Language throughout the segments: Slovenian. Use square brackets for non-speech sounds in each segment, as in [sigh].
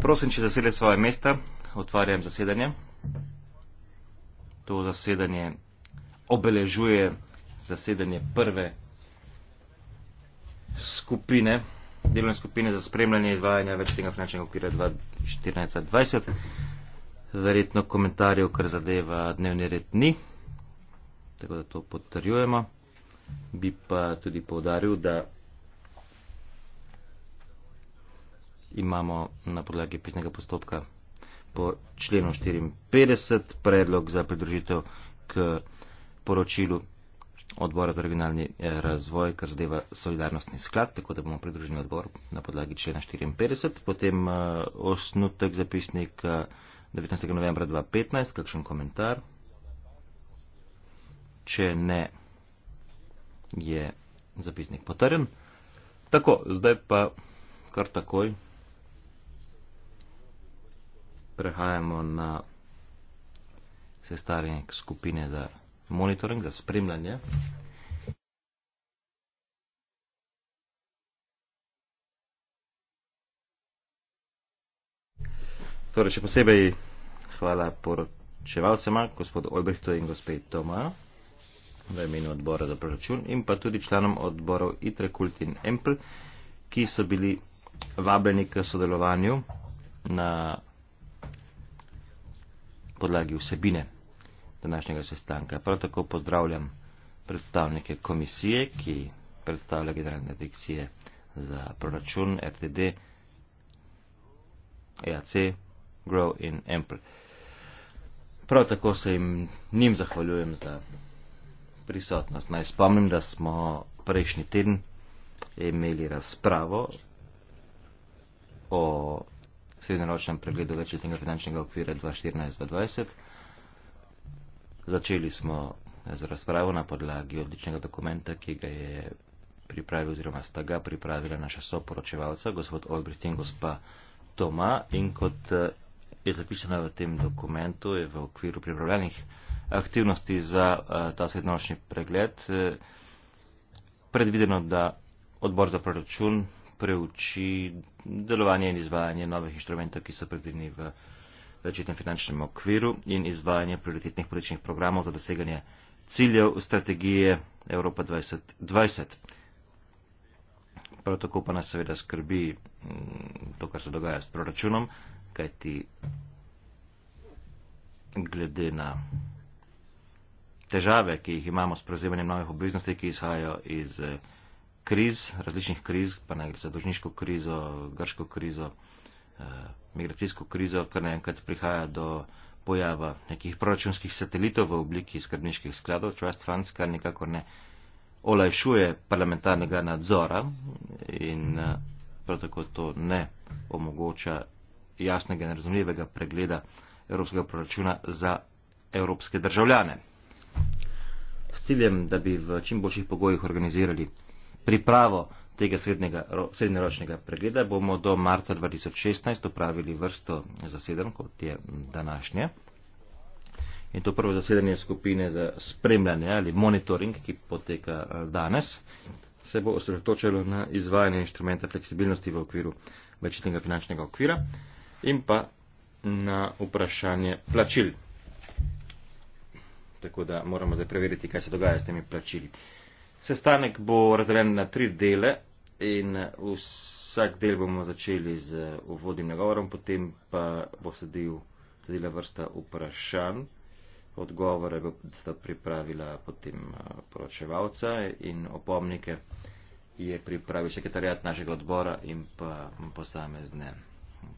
prosim če zasedete svoje mesta odvarjam zasedanje to zasedanje obeležuje zasedanje prve skupine delovne skupine za spremljanje izvajanja večletnega finančnega okvira 2014-2020 verjetno komentarjev kar zadeva dnevni red ni tako da to potrjujemo bi pa tudi povdaril, da imamo na podlagi pisnega postopka po členu 54 predlog za pridružitev k poročilu odbora za regionalni eh, razvoj, kar zadeva solidarnostni sklad, tako da bomo pridružili odbor na podlagi člena 54, potem uh, osnutek zapisnika 19. novembra 2015, kakšen komentar. Če ne, je zapisnik potrjen. Tako, zdaj pa kar takoj prehajamo na sestavljanje skupine za monitoring, za spremljanje. Torej, še posebej hvala poročevalcema, gospod Olbrihto in gospod Toma v imenu odbora za proračun in pa tudi članom odborov ITRE, KULT in EMPL, ki so bili vabljeni k sodelovanju na podlagi vsebine današnjega sestanka. Prav tako pozdravljam predstavnike komisije, ki predstavlja generalne direkcije za proračun RTD, EAC, GROW in EMPL. Prav tako se jim njim zahvaljujem za prisotnost. Naj spomnim, da smo prejšnji teden imeli razpravo o srednjeročnem pregledu večletnega finančnega okvira 2014-2020. Začeli smo z razpravo na podlagi odličnega dokumenta, ki ga je pripravil oziroma sta ga pripravila naša soporočevalca, gospod Olbricht in gospa Toma. In kot eh, je zapisano v tem dokumentu, je v okviru pripravljenih aktivnosti za eh, ta srednjošnji pregled. Eh, predvideno, da odbor za proračun preuči delovanje in izvajanje novih inštrumentov, ki so predvideni v začetnem finančnem okviru in izvajanje prioritetnih političnih programov za doseganje ciljev strategije Evropa 2020. Prav tako pa nas seveda skrbi mm, to, kar se dogaja s proračunom, kajti glede na težave, ki jih imamo s prevzemanjem novih obveznosti, ki izhajajo iz eh, kriz, različnih kriz, pa naj gre za dožniško krizo, grško krizo, eh, migracijsko krizo, kar naenkrat prihaja do pojava nekih proračunskih satelitov v obliki skrbniških skladov, trust funds, kar nekako ne olajšuje parlamentarnega nadzora in eh, prav tako to ne omogoča jasnega in razumljivega pregleda evropskega proračuna za evropske državljane ciljem, da bi v čim boljših pogojih organizirali pripravo tega srednjeročnega pregleda, bomo do marca 2016 upravili vrsto zaseden, kot je današnje. In to prvo zasedanje skupine za spremljanje ali monitoring, ki poteka eh, danes, se bo osredotočilo na izvajanje inštrumenta fleksibilnosti v okviru večitnega finančnega okvira in pa na vprašanje plačil tako da moramo zdaj preveriti, kaj se dogaja s temi plačili. Sestanek bo razdeljen na tri dele in vsak del bomo začeli z uvodnim nagovorom, potem pa bo sedil, sedila vrsta vprašanj, odgovore bo sta pripravila potem eh, poročevalca in opomnike je pripravil sekretarjat našega odbora in pa posamezne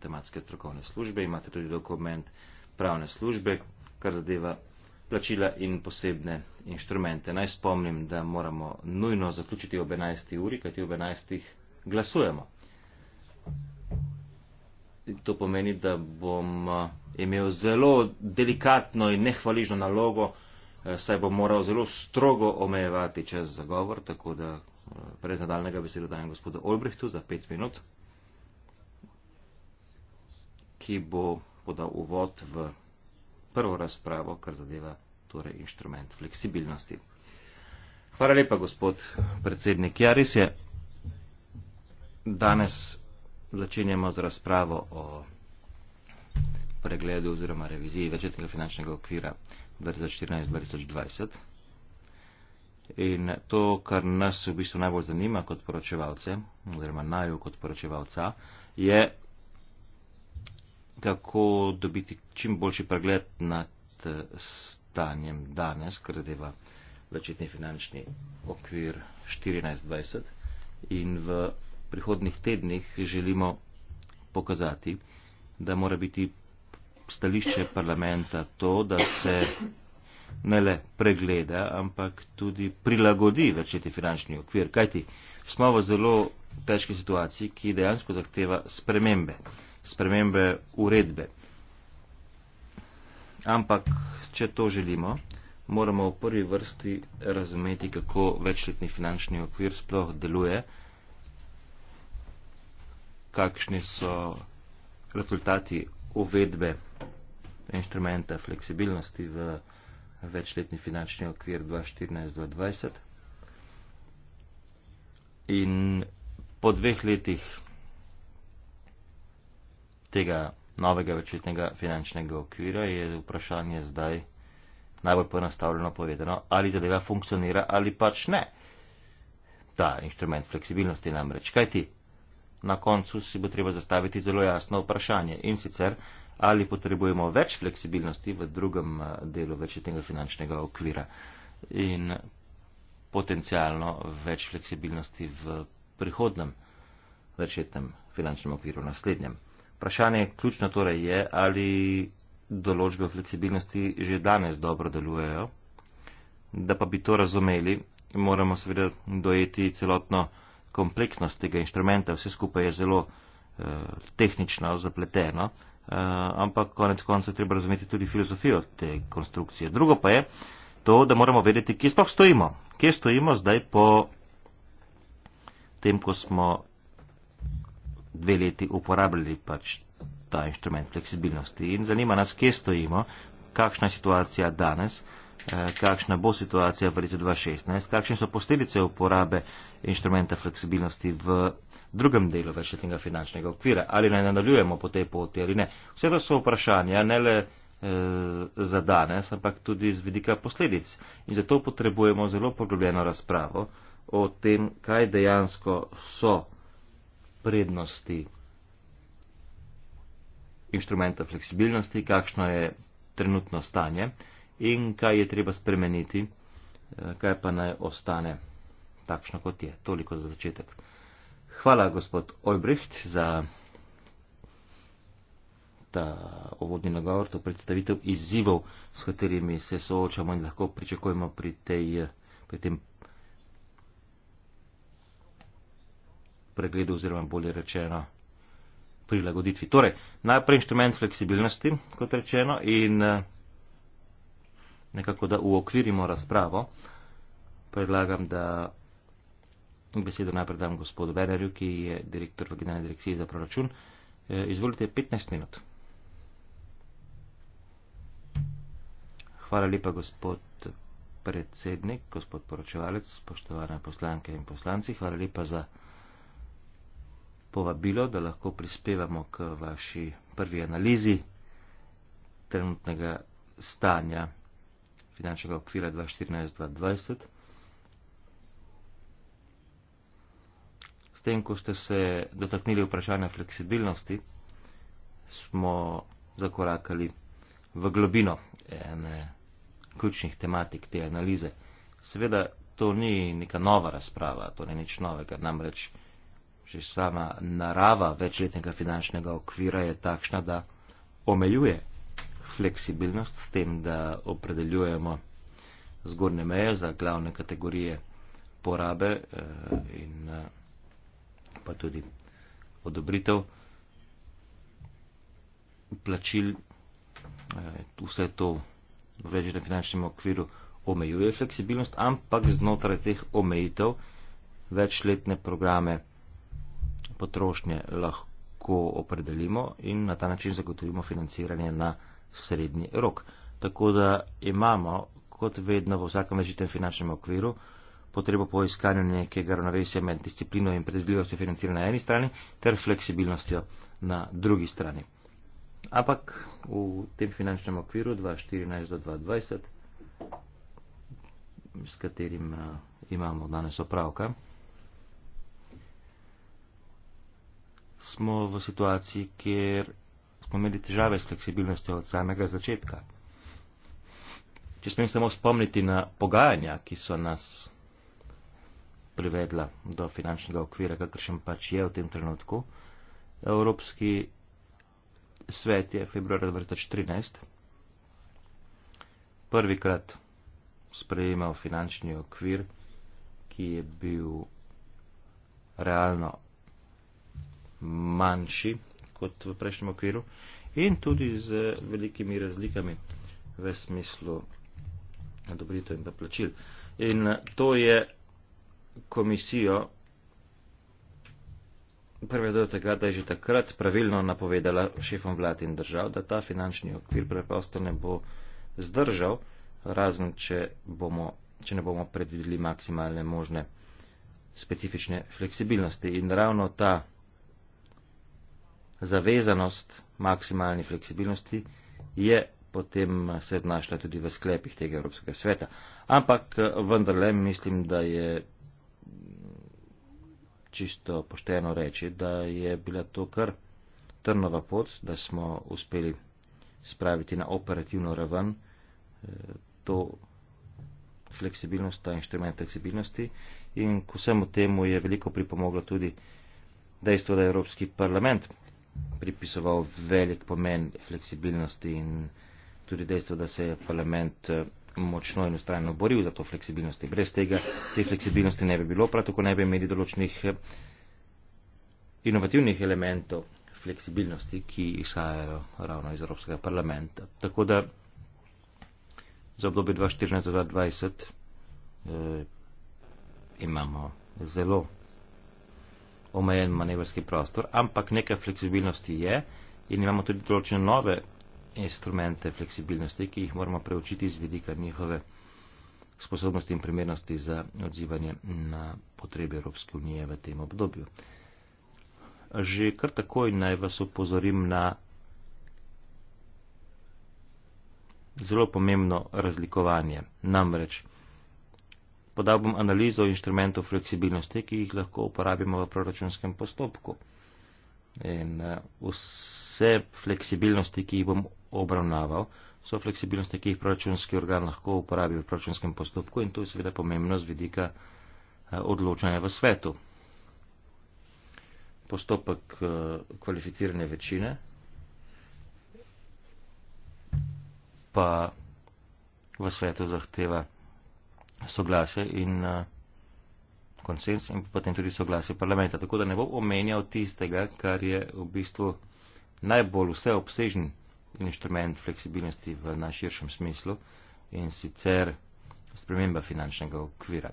tematske strokovne službe. Imate tudi dokument pravne službe, kar zadeva plačila in posebne inštrumente. Naj spomnim, da moramo nujno zaključiti ob 11. uri, kajti ob 11. glasujemo. To pomeni, da bom eh, imel zelo delikatno in nehvaližno nalogo, eh, saj bom moral zelo strogo omejevati čas za govor, tako da pred eh, nadaljnega besedo dajem gospodu Olbrehtu za pet minut, ki bo podal uvod v prvo razpravo, kar zadeva torej inštrument fleksibilnosti. Hvala lepa, gospod predsednik. Ja, res je, danes začenjamo z razpravo o pregledu oziroma reviziji večetnega finančnega okvira 2014-2020. In to, kar nas v bistvu najbolj zanima kot poročevalce, oziroma naju kot poročevalca, je kako dobiti čim boljši pregled nad eh, stanjem danes, kar zadeva začetni finančni okvir 1420. In v prihodnih tednih želimo pokazati, da mora biti stališče parlamenta to, da se ne le pregleda, ampak tudi prilagodi začeti finančni okvir. Kajti smo v zelo težki situaciji, ki dejansko zahteva spremembe spremembe uredbe. Ampak, če to želimo, moramo v prvi vrsti razumeti, kako večletni finančni okvir sploh deluje, kakšni so rezultati uvedbe inštrumenta fleksibilnosti v večletni finančni okvir 2014-2020. In po dveh letih tega novega večletnega finančnega okvira je vprašanje zdaj najbolj poenostavljeno povedano, ali zadeva funkcionira ali pač ne. Ta inštrument fleksibilnosti namreč kajti. Na koncu si bo treba zastaviti zelo jasno vprašanje in sicer, ali potrebujemo več fleksibilnosti v drugem eh, delu večletnega finančnega okvira in potencialno več fleksibilnosti v prihodnem večletnem finančnem okviru naslednjem. Vprašanje je ključno torej je, ali določbe o fleksibilnosti že danes dobro delujejo. Da pa bi to razumeli, moramo seveda dojeti celotno kompleksnost tega inštrumenta. Vse skupaj je zelo eh, tehnično zapleteno, eh, ampak konec koncev treba razumeti tudi filozofijo te konstrukcije. Drugo pa je to, da moramo vedeti, kje sploh stojimo. Kje stojimo zdaj po tem, ko smo dve leti uporabljali pač ta inštrument fleksibilnosti. In zanima nas, kje stojimo, kakšna je situacija danes, eh, kakšna bo situacija v letu 2016, kakšne so posledice uporabe inštrumenta fleksibilnosti v drugem delu večletnega finančnega okvira, ali naj nadaljujemo po tej poti ali ne. Vse to so vprašanja, ne le e, za danes, ampak tudi z vidika posledic. In zato potrebujemo zelo poglobljeno razpravo o tem, kaj dejansko so prednosti inštrumenta fleksibilnosti, kakšno je trenutno stanje in kaj je treba spremeniti, eh, kaj pa naj ostane takšno, kot je. Toliko za začetek. Hvala, gospod Olbricht, za ta ovodni nagovor, to predstavitev izzivov, s katerimi se soočamo in lahko pričakujemo pri, tej, pri tem pregledu oziroma bolje rečeno prilagoditvi. Torej, najprej inštrument fleksibilnosti, kot rečeno, in eh, nekako, da uokvirimo razpravo, predlagam, da besedo najprej dam gospodu Bederju, ki je direktor v Generalni direkciji za proračun. Eh, izvolite, 15 minut. Hvala lepa, gospod predsednik, gospod poročevalec, spoštovane poslanke in poslanci. Hvala lepa za povabilo, da lahko prispevamo k vaši prvi analizi trenutnega stanja finančnega okvira 2014-2020. S tem, ko ste se dotaknili vprašanja fleksibilnosti, smo zakorakali v globino ene ključnih tematik te analize. Seveda, to ni neka nova razprava, to ni nič novega, namreč že sama narava večletnega finančnega okvira je takšna, da omejuje fleksibilnost s tem, da opredeljujemo zgornje meje za glavne kategorije porabe eh, in eh, pa tudi odobritev plačil. Eh, vse to v večletnem finančnem okviru omejuje fleksibilnost, ampak znotraj teh omejitev večletne programe potrošnje lahko opredelimo in na ta način zagotovimo financiranje na srednji rok. Tako da imamo, kot vedno v vsakem večjem finančnem okviru, potrebo po iskanju nekega ravnovesja med disciplino in predvidljivostjo financiranja na eni strani ter fleksibilnostjo na drugi strani. Ampak v tem finančnem okviru 2014 do 2020, s katerim uh, imamo danes opravka, smo v situaciji, kjer smo imeli težave s fleksibilnostjo od samega začetka. Če smem samo spomniti na pogajanja, ki so nas privedla do finančnega okvira, kakršen pač je v tem trenutku, Evropski svet je februar 2013 prvikrat sprejemal finančni okvir, ki je bil realno manjši kot v prejšnjem okviru in tudi z velikimi razlikami v smislu dobritev in plačil. In eh, to je komisijo prevedo do tega, da je že takrat pravilno napovedala šefom vlad in držav, da ta finančni okvir preprosto ne bo zdržal, razen če, bomo, če ne bomo predvideli maksimalne možne specifične fleksibilnosti. In ravno ta zavezanost maksimalni fleksibilnosti je potem se znašla tudi v sklepih tega Evropskega sveta. Ampak vendarle mislim, da je čisto pošteno reči, da je bila to kar trnova pot, da smo uspeli spraviti na operativno raven eh, to fleksibilnost, ta inštrument fleksibilnosti in k vsemu temu je veliko pripomoglo tudi dejstvo, da je Evropski parlament pripisoval velik pomen fleksibilnosti in tudi dejstvo, da se je parlament eh, močno in ustrajno boril za to fleksibilnosti. Brez tega te fleksibilnosti ne bi bilo, prav tako ne bi imeli določenih eh, inovativnih elementov fleksibilnosti, ki izhajajo ravno iz Evropskega parlamenta. Tako da za obdobje 2014-2020 eh, imamo zelo omejen manevrski prostor, ampak nekaj fleksibilnosti je in imamo tudi določene nove instrumente fleksibilnosti, ki jih moramo preučiti z vidika njihove sposobnosti in primernosti za odzivanje na potrebe Evropske unije v tem obdobju. Že kar takoj naj vas upozorim na zelo pomembno razlikovanje. Namreč, Podal bom analizo inštrumentov fleksibilnosti, ki jih lahko uporabimo v proračunskem postopku. In eh, vse fleksibilnosti, ki jih bom obravnaval, so fleksibilnosti, ki jih proračunski organ lahko uporabi v proračunskem postopku in to je seveda pomembno z vidika eh, odločanja v svetu. Postopek eh, kvalificirane večine pa v svetu zahteva soglaše in eh, konsens in potem tudi soglasje parlamenta. Tako da ne bom omenjal tistega, kar je v bistvu najbolj vseobsežen inštrument fleksibilnosti v najširšem smislu in sicer sprememba finančnega okvira.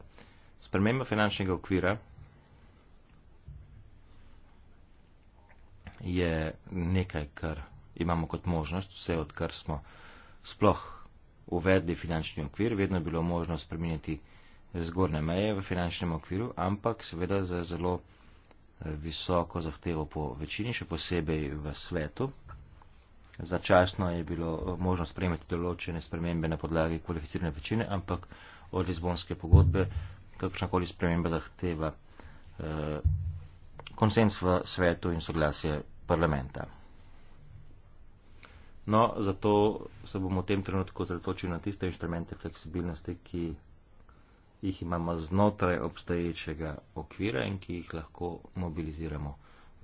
Sprememba finančnega okvira je nekaj, kar imamo kot možnost, vse odkar smo sploh uvedli finančni okvir, vedno je bilo možno spremeniti zgornje meje v finančnem okviru, ampak seveda za zelo eh, visoko zahtevo po večini, še posebej v svetu. Začasno je bilo eh, možno sprejemati določene spremembe na podlagi kvalificirane večine, ampak od Lizbonske pogodbe kakršnakoli sprememba zahteva eh, konsens v svetu in soglasje parlamenta. No, zato se bom v tem trenutku zretočil na tiste inštrumente fleksibilnosti, ki jih imamo znotraj obstoječega okvira in ki jih lahko mobiliziramo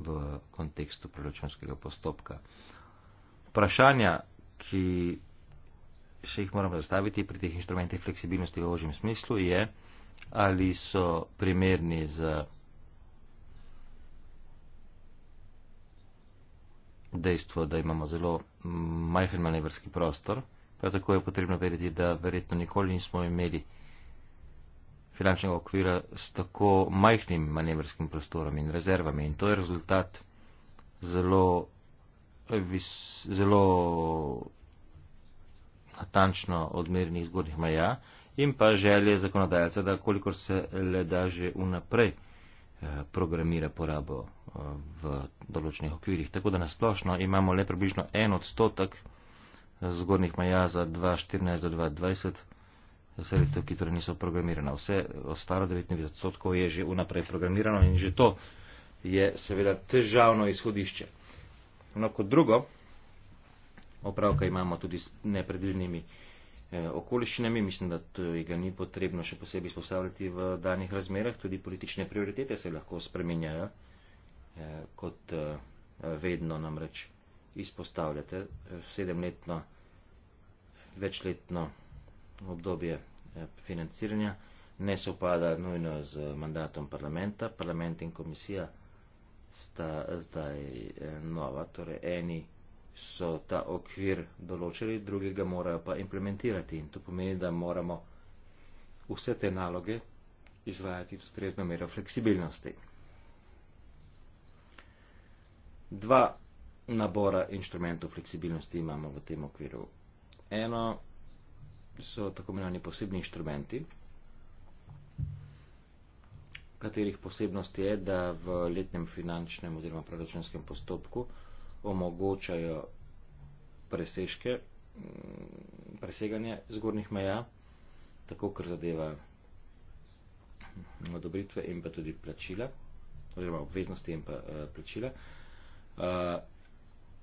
v kontekstu proračunskega postopka. Vprašanja, ki še jih moram zastaviti pri teh inštrumentih fleksibilnosti v ožjem smislu, je, ali so primerni za dejstvo, da imamo zelo majhen manevrski prostor. Prav tako je potrebno vedeti, da verjetno nikoli nismo imeli finančnega okvira s tako majhnim manevrskim prostorom in rezervami. In to je rezultat zelo, zelo natančno odmerjenih zgornjih meja in pa želje zakonodajalca, da kolikor se le da že unaprej Eh, programira porabo eh, v določenih okvirih. Tako da nasplošno imamo le približno en odstotek zgornjih maja za 2014 do 2020 sredstev, ki torej niso programirana. Vse ostalo 99 odstotkov je že unaprej programirano in že to je seveda težavno izhodišče. No, kot drugo, opravka imamo tudi s nepredvidljivimi Eh, okoliščinami. Mislim, da ga ni potrebno še posebej izpostavljati v danih razmerah. Tudi politične prioritete se lahko spremenjajo, eh, kot eh, vedno namreč izpostavljate. Sedemletno, večletno obdobje financiranja ne sopada nujno z mandatom parlamenta. Parlament in komisija sta zdaj nova, torej eni so ta okvir določili, drugi ga morajo pa implementirati. In to pomeni, da moramo vse te naloge izvajati v strezno mero fleksibilnosti. Dva nabora inštrumentov fleksibilnosti imamo v tem okviru. Eno so tako imenovani posebni inštrumenti, katerih posebnost je, da v letnem finančnem oziroma proračunskem postopku omogočajo presežke, mm, preseganje zgornjih meja, tako kar zadeva odobritve in pa tudi plačila, oziroma obveznosti in pa eh, plačila. Eh,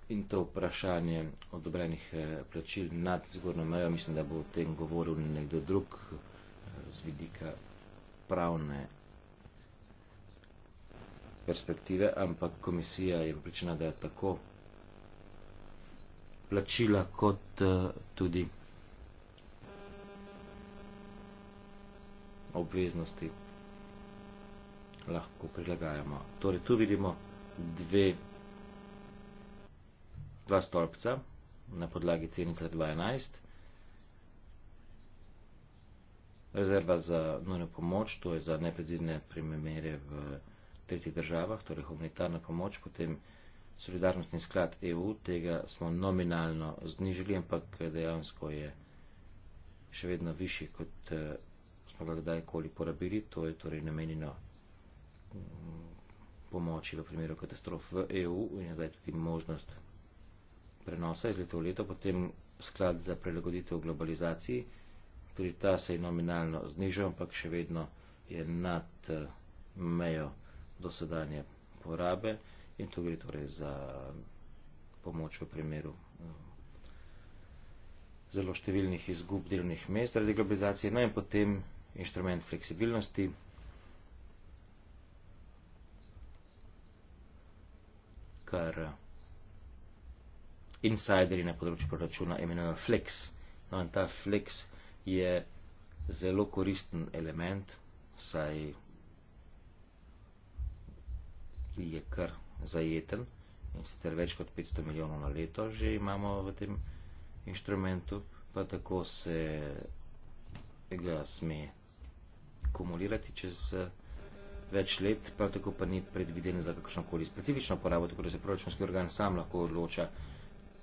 in to vprašanje odobrenih eh, plačil nad zgornjo mejo, mislim, da bo o tem govoril nekdo drug z vidika pravne perspektive, ampak komisija je pričena, da je tako plačila kot eh, tudi obveznosti lahko prilagajamo. Torej, tu vidimo dve, dva stolpca na podlagi cenica 2011. Rezerva za nujno pomoč, to je za nepredvidne primere v tretjih državah, torej humanitarna pomoč, potem solidarnostni sklad EU, tega smo nominalno znižili, ampak dejansko je še vedno višji, kot eh, smo ga kdajkoli porabili. To je torej namenjeno mm, pomoči v primeru katastrof v EU in je zdaj tudi možnost prenosa iz leta v leto, potem sklad za prilagoditev globalizaciji, tudi ta se je nominalno znižal, ampak še vedno je nad eh, mejo dosedanje porabe in tu gre torej za pomoč v primeru eh, zelo številnih izgub delovnih mest zaradi globalizacije. No in potem inštrument fleksibilnosti. kar eh, insideri na področju proračuna imenujejo flex. No in ta flex je zelo koristen element, saj je kar zajeten in sicer več kot 500 milijonov na leto že imamo v tem inštrumentu, pa tako se ga sme kumulirati čez eh, več let, prav tako pa ni predviden za kakšnokoli specifično porabo, tako da se proračunski organ sam lahko odloča,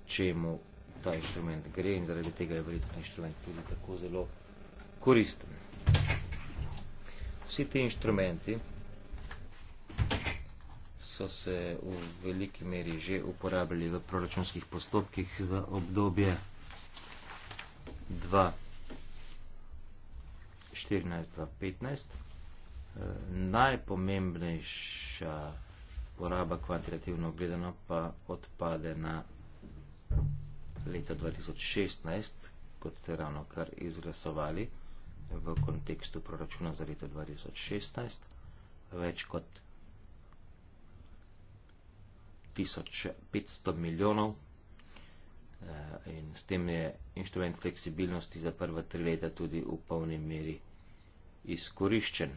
čemu ta inštrument gre in zaradi tega je verjetno inštrument tudi tako zelo koristen. Vsi ti inštrumenti, so se v veliki meri že uporabljali v proračunskih postopkih za obdobje 2014-2015. Najpomembnejša poraba kvantitativno gledano pa odpade na leta 2016, kot ste ravno kar izglasovali v kontekstu proračuna za leto 2016, več kot 1500 milijonov eh, in s tem je inštrument fleksibilnosti za prva tri leta tudi v polni meri izkoriščen.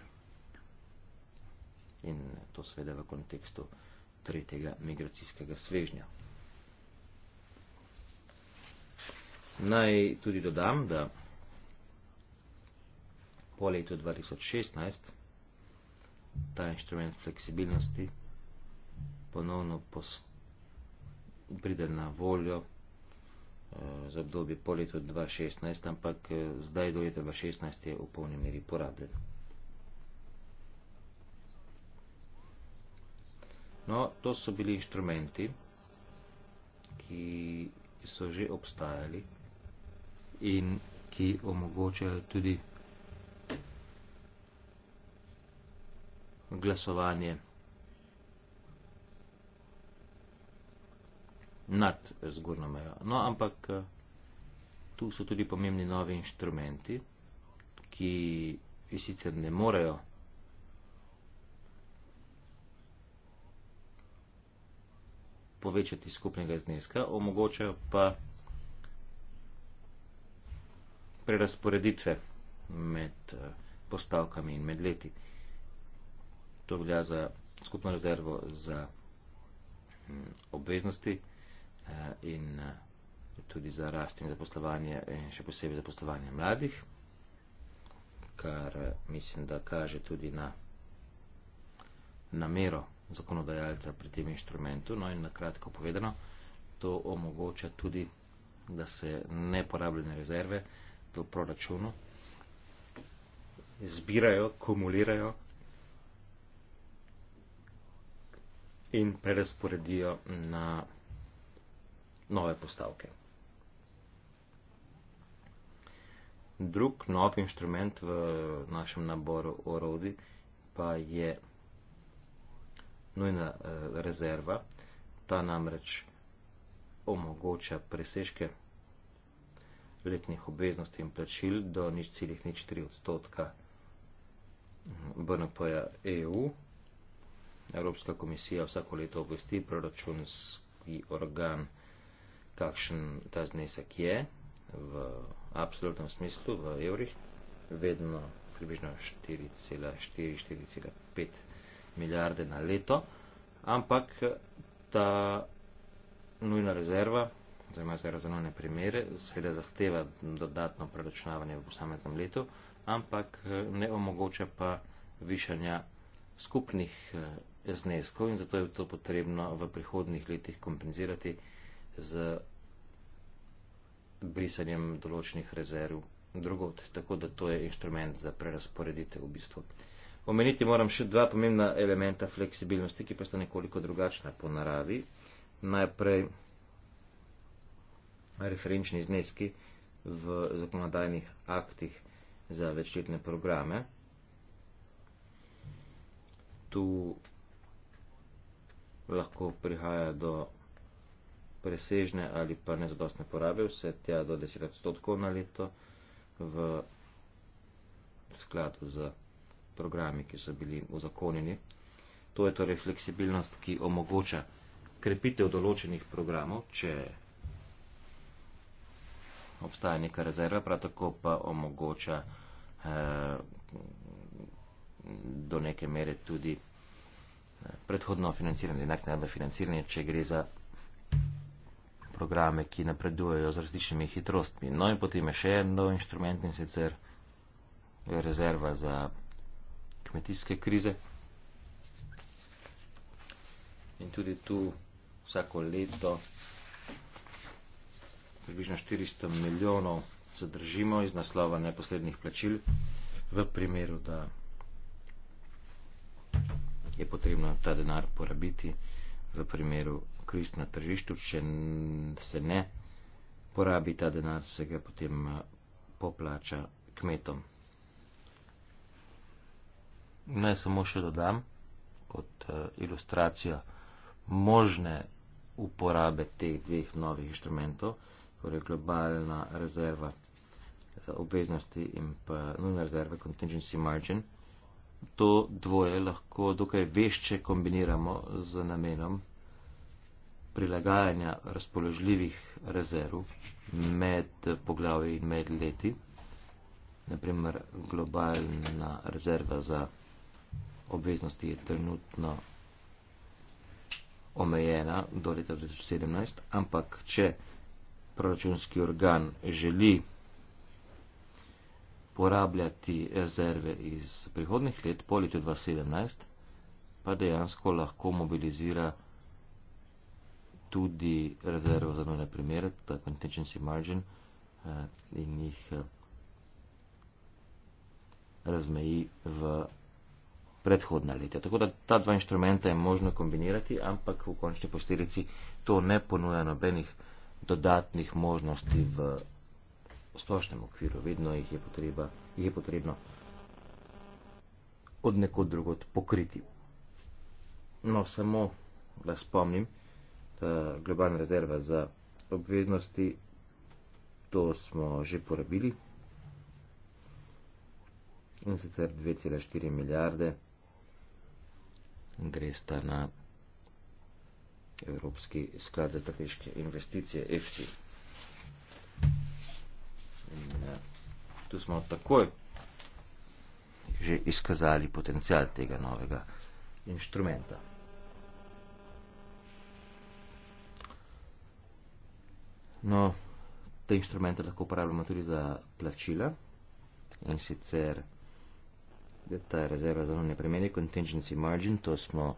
In to seveda v kontekstu tretjega migracijskega svežnja. Naj tudi dodam, da po letu 2016 ta inštrument fleksibilnosti ponovno pride na voljo eh, za obdobje po letu 2016, ampak eh, zdaj do leta 2016 je v polni meri porabljen. No, to so bili inštrumenti, ki so že obstajali in ki omogočajo tudi glasovanje nad zgornjo mejo. No, ampak eh, tu so tudi pomembni novi inštrumenti, ki sicer ne morejo povečati skupnega zneska, omogočajo pa prerasporeditve med eh, postavkami in med leti. To velja za skupno rezervo za mm, obveznosti. Eh, in eh, tudi za rast in zaposlovanje in še posebej zaposlovanje mladih, kar eh, mislim, da kaže tudi na namero zakonodajalca pri tem inštrumentu. No in na kratko povedano, to omogoča tudi, da se neporabljene rezerve v proračunu zbirajo, kumulirajo in prerasporedijo na nove postavke. Drug nov inštrument v našem naboru orodi pa je nujna e, rezerva. Ta namreč omogoča presežke letnih obveznosti in plačil do nič ciljih nič 3 odstotka BNP-ja EU. Evropska komisija vsako leto obvesti proračunski organ kakšen ta znesek je v absolutnem smislu v evrih, vedno približno 4,4-4,5 milijarde na leto, ampak ta nujna rezerva, oziroma rezerva za nujne primere, seveda zahteva dodatno preračunavanje v posameznem letu, ampak ne omogoča pa višanja skupnih eh, zneskov in zato je to potrebno v prihodnih letih kompenzirati z brisanjem določenih rezerv drugot. Tako da to je inštrument za prerasporeditev v bistvu. Omeniti moram še dva pomembna elementa fleksibilnosti, ki pa sta nekoliko drugačna po naravi. Najprej referenčni zneski v zakonodajnih aktih za večletne programe. Tu lahko prihaja do presežne ali pa nezadostne porabe, vse tja do 10 odstotkov na leto v skladu z programi, ki so bili ozakonjeni. To je torej fleksibilnost, ki omogoča krepitev določenih programov, če obstaja neka rezerva, prav tako pa omogoča eh, do neke mere tudi eh, predhodno financiranje, enak najbolj financiranje, če gre za programe, ki napredujejo z različnimi hitrostmi. No in potem je še en nov inštrument in sicer rezerva za kmetijske krize. In tudi tu vsako leto približno 400 milijonov zadržimo iz naslova neposrednih plačil v primeru, da je potrebno ta denar porabiti v primeru korist na tržištu, če se ne porabi ta denar, se ga potem eh, poplača kmetom. Naj samo še dodam kot eh, ilustracijo možne uporabe teh dveh novih inštrumentov, torej globalna rezerva za obveznosti in pa nujna rezerva contingency margin. To dvoje lahko dokaj vešče kombiniramo z namenom prilagajanja razpoložljivih rezerv med poglavji in med leti, naprimer globalna rezerva za obveznosti je trenutno omejena do leta 2017, ampak če proračunski organ želi porabljati rezerve iz prihodnih let, po letu 2017, pa dejansko lahko mobilizira tudi rezervo za nujne primere, to je contingency margin eh, in jih eh, razmeji v predhodna leta. Tako da ta dva inštrumenta je možno kombinirati, ampak v končni posledici to ne ponuja nobenih dodatnih možnosti v splošnem okviru. Vedno jih je, potreba, jih je potrebno od nekod drugot pokriti. No, samo da spomnim, Eh, globalne rezerve za obveznosti, to smo že porabili. In sicer 2,4 milijarde gre sta na Evropski sklad za strateške investicije EFSI. In, eh, tu smo takoj že izkazali potencial tega novega inštrumenta. No, te inštrumente lahko uporabljamo tudi za plačila in sicer ta rezerva za nujne premene, contingency margin, to smo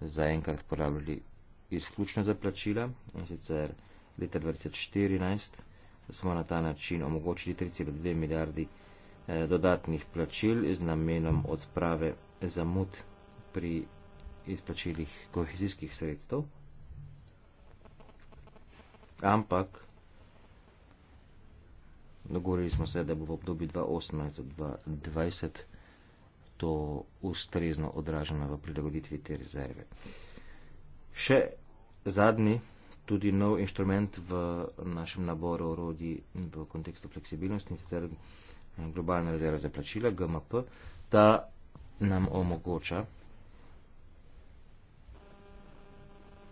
zaenkrat uporabljali izključno za plačila in sicer leta 2014 smo na ta način omogočili 3,2 milijardi eh, dodatnih plačil z namenom odprave zamud pri izplačilih kohezijskih sredstev ampak dogovorili smo se, da bo v obdobju 2018-2020 to ustrezno odraženo v prilagoditvi te rezerve. Še zadnji, tudi nov inštrument v našem naboru orodij v kontekstu fleksibilnosti in sicer globalna rezerva za plačila, GMP, ta nam omogoča,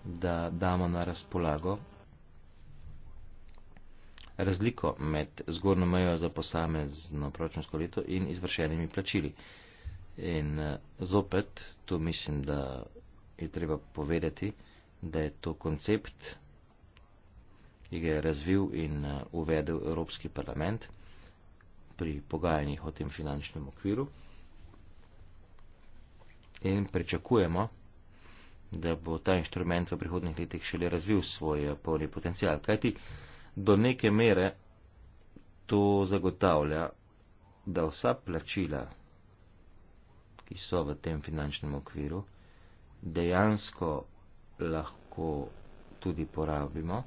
da damo na razpolago razliko med zgornjo mejo za posamezno proračunsko leto in izvršenimi plačili. In eh, zopet, tu mislim, da je treba povedati, da je to koncept, ki ga je razvil in eh, uvedel Evropski parlament pri pogajanjih o tem finančnem okviru. In pričakujemo, da bo ta inštrument v prihodnih letih šele razvil svoj eh, polni potencial. Kajti, do neke mere to zagotavlja, da vsa plačila, ki so v tem finančnem okviru, dejansko lahko tudi porabimo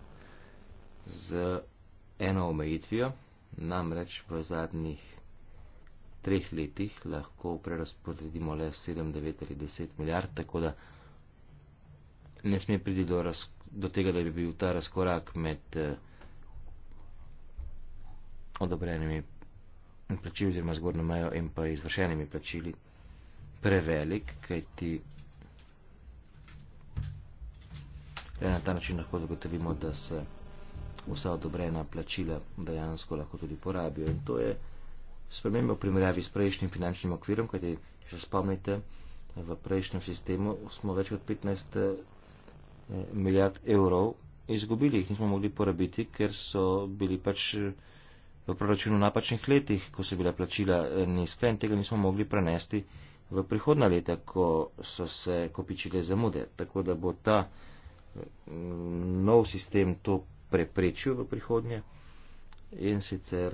z eno omejitvijo, namreč v zadnjih treh letih lahko prerasporedimo le 7, 9 ali 10 milijard, tako da ne sme priti do, raz, do tega, da bi bil ta razkorak med eh, odobrenimi plačili oziroma zgornjo mejo in pa izvršenimi plačili prevelik, kaj ti eh, na ta način lahko zagotovimo, da se vsa odobrena plačila dejansko lahko tudi porabijo. In to je spremembo primerjavi s prejšnjim finančnim okvirom, kaj ti, če spomnite, v prejšnjem sistemu smo več kot 15 eh, milijard evrov izgubili, jih nismo mogli porabiti, ker so bili pač v proračunu v napačnih letih, ko so bila plačila eh, nizka in tega nismo mogli prenesti v prihodna leta, ko so se kopičile zamude. Tako da bo ta mm, nov sistem to preprečil v prihodnje in sicer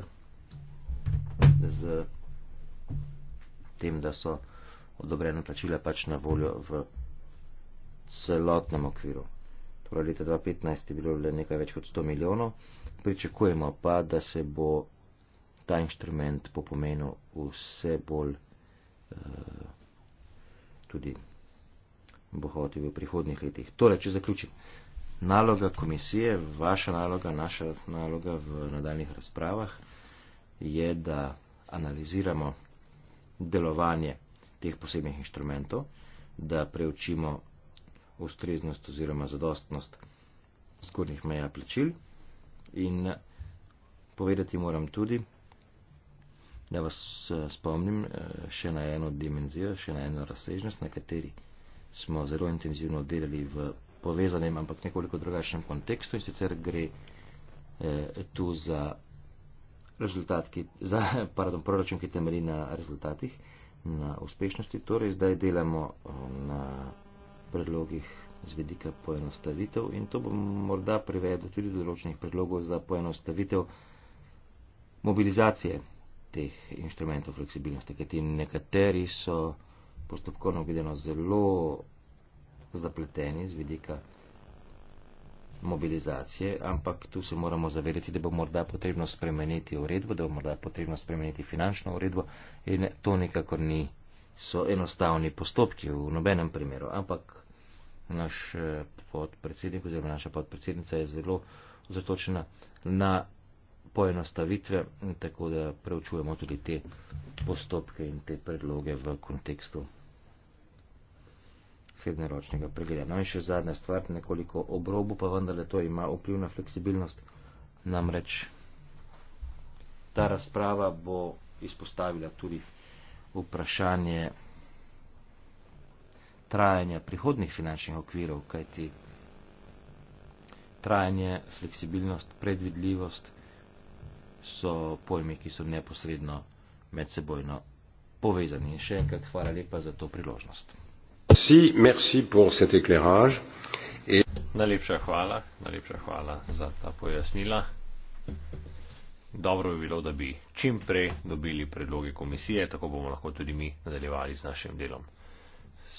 z tem, da so odobrena plačila pač na voljo v celotnem okviru. Torej leta 2015 je bilo le nekaj več kot 100 milijonov pričakujemo pa, da se bo ta inštrument po pomenu vse bolj eh, tudi bohoti v prihodnih letih. Torej, če zaključim. Naloga komisije, vaša naloga, naša naloga v nadaljnih razpravah je, da analiziramo delovanje teh posebnih inštrumentov, da preučimo ustreznost oziroma zadostnost zgornjih meja plačil in povedati moram tudi, da vas eh, spomnim eh, še na eno dimenzijo, še na eno razsežnost, na kateri smo zelo intenzivno delali v povezanem, ampak nekoliko drugačnem kontekstu in sicer gre eh, tu za rezultat, ki, za, [laughs] pardon, proračun, ki temelji na rezultatih, na uspešnosti. Torej, zdaj delamo na predlogih z vidika poenostavitev in to bo morda privedlo tudi do določenih predlogov za poenostavitev mobilizacije teh inštrumentov fleksibilnosti, kajti nekateri so postopkovno gledano zelo zapleteni z vidika mobilizacije, ampak tu se moramo zaverjati, da bo morda potrebno spremeniti uredbo, da bo morda potrebno spremeniti finančno uredbo in to nekako ni so enostavni postopki v nobenem primeru, ampak naš eh, podpredsednik oziroma naša podpredsednica je zelo zatočena na poenostavitve, tako da preučujemo tudi te postopke in te predloge v kontekstu srednjeročnega pregleda. No in še zadnja stvar, nekoliko obrobu, pa vendar to ima vpliv na fleksibilnost, namreč ta razprava bo izpostavila tudi vprašanje trajanja prihodnih finančnih okvirov, kajti trajanje, fleksibilnost, predvidljivost so pojmi, ki so neposredno medsebojno povezani. In še enkrat hvala lepa za to priložnost. Merci, merci pour cet éclairage. Et... Najlepša hvala, najlepša hvala za ta pojasnila. Dobro bi bilo, da bi čim prej dobili predloge komisije, tako bomo lahko tudi mi nadaljevali z našim delom.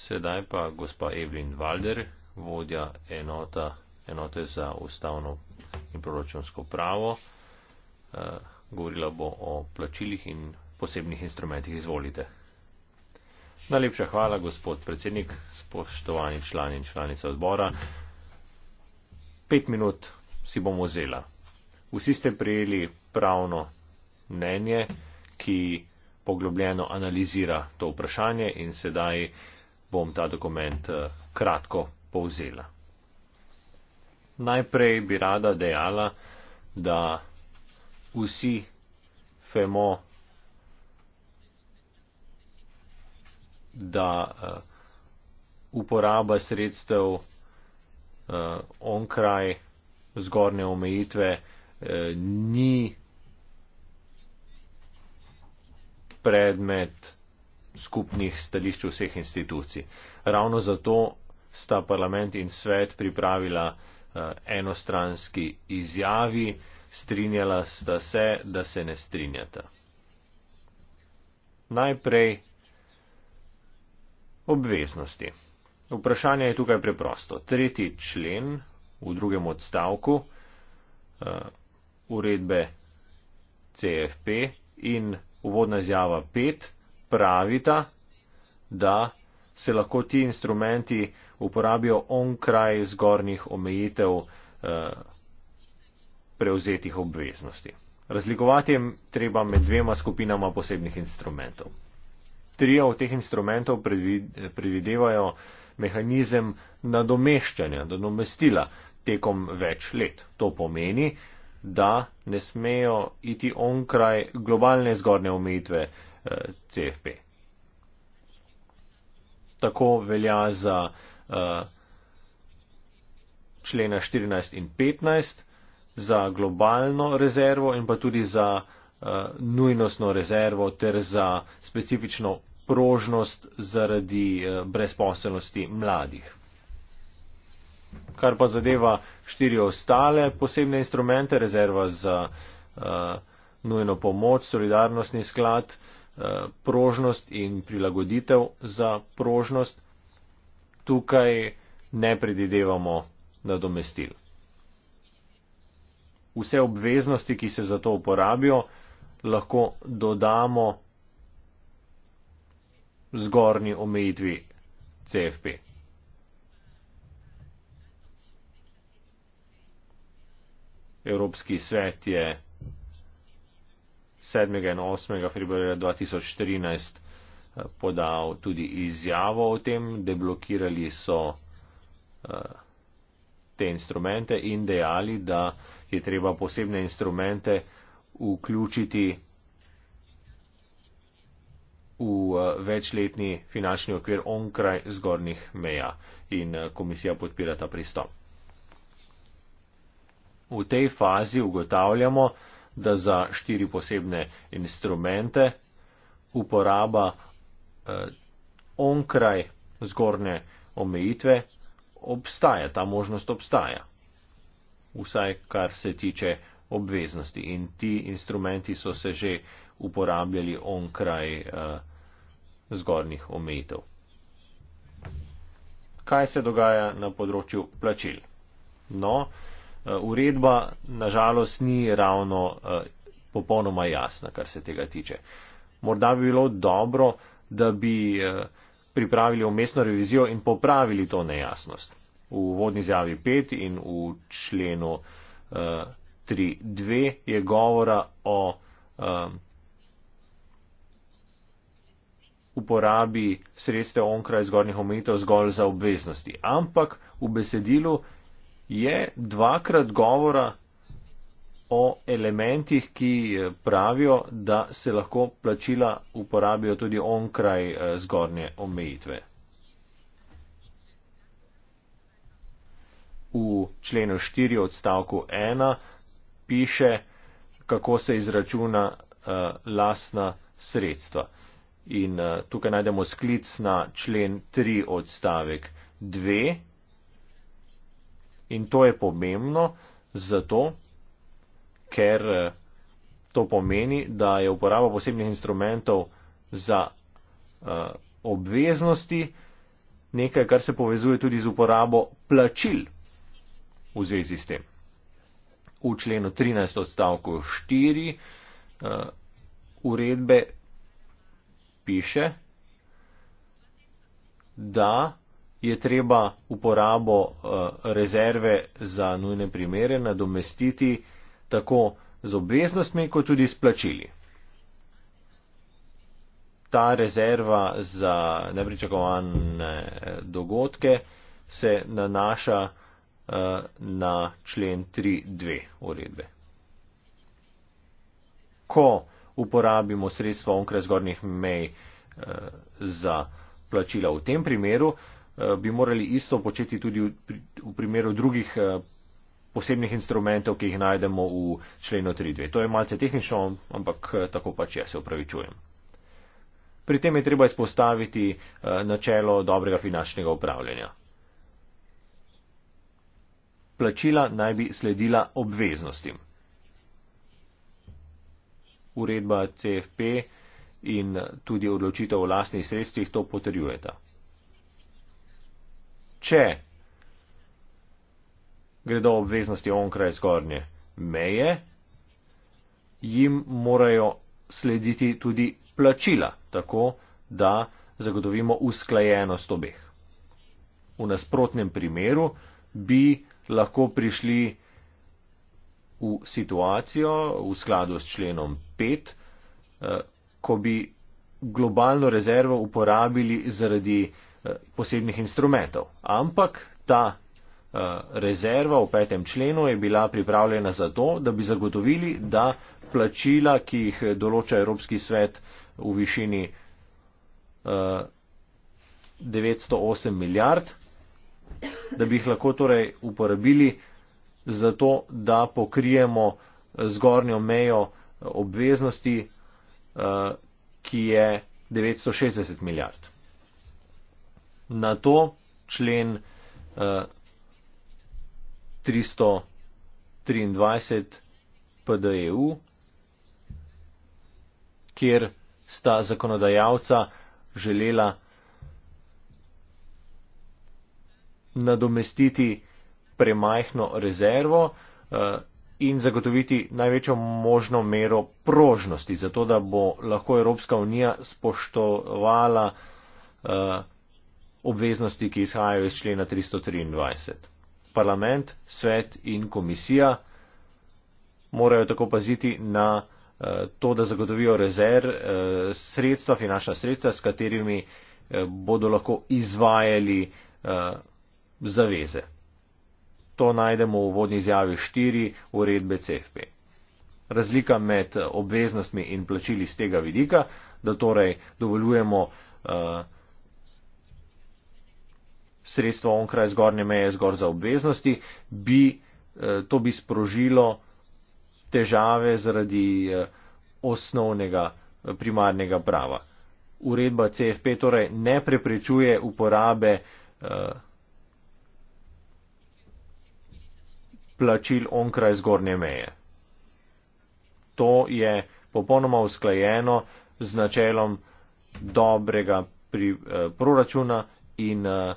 Sedaj pa gospa Evelyn Walder, vodja enota, enote za ustavno in proračunsko pravo, eh, govorila bo o plačilih in posebnih instrumentih. Izvolite. Najlepša hvala, gospod predsednik, spoštovani člani in članice odbora. Pet minut si bomo vzela. Vsi ste prijeli pravno mnenje, ki poglobljeno analizira to vprašanje in sedaj bom ta dokument eh, kratko povzela. Najprej bi rada dejala, da vsi FEMO, da eh, uporaba sredstev eh, onkraj zgornje omejitve ni predmet skupnih stališč vseh institucij. Ravno zato sta parlament in svet pripravila eh, enostranski izjavi, strinjala sta se, da se ne strinjata. Najprej obveznosti. Vprašanje je tukaj preprosto. Tretji člen v drugem odstavku eh, uredbe CFP in uvodna izjava 5 pravita, da se lahko ti instrumenti uporabijo onkraj zgornjih omejitev eh, prevzetih obveznosti. Razlikovati je treba med dvema skupinama posebnih instrumentov. Trije od teh instrumentov predvidevajo mehanizem nadomeščanja, nadomestila tekom več let. To pomeni, da ne smejo iti onkraj globalne zgornje omejitve eh, CFP. Tako velja za eh, člena 14 in 15, za globalno rezervo in pa tudi za eh, nujnostno rezervo ter za specifično prožnost zaradi eh, brezposelnosti mladih. Kar pa zadeva štiri ostale posebne instrumente, rezerva za uh, nujno pomoč, solidarnostni sklad, uh, prožnost in prilagoditev za prožnost. Tukaj ne predidevamo nadomestil. Vse obveznosti, ki se za to uporabijo, lahko dodamo zgornji omejitvi CFP. Evropski svet je 7. in 8. februarja 2014 eh, podal tudi izjavo o tem, deblokirali so eh, te instrumente in dejali, da je treba posebne instrumente vključiti v eh, večletni finančni okvir onkraj zgornjih meja in komisija podpira ta pristop. V tej fazi ugotavljamo, da za štiri posebne instrumente uporaba eh, onkraj zgornje omejitve obstaja, ta možnost obstaja. Vsaj kar se tiče obveznosti. In ti instrumenti so se že uporabljali onkraj eh, zgornjih omejitev. Kaj se dogaja na področju plačil? No, Eh, uredba nažalost ni ravno eh, popolnoma jasna, kar se tega tiče. Morda bi bilo dobro, da bi eh, pripravili umestno revizijo in popravili to nejasnost. V vodni zjavi 5 in v členu 3.2 je govora o uporabi sredstev onkraj zgornjih omejitev zgolj za obveznosti. Ampak v besedilu je dvakrat govora o elementih, ki eh, pravijo, da se lahko plačila uporabijo tudi onkraj eh, zgornje omejitve. V členu 4 odstavku 1 piše, kako se izračuna eh, lasna sredstva. In tukaj najdemo sklic na člen 3 odstavek 2. In to je pomembno zato, ker eh, to pomeni, da je uporaba posebnih instrumentov za uh, obveznosti nekaj, kar se povezuje tudi z uporabo plačil v zvezi s tem. V členu 13 odstavku 4 uh, eh, uredbe piše, da je treba uporabo eh, rezerve za nujne primere nadomestiti tako z obveznostmi, kot tudi s plačili. Ta rezerva za nepričakovane eh, dogodke se nanaša eh, na člen 3.2 uredbe. Ko uporabimo sredstva onkraj zgornjih mej za plačila v tem primeru, Eh, bi morali isto početi tudi v primeru drugih eh, posebnih instrumentov, ki jih najdemo v členu 3.2. To je malce tehnično, ampak eh, tako pač jaz se upravičujem. Pri tem je treba izpostaviti načelo dobrega finančnega upravljanja. Plačila naj bi sledila obveznostim. Uredba CFP in tudi odločitev o lastnih sredstvih to potrjujeta če gredo obveznosti onkraj zgornje meje, jim morajo slediti tudi plačila, tako da zagotovimo usklajenost obeh. V nasprotnem primeru bi lahko prišli v situacijo v skladu s členom 5, eh, ko bi globalno rezervo uporabili zaradi Eh, posebnih instrumentov. Ampak ta eh, rezerva v petem členu je bila pripravljena zato, da bi zagotovili, da plačila, ki jih določa Evropski svet v višini 908 eh, milijard, da bi jih lahko torej uporabili za to, da pokrijemo zgornjo mejo obveznosti, ki je 960 milijard na to člen uh, 323 PDEU, kjer sta zakonodajalca želela nadomestiti premajhno rezervo uh, in zagotoviti največjo možno mero prožnosti, zato da bo lahko Evropska unija spoštovala uh, obveznosti, ki izhajajo iz člena 323. Parlament, svet in komisija morajo tako paziti na eh, to, da zagotovijo rezerv, eh, sredstva, finančna sredstva, s katerimi eh, bodo lahko izvajali zaveze. To najdemo v vodni izjavi 4 uredbe CFP. Razlika med obveznostmi in plačili z tega vidika, da torej dovoljujemo uh, sredstva onkraj zgornje meje zgor za obveznosti, bi eh, to bi sprožilo težave zaradi eh, osnovnega eh, primarnega prava. Uredba CFP torej ne preprečuje uporabe plačil onkraj zgornje meje. To je popolnoma usklajeno z načelom dobrega pri, eh, proračuna in eh,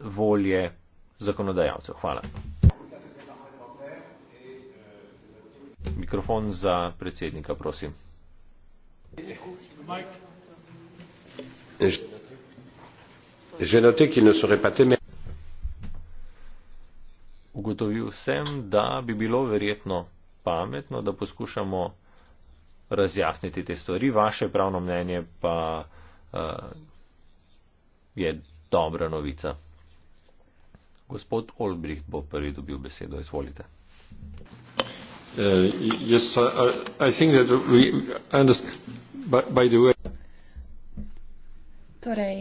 volje zakonodajalcev. Hvala. Mikrofon za predsednika, prosim. Ugotovil sem, da bi bilo verjetno pametno, da poskušamo razjasniti te stvari. Vaše pravno mnenje pa uh, je dobra novica. Gospod Olbricht bo prvi dobil besedo. Izvolite. Uh, torej,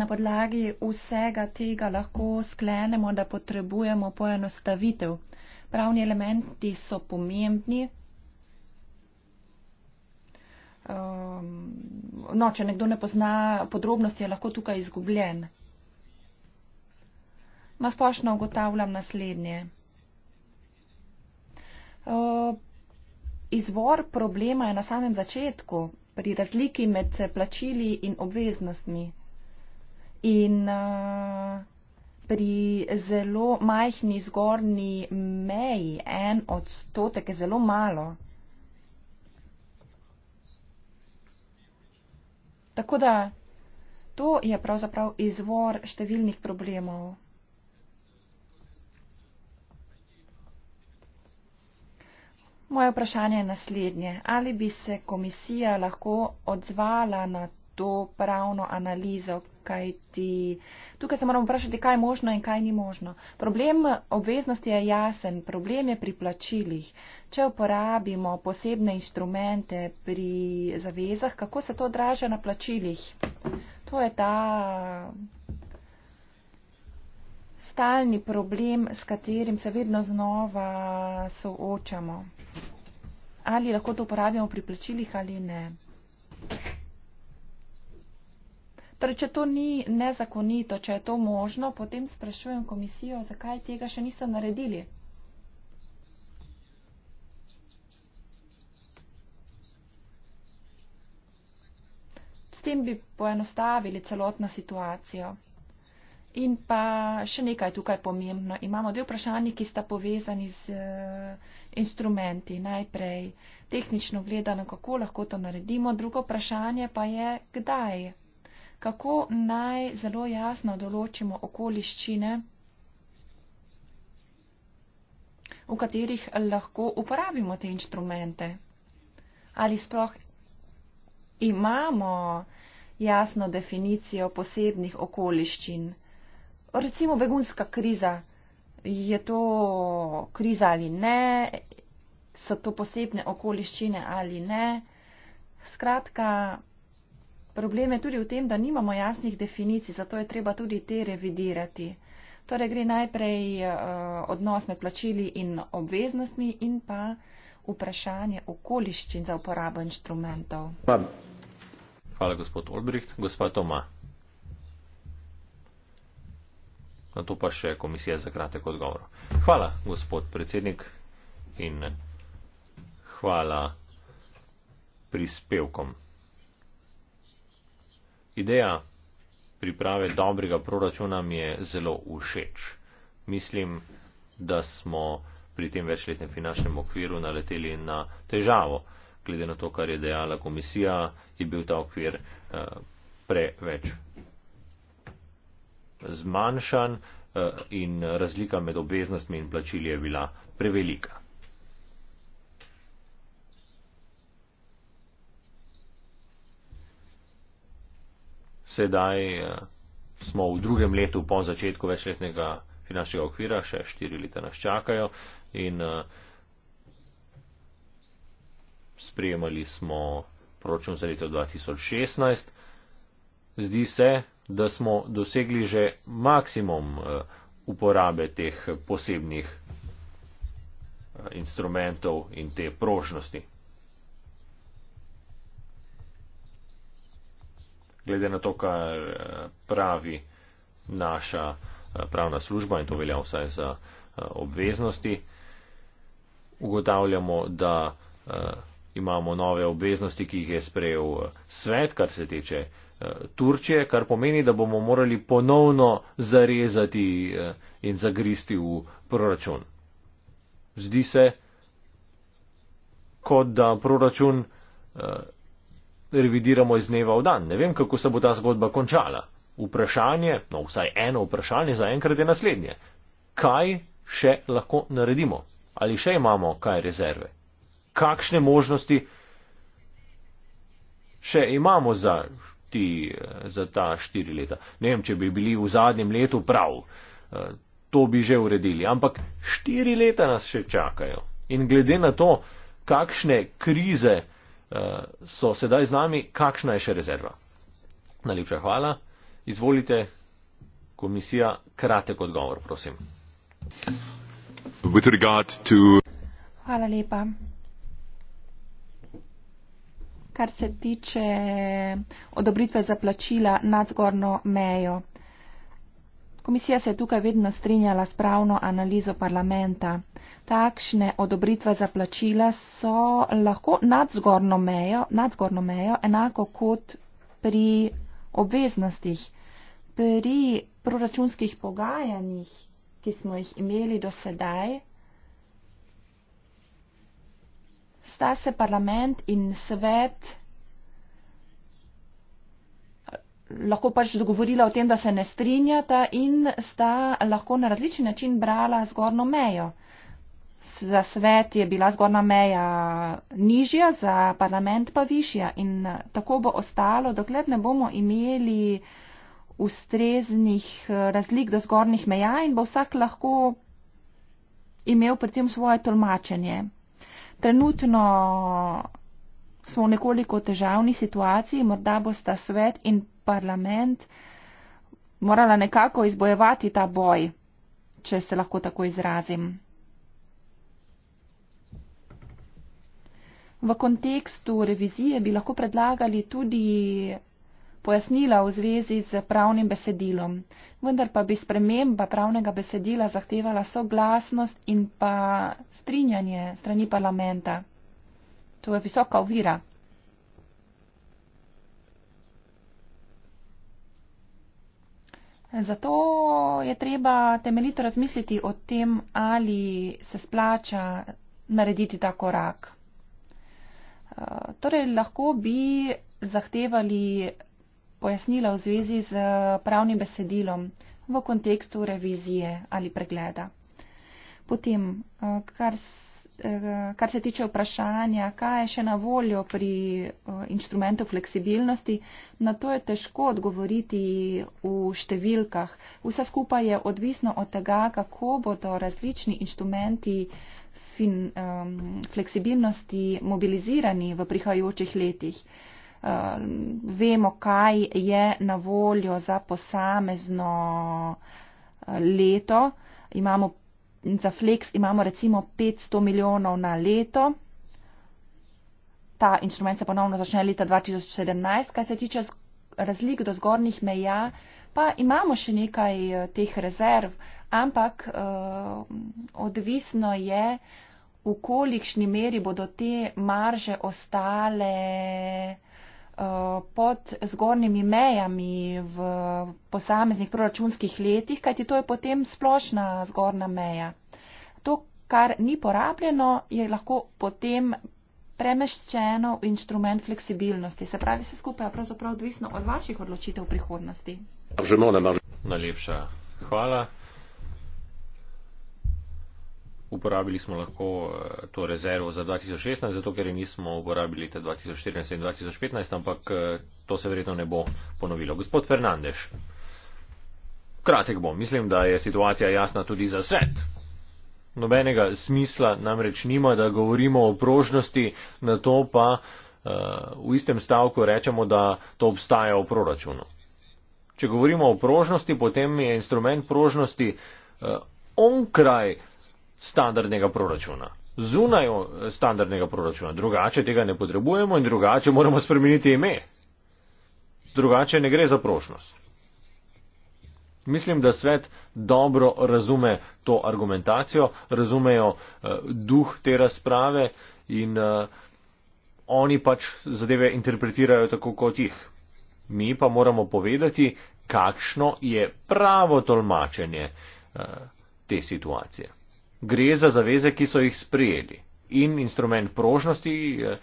na podlagi vsega tega lahko sklenemo, da potrebujemo poenostavitev. Pravni elementi so pomembni. Um, no, če nekdo ne pozna podrobnosti, je lahko tukaj izgubljen na splošno ugotavljam naslednje. Izvor problema je na samem začetku, pri razliki med plačili in obveznostmi. In pri zelo majhni zgornji meji, en odstotek je zelo malo. Tako da to je pravzaprav izvor številnih problemov. Moje vprašanje je naslednje. Ali bi se komisija lahko odzvala na to pravno analizo, kaj ti. Tukaj se moramo vprašati, kaj je možno in kaj ni možno. Problem obveznosti je jasen, problem je pri plačilih. Če uporabimo posebne instrumente pri zavezah, kako se to odraža na plačilih? To je ta stalni problem, s katerim se vedno znova soočamo ali lahko to uporabljamo pri plačilih ali ne. Torej, če to ni nezakonito, če je to možno, potem sprašujem komisijo, zakaj tega še niso naredili. S tem bi poenostavili celotno situacijo. In pa še nekaj tukaj pomembno. Imamo dve vprašanji, ki sta povezani z. Uh, instrumenti najprej tehnično gledano, kako lahko to naredimo. Drugo vprašanje pa je, kdaj, kako naj zelo jasno določimo okoliščine, v katerih lahko uporabimo te inštrumente. Ali sploh imamo jasno definicijo posebnih okoliščin. Recimo begunska kriza je to kriza ali ne, so to posebne okoliščine ali ne. Skratka, problem je tudi v tem, da nimamo jasnih definicij, zato je treba tudi te revidirati. Torej gre najprej eh, odnos med plačili in obveznostmi in pa vprašanje okoliščin za uporabo inštrumentov. Hvala, gospod Olbricht. Gospod Toma. na to pa še komisija za kratek odgovor. Hvala, gospod predsednik, in hvala prispevkom. Ideja priprave dobrega proračuna mi je zelo všeč. Mislim, da smo pri tem večletnem finančnem okviru naleteli na težavo. Glede na to, kar je dejala komisija, je bil ta okvir eh, preveč zmanjšan eh, in razlika med obveznostmi in plačili je bila prevelika. Sedaj eh, smo v drugem letu po začetku večletnega finančnega okvira, še štiri leta nas čakajo in eh, sprejemali smo proračun za leto 2016. Zdi se, da smo dosegli že maksimum eh, uporabe teh posebnih eh, instrumentov in te prožnosti. Glede na to, kar eh, pravi naša pravna služba in to velja vsaj za obveznosti, ugotavljamo, da imamo nove obveznosti, ki jih je sprejel svet, kar se tiče Turčije, kar pomeni, da bomo morali ponovno zarezati eh, in zagristi v proračun. Zdi se, kot da proračun eh, revidiramo iz dneva v dan. Ne vem, kako se bo ta zgodba končala. Vprašanje, no vsaj eno vprašanje za enkrat je naslednje. Kaj še lahko naredimo? Ali še imamo kaj rezerve? Kakšne možnosti še imamo za ti eh, za ta štiri leta. Ne vem, če bi bili v zadnjem letu prav, eh, to bi že uredili, ampak štiri leta nas še čakajo. In glede na to, kakšne krize eh, so sedaj z nami, kakšna je še rezerva. Najlepša hvala. Izvolite, komisija, kratek odgovor, prosim. Hvala lepa kar se tiče odobritve za plačila nad zgornjo mejo. Komisija se je tukaj vedno strinjala s pravno analizo parlamenta. Takšne odobritve za plačila so lahko nad zgornjo mejo, nad zgornjo mejo enako kot pri obveznostih. Pri proračunskih pogajanjih, ki smo jih imeli do sedaj, sta se parlament in svet eh, lahko pač dogovorila o tem, da se ne strinjata in sta lahko na različen način brala zgornjo mejo. Za svet je bila zgornja meja nižja, za parlament pa višja in eh, tako bo ostalo, dokler ne bomo imeli ustreznih eh, razlik do zgornjih meja in bo vsak lahko imel pri tem svoje tolmačenje. Trenutno smo v nekoliko težavni situaciji, morda bosta svet in parlament morala nekako izbojevati ta boj, če se lahko tako izrazim. V kontekstu revizije bi lahko predlagali tudi pojasnila v zvezi z pravnim besedilom. Vendar pa bi sprememba pravnega besedila zahtevala soglasnost in pa strinjanje strani parlamenta. To je visoka ovira. Zato je treba temeljito razmisliti o tem, ali se splača narediti ta korak. Torej, lahko bi zahtevali pojasnila v zvezi z eh, pravnim besedilom v kontekstu revizije ali pregleda. Potem, eh, kar, eh, kar se tiče vprašanja, kaj je še na voljo pri inštrumentu fleksibilnosti, na to je težko odgovoriti v številkah. Vse skupaj je odvisno od tega, kako bodo različni inštrumenti fin, um, fleksibilnosti mobilizirani v prihajajočih letih. Uh, Ehm, vemo, kaj je na voljo za posamezno eh, leto. Imamo, za Flex imamo recimo 500 milijonov na leto. Ta inštrument se ponovno začne leta 2017, kaj se tiče razlik do zgornjih meja, pa imamo še nekaj eh, teh rezerv, ampak uh, odvisno je, v kolikšni meri bodo te marže ostale Eh, pod zgornjimi mejami v posameznih proračunskih letih, kajti to je potem splošna zgornja meja. To, kar ni porabljeno, je lahko potem premeščeno v instrument fleksibilnosti. Se pravi, se skupaj je pravzaprav odvisno od vaših odločitev v prihodnosti. Najlepša hvala uporabili smo lahko eh, to rezervo za 2016, zato ker nismo uporabili te 2014 in 2015, ampak eh, to se verjetno ne bo ponovilo. Gospod Fernandeš, kratek bom, mislim, da je situacija jasna tudi za svet. Nobenega smisla namreč nima, da govorimo o prožnosti, na to pa uh, v istem stavku rečemo, da to obstaja v proračunu. Če govorimo o prožnosti, potem je instrument prožnosti uh, onkraj uh, standardnega proračuna. Zunaj eh, standardnega proračuna, drugače tega ne potrebujemo in drugače moramo spremeniti ime. Drugače ne gre za prošnost. Mislim, da svet dobro razume to argumentacijo, razumejo uh, duh te razprave in uh, oni pač zadeve interpretirajo tako kot jih. Mi pa moramo povedati, kakšno je pravo tolmačenje uh, te situacije gre za zaveze, ki so jih sprejeli. In instrument prožnosti eh,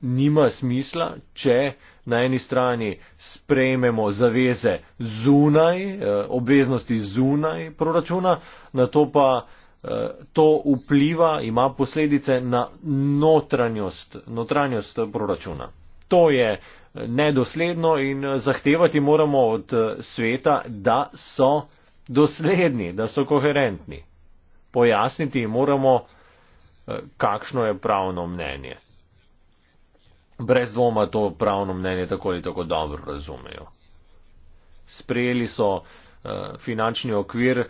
nima smisla, če na eni strani sprejmemo zaveze zunaj, eh, obveznosti zunaj proračuna, na to pa eh, to vpliva, ima posledice na notranjost, notranjost proračuna. To je nedosledno in zahtevati moramo od sveta, da so dosledni, da so koherentni. Pojasniti moramo, eh, kakšno je pravno mnenje. Brez dvoma to pravno mnenje tako ali tako dobro razumejo. Sprejeli so eh, finančni okvir eh,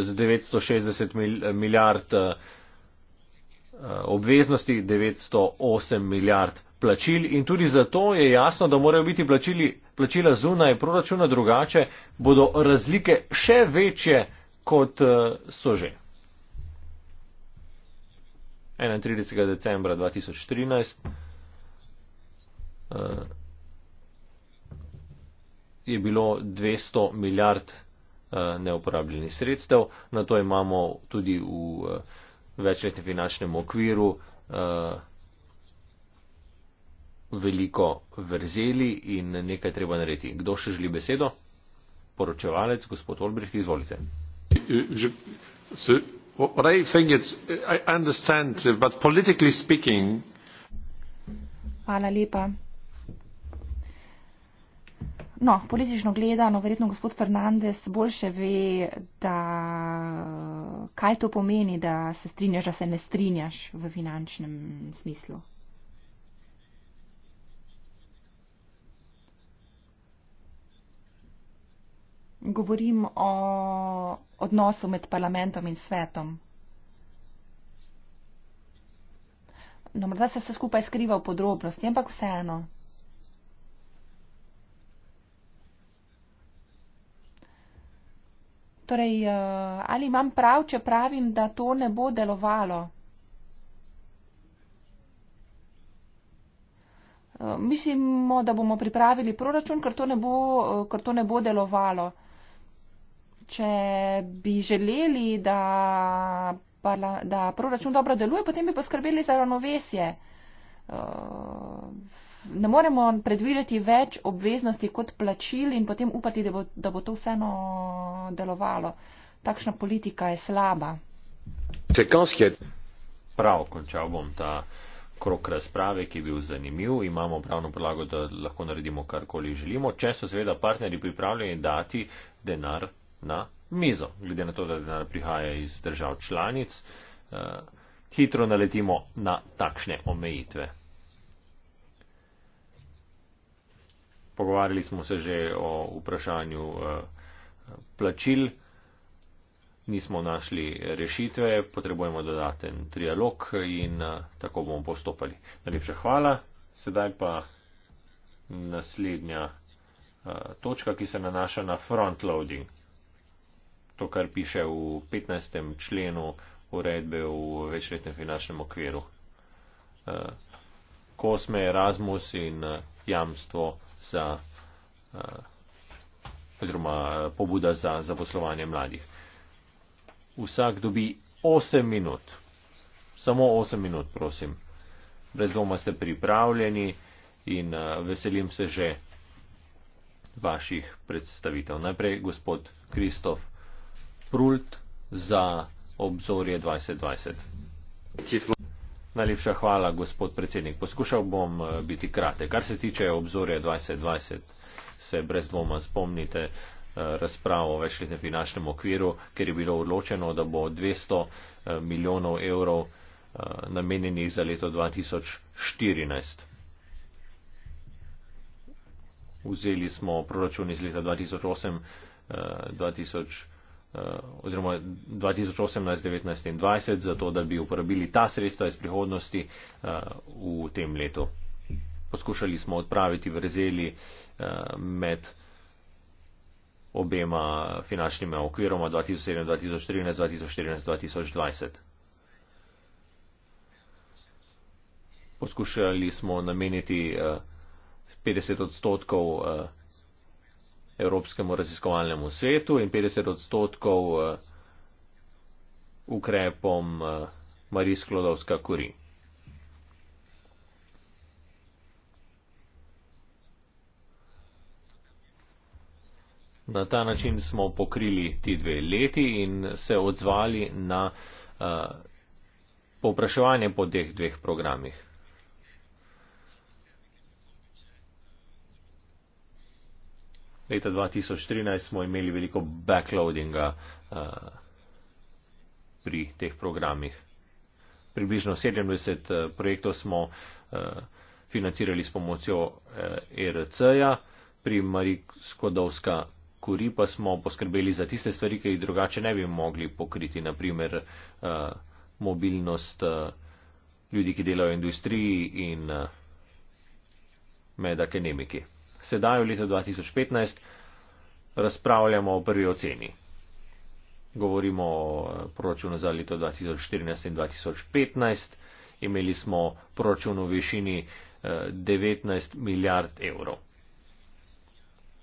z 960 milijard obveznosti, 908 milijard plačil in tudi zato je jasno, da morajo biti plačili, plačila zunaj proračuna drugače, bodo razlike še večje, kot eh, so že. 31. decembra 2013 eh, je bilo 200 milijard eh, neuporabljenih sredstev, na to imamo tudi v večletnem finančnem okviru veliko vrzeli in nekaj treba narediti. Kdo še želi besedo? Poročevalec, gospod Olbricht, izvolite. Hvala lepa. No, politično gledano, verjetno gospod Fernandez boljše ve, da, kaj to pomeni, da se strinjaš, da se ne strinjaš v finančnem smislu. govorim o odnosu med parlamentom in svetom. No, morda se vse skupaj skriva v podrobnosti, ampak vseeno. Torej, eh, ali imam prav, če pravim, da to ne bo delovalo? Eh, mislimo, da bomo pripravili proračun, ker to ne bo, eh, ker to ne bo delovalo če bi želeli, da, parla, da proračun dobro deluje, potem bi poskrbeli za ravnovesje. Uh, ne moremo predvideti več obveznosti kot plačil in potem upati, da bo, da bo to vseeno delovalo. Takšna politika je slaba. Prav, končal bom ta krok razprave, ki je bil zanimiv. Imamo pravno podlago, da lahko naredimo karkoli želimo, če so seveda partnerji pripravljeni dati denar na mizo, glede na to, da denar prihaja iz držav članic, eh, hitro naletimo na takšne omejitve. Pogovarjali smo se že o vprašanju eh, plačil, nismo našli rešitve, potrebujemo dodaten trialog in eh, tako bomo postopali. Najlepša hvala, sedaj pa naslednja. Eh, točka, ki se nanaša na front loading to, kar piše v 15. členu uredbe v večletnem finančnem okviru. Eh, Kosme, Erasmus in eh, jamstvo za, eh, oziroma pobuda za zaposlovanje mladih. Vsak dobi 8 minut, samo 8 minut, prosim. Brez doma ste pripravljeni in veselim se že vaših predstavitev. Najprej gospod Kristof Sprult za obzorje 2020. Najlepša hvala, gospod predsednik. Poskušal bom eh, biti kratek. Kar se tiče obzorja 2020, se brez dvoma spomnite eh, razpravo o večletnem finančnem okviru, ker je bilo odločeno, da bo 200 eh, milijonov evrov namenjenih za leto 2014. Vzeli smo proračun iz leta 2008, 2008. Eh, oziroma 2018, 19 in 20, zato da bi uporabili ta sredstva iz prihodnosti eh, v tem letu. Poskušali smo odpraviti vrzeli eh, med obema finančnima okviroma 2007-2013-2014-2020. Poskušali smo nameniti 50 odstotkov Evropskemu raziskovalnemu svetu in 50 odstotkov eh, ukrepom eh, Marija Sklodovska Kuri. Na ta način smo pokrili ti dve leti in se odzvali na uh, povpraševanje po teh dveh programih. leta 2013 smo imeli veliko backloadinga uh, pri teh programih. Približno 70 uh, eh, projektov smo uh, financirali s pomočjo uh, ERC-ja, pri Marikskodovska kuri pa smo poskrbeli za tiste stvari, ki jih drugače ne bi mogli pokriti, naprimer uh, mobilnost uh, ljudi, ki delajo v industriji in uh, med akademiki sedaj v letu 2015 razpravljamo o prvi oceni. Govorimo o eh, proračunu za leto 2014 in 2015. Imeli smo proračun v višini 19 eh, milijard evrov.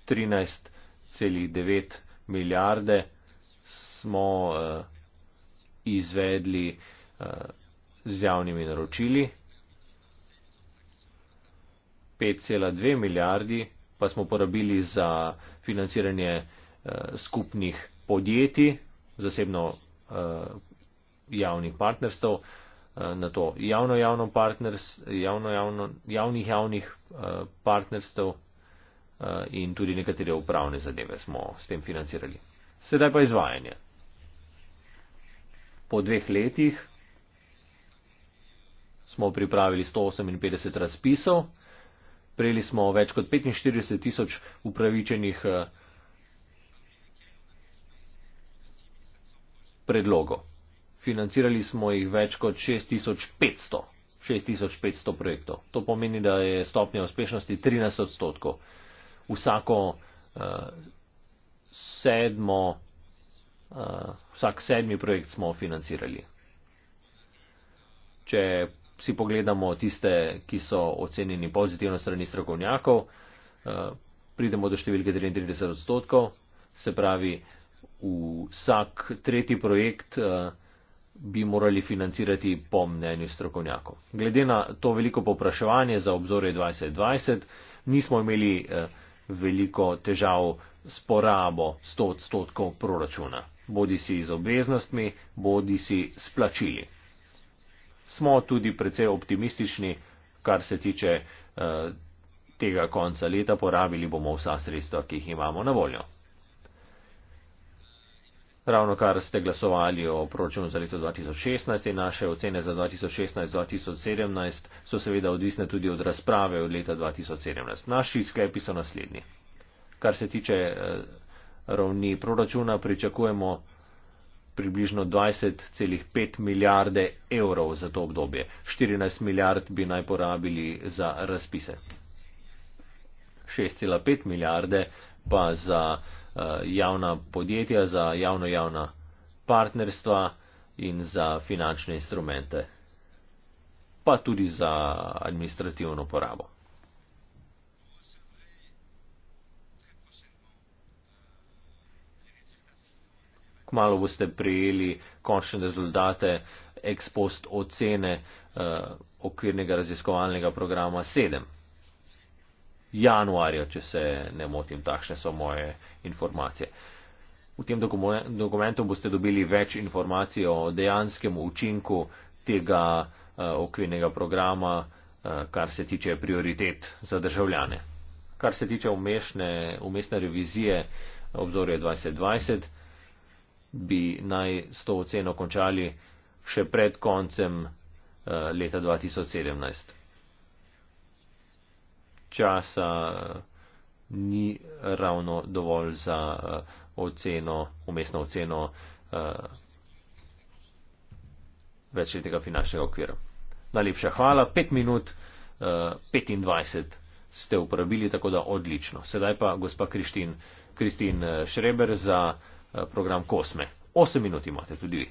13,9 milijarde smo eh, izvedli z javnimi naročili, 5,2 milijardi pa smo porabili za financiranje eh, skupnih podjetij, zasebno eh, javnih partnerstv, eh, na to javno-javno partners, javno-javno, javnih-javnih eh, partnerstv eh, in tudi nekatere upravne zadeve smo s tem financirali. Sedaj pa izvajanje. Po dveh letih smo pripravili 158 razpisov prejeli smo več kot 45 tisoč upravičenih eh, predlogov. Financirali smo jih več kot 6500. 6500 projektov. To pomeni, da je stopnja uspešnosti 13 odstotkov. Vsako uh, sedmo, uh, vsak sedmi projekt smo financirali. Če si pogledamo tiste, ki so ocenjeni pozitivno strani strokovnjakov, eh, pridemo do številke 33 odstotkov, se pravi, vsak tretji projekt eh, bi morali financirati po mnenju strokovnjakov. Glede na to veliko popraševanje za obzore 2020, nismo imeli eh, veliko težav s porabo 100 odstotkov proračuna, bodi si z obveznostmi, bodi si s plačili smo tudi precej optimistični, kar se tiče eh, tega konca leta, porabili bomo vsa sredstva, ki jih imamo na voljo. Ravno kar ste glasovali o proračunu za leto 2016 in naše ocene za 2016-2017 so seveda odvisne tudi od razprave od leta 2017. Naši sklepi so naslednji. Kar se tiče eh, ravni proračuna, pričakujemo približno 20,5 milijarde evrov za to obdobje. 14 milijard bi naj porabili za razpise. 6,5 milijarde pa za uh, javna podjetja, za javno-javna partnerstva in za finančne instrumente, pa tudi za administrativno porabo. kmalo boste prijeli končne rezultate ex post ocene eh, okvirnega raziskovalnega programa 7. Januarja, če se ne motim, takšne so moje informacije. V tem dokumentu boste dobili več informacij o dejanskem učinku tega eh, okvirnega programa, eh, kar se tiče prioritet za državljane. Kar se tiče umestne revizije obzorja 2020, bi naj s to oceno končali še pred koncem eh, leta 2017. Časa eh, ni ravno dovolj za eh, oceno, umestno oceno večletega finančnega okvira. Najlepša hvala, 5 minut 25 ste uporabili, tako da odlično. Sedaj pa gospa Kristin Šreber za. Eh, program Kosme. Osem minut imate tudi vi.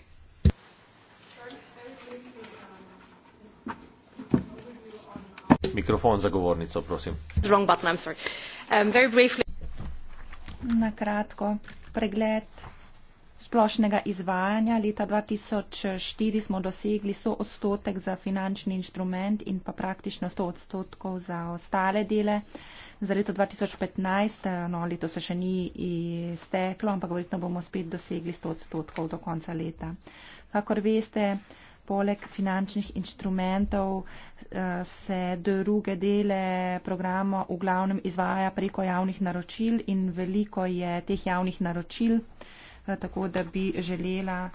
Mikrofon za govornico, prosim. Um, Na kratko pregled splošnega izvajanja. Leta 2004 smo dosegli 100 odstotek za finančni inštrument in pa praktično 100 odstotkov za ostale dele. Za leto 2015, eh, no leto se še ni steklo, ampak verjetno bomo spet dosegli 100 odstotkov do konca leta. Kakor veste, poleg finančnih inštrumentov eh, se druge dele programa v glavnem izvaja preko javnih naročil in veliko je teh javnih naročil tako da bi želela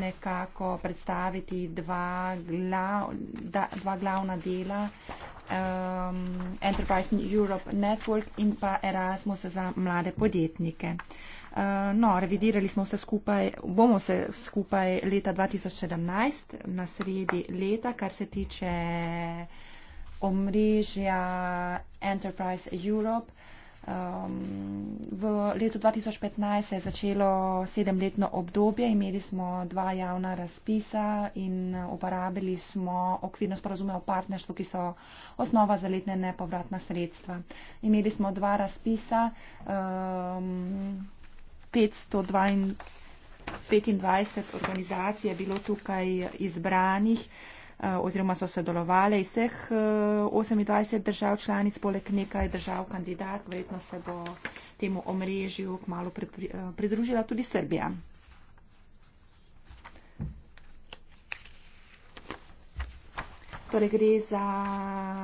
nekako predstaviti dva, glav, da, dva glavna dela um, Enterprise Europe Network in pa Erasmus za mlade podjetnike. Uh, no, revidirali smo se skupaj, bomo se skupaj leta 2017 na sredi leta, kar se tiče omrežja Enterprise Europe. Um, v letu 2015 se je začelo sedemletno obdobje, imeli smo dva javna razpisa in uporabili smo okvirno sporozume o partnerstvu, ki so osnova za letne nepovratna sredstva. Imeli smo dva razpisa, um, 525 organizacij je bilo tukaj izbranih. Eh, oziroma so sodelovali iz vseh 28 eh, držav članic, poleg nekaj držav kandidat, verjetno se bo temu omrežju kmalo eh, pridružila tudi Srbija. Torej gre za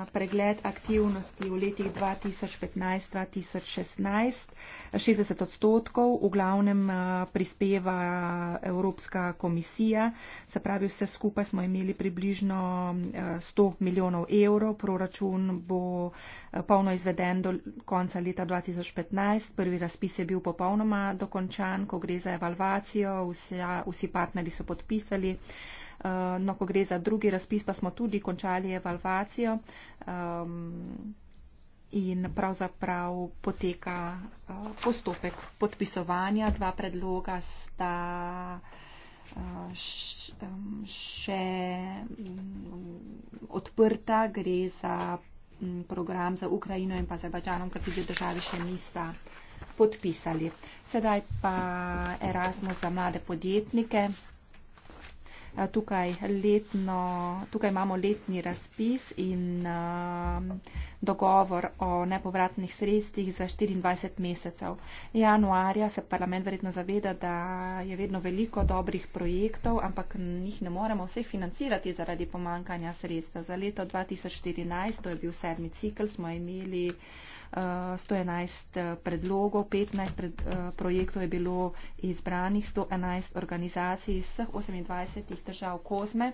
pregled aktivnosti v letih 2015-2016. 60 odstotkov v glavnem eh, prispeva Evropska komisija, se pravi vse skupaj smo imeli približno 100 eh, milijonov evrov. Proračun bo eh, polno izveden do konca leta 2015. Prvi razpis je bil popolnoma dokončan, ko gre za evalvacijo, vsi partneri so podpisali. Eh, no, ko gre za drugi razpis, pa smo tudi končali evalvacijo um, in pravzaprav poteka uh, postopek podpisovanja. Dva predloga sta eh, še mm, odprta, gre za mm, program za Ukrajino in pa za Bačanom, kar tudi državi še nista podpisali. Sedaj pa Erasmus za mlade podjetnike tukaj, letno, tukaj imamo letni razpis in dogovor o nepovratnih sredstvih za 24 mesecev. Januarja se parlament verjetno zaveda, da je vedno veliko dobrih projektov, ampak njih ne moremo vseh financirati zaradi pomankanja sredstev. Za leto 2014, to je bil sedmi cikl, smo imeli 111 eh, eh, predlogov, 15 pred, eh, projektov je bilo izbranih, 111 organizacij iz vseh 28 držav Kozme,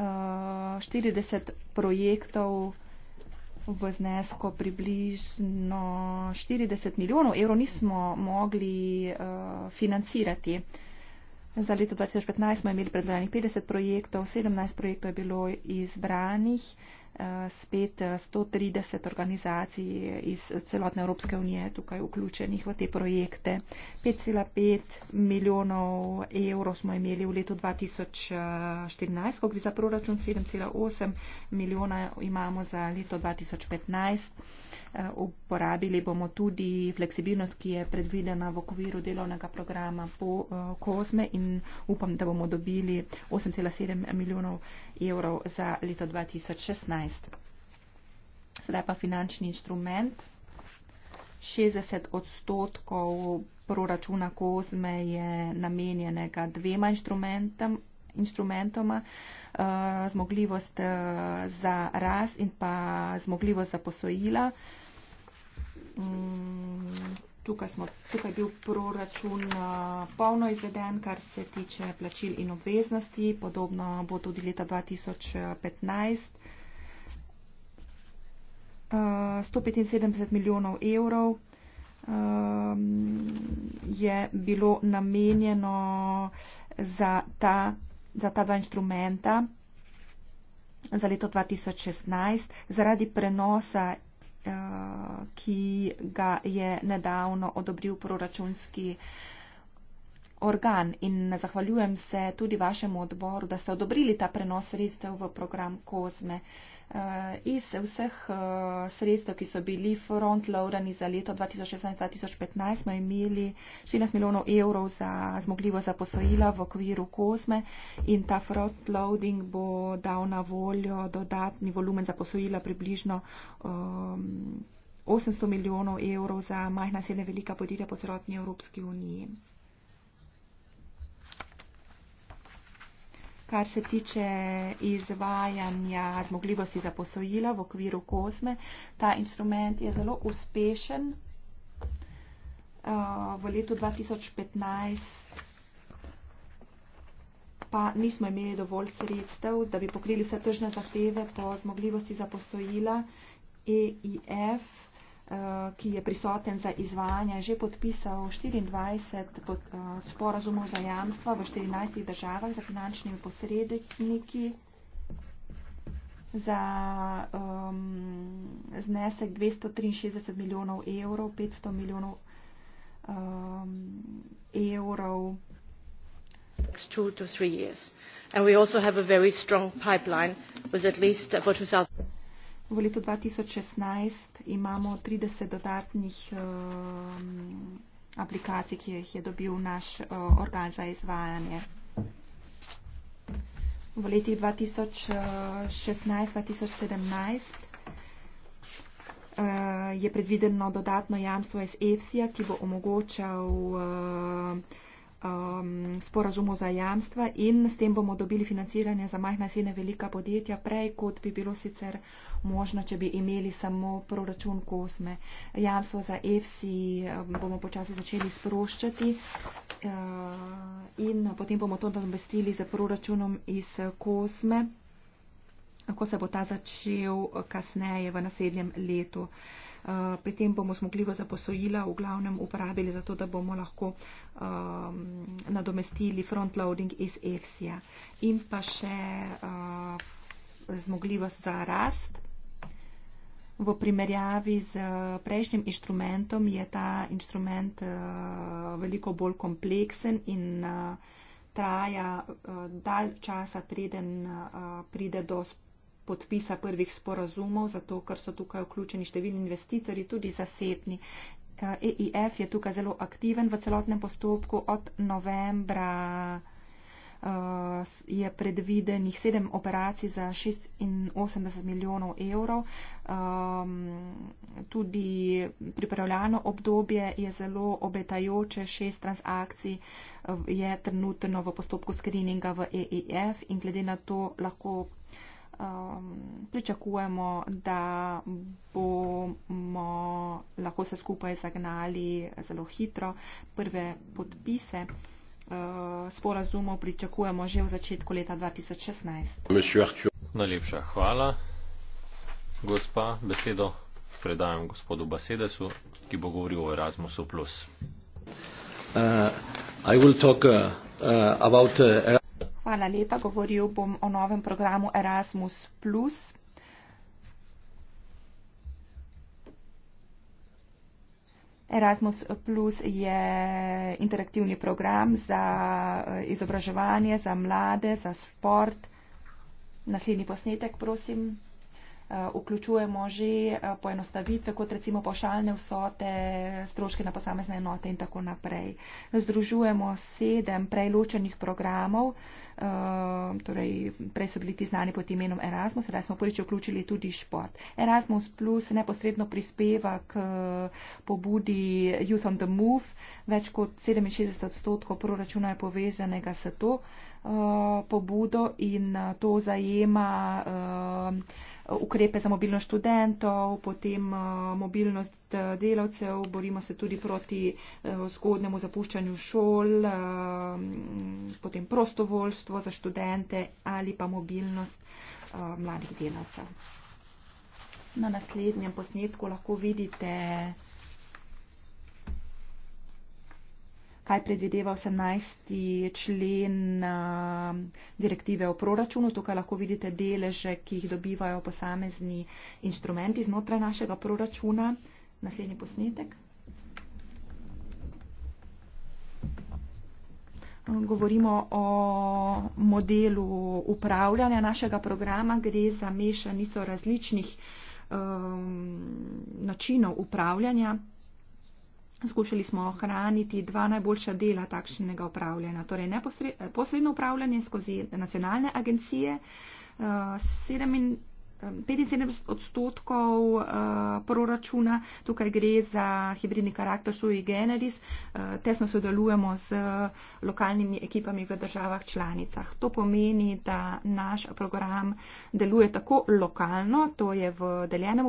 40 projektov v znesko približno 40 milijonov evrov nismo mogli financirati. Za leto 2015 smo imeli predvajanih 50 projektov, 17 projektov je bilo izbranih, spet 130 eh, organizacij iz celotne Evropske unije tukaj vključenih v te projekte. 5,5 milijonov evrov smo imeli v letu 2014, eh, ko gre za proračun 7,8 milijona imamo za leto 2015. Eh, uporabili bomo tudi fleksibilnost, ki je predvidena v okviru delovnega programa po eh, Kozme in upam, da bomo dobili 8,7 milijonov evrov za leto 2016. Sedaj pa finančni instrument. 60 odstotkov proračuna Kozme je namenjenega dvema instrumentom, instrumentoma, eh, zmogljivost za rast in pa zmogljivost za posojila. Mm, tukaj, smo, tukaj je bil proračun eh, polno izveden, kar se tiče plačil in obveznosti. Podobno bo tudi leta 2015. 175 eh, milijonov evrov ehm, je bilo namenjeno za ta, za ta dva instrumenta za leto 2016 zaradi prenosa Eh, ki ga je nedavno odobril proračunski organ in zahvaljujem se tudi vašemu odboru, da ste odobrili ta prenos sredstev v program Kozme. Eh, iz vseh eh, sredstev, ki so bili frontloadani za leto 2016-2015, smo imeli 14 milijonov evrov za zmogljivo za posojila v okviru Kozme in ta frontloading bo dal na voljo dodatni volumen za posojila približno. Um, ehm, 800 milijonov evrov za majhna sedem velika podjetja po celotni Evropski uniji. kar se tiče izvajanja zmogljivosti za posojila v okviru kozme. Ta instrument je zelo uspešen. Eh, v letu 2015 pa nismo imeli dovolj sredstev, da bi pokrili vse tržne zahteve po zmogljivosti za posojila EIF. Eh, ki je prisoten za izvajanje, že podpisal 24 pod, uh, sporazumov za jamstva v 14 državah za finančnimi posredniki za um, znesek 263 milijonov evrov, 500 milijonov um, evrov. Two to three years. And we also have a very strong pipeline with at least uh, for 2000. V letu 2016 imamo 30 dodatnih um, aplikacij, ki jih je dobil naš uh, organ za izvajanje. V letih 2016-2017 uh, je predvideno dodatno jamstvo iz EFSI-ja, ki bo omogočal uh, um, sporazumov za jamstva in s tem bomo dobili financiranje za majhna sine velika podjetja prej, kot bi bilo sicer možno, če bi imeli samo proračun kosme. Jamstvo za EFSI um, bomo počasi začeli sproščati uh, in potem bomo to nadomestili za proračunom iz kosme ko se bo ta začel kasneje v naslednjem letu. Uh, Eh, pri tem bomo zmogljivo za posojila v glavnem uporabili za to, da bomo lahko um, nadomestili frontloading iz EFSI-ja in pa še uh, zmogljivost za rast. V primerjavi z eh, prejšnjim inštrumentom je ta inštrument uh, veliko bolj kompleksen in uh, traja uh, dalj časa, preden uh, pride do spremljanja podpisa prvih sporazumov, zato ker so tukaj vključeni številni investitorji, tudi zasebni. EIF eh, e je tukaj zelo aktiven v celotnem postopku. Od novembra eh, je predvidenih sedem operacij za 86 milijonov evrov. Ehm, tudi pripravljano obdobje je zelo obetajoče. Šest transakcij eh, je trenutno v postopku screeninga v EIF in glede na to lahko um, pričakujemo, da bomo lahko se skupaj zagnali zelo hitro. Prve podpise uh, sporazumov pričakujemo že v začetku leta 2016. Najlepša hvala. Gospa, besedo predajam gospodu Basedesu, ki bo govoril o Erasmusu. Uh, I will talk uh, uh, about uh, Hvala lepa. Govoril bom o novem programu Erasmus. Erasmus Plus je interaktivni program za eh, izobraževanje, za mlade, za šport. Naslednji posnetek, prosim. Eh, vključujemo že eh, poenostavitve, kot recimo pošaljne vsote, stroške na posamezne enote in tako naprej. Združujemo sedem prejločenih programov, eh, torej prej so bili ti znani pod imenom Erasmus, sedaj smo prvič vključili tudi šport. Erasmus Plus neposredno prispeva k pobudi Youth on the Move, več kot 67 odstotkov proračuna je povezanega s to pobudo in to zajema uh, ukrepe za mobilnost študentov, potem eh, mobilnost eh, delavcev, borimo se tudi proti eh, zgodnemu zapuščanju šol, potem prostovoljstvo za študente ali pa mobilnost mladih delavcev. Na naslednjem posnetku lahko vidite kaj predvideva 18. člen eh, direktive o proračunu. Tukaj lahko vidite deleže, ki jih dobivajo posamezni inštrumenti znotraj našega proračuna. Naslednji posnetek. Govorimo o modelu upravljanja našega programa. Gre za mešanico različnih um, načinov upravljanja. Skušali smo ohraniti dva najboljša dela takšnega upravljanja, torej neposredno upravljanje skozi nacionalne agencije. Eh, 75 odstotkov uh, proračuna, tukaj gre za hibridni karakter sui generis, uh, tesno sodelujemo z lokalnimi ekipami v državah članicah. To pomeni, da naš program deluje tako lokalno, to je v deljenem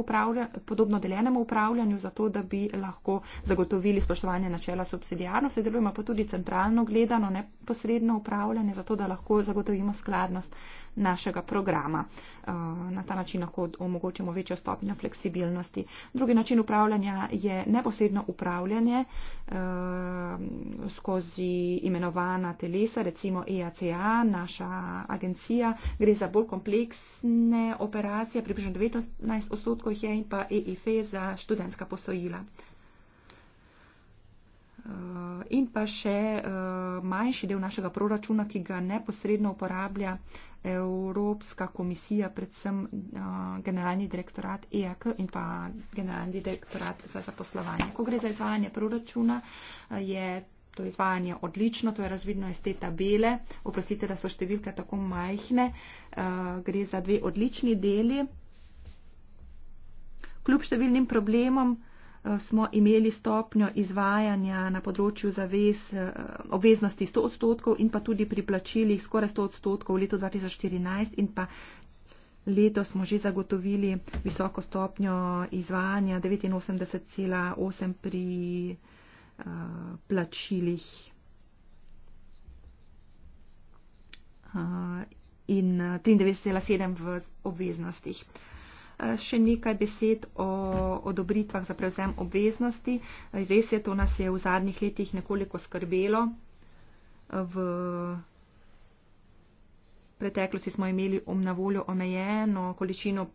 podobno deljenemu upravljanju, zato da bi lahko zagotovili spoštovanje načela subsidijarnosti, delujemo pa tudi centralno gledano, neposredno upravljanje, zato da lahko zagotovimo skladnost našega programa. Eh, na ta način lahko omogočamo večjo stopnjo fleksibilnosti. Drugi način upravljanja je neposredno upravljanje eh, skozi imenovana telesa, recimo EACA, naša agencija. Gre za bolj kompleksne operacije, približno 19 odstotkov jih je in pa EIFE e za študentska posojila. Eh, in pa še eh, manjši del našega proračuna, ki ga neposredno uporablja Evropska komisija, predvsem eh, generalni direktorat EAK in pa generalni direktorat za zaposlovanje. Ko gre za izvajanje proračuna, je to izvajanje odlično, to je razvidno iz te tabele. Oprostite, da so številke tako majhne. Gre za dve odlični deli. Kljub številnim problemom, Eh, smo imeli stopnjo izvajanja na področju zavez eh, obveznosti 100 odstotkov in pa tudi pri plačilih skoraj 100 odstotkov v letu 2014 in pa leto smo že zagotovili visoko stopnjo izvajanja 89,8 pri eh, plačilih. In 93,7 v obveznostih še nekaj besed o odobritvah za prevzem obveznosti. Res je, to nas je v zadnjih letih nekoliko skrbelo. V preteklosti smo imeli um na voljo omejeno količino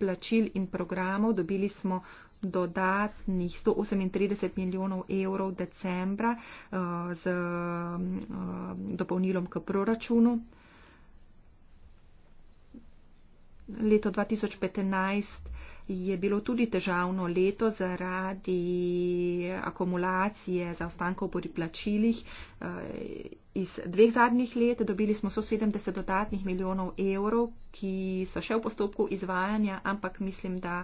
plačil in programov, dobili smo dodatnih 138 milijonov evrov decembra eh, z eh, dopolnilom k proračunu. leto 2015 je bilo tudi težavno leto zaradi akumulacije zaostankov po priplačilih. Eh, iz dveh zadnjih let dobili smo 170 dodatnih milijonov evrov, ki so še v postopku izvajanja, ampak mislim, da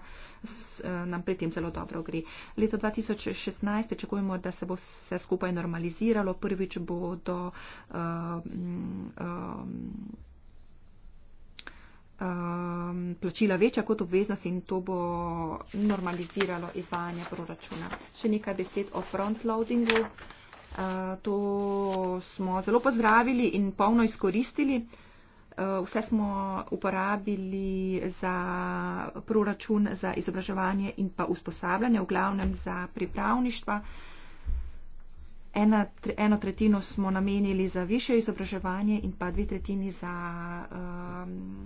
eh, nam pri tem zelo dobro gre. Leto 2016 pričakujemo, da se bo vse skupaj normaliziralo. Prvič bodo. Uh, um, um, plačila večja kot obveznost in to bo normaliziralo izvajanje proračuna. Še nekaj besed o frontloadingu. Uh, to smo zelo pozdravili in polno izkoristili. Uh, vse smo uporabili za proračun za izobraževanje in pa usposabljanje, v glavnem za pripravništva. Uh, ena, tre, eno tretjino smo namenili za više izobraževanje in pa dve tretjini za um,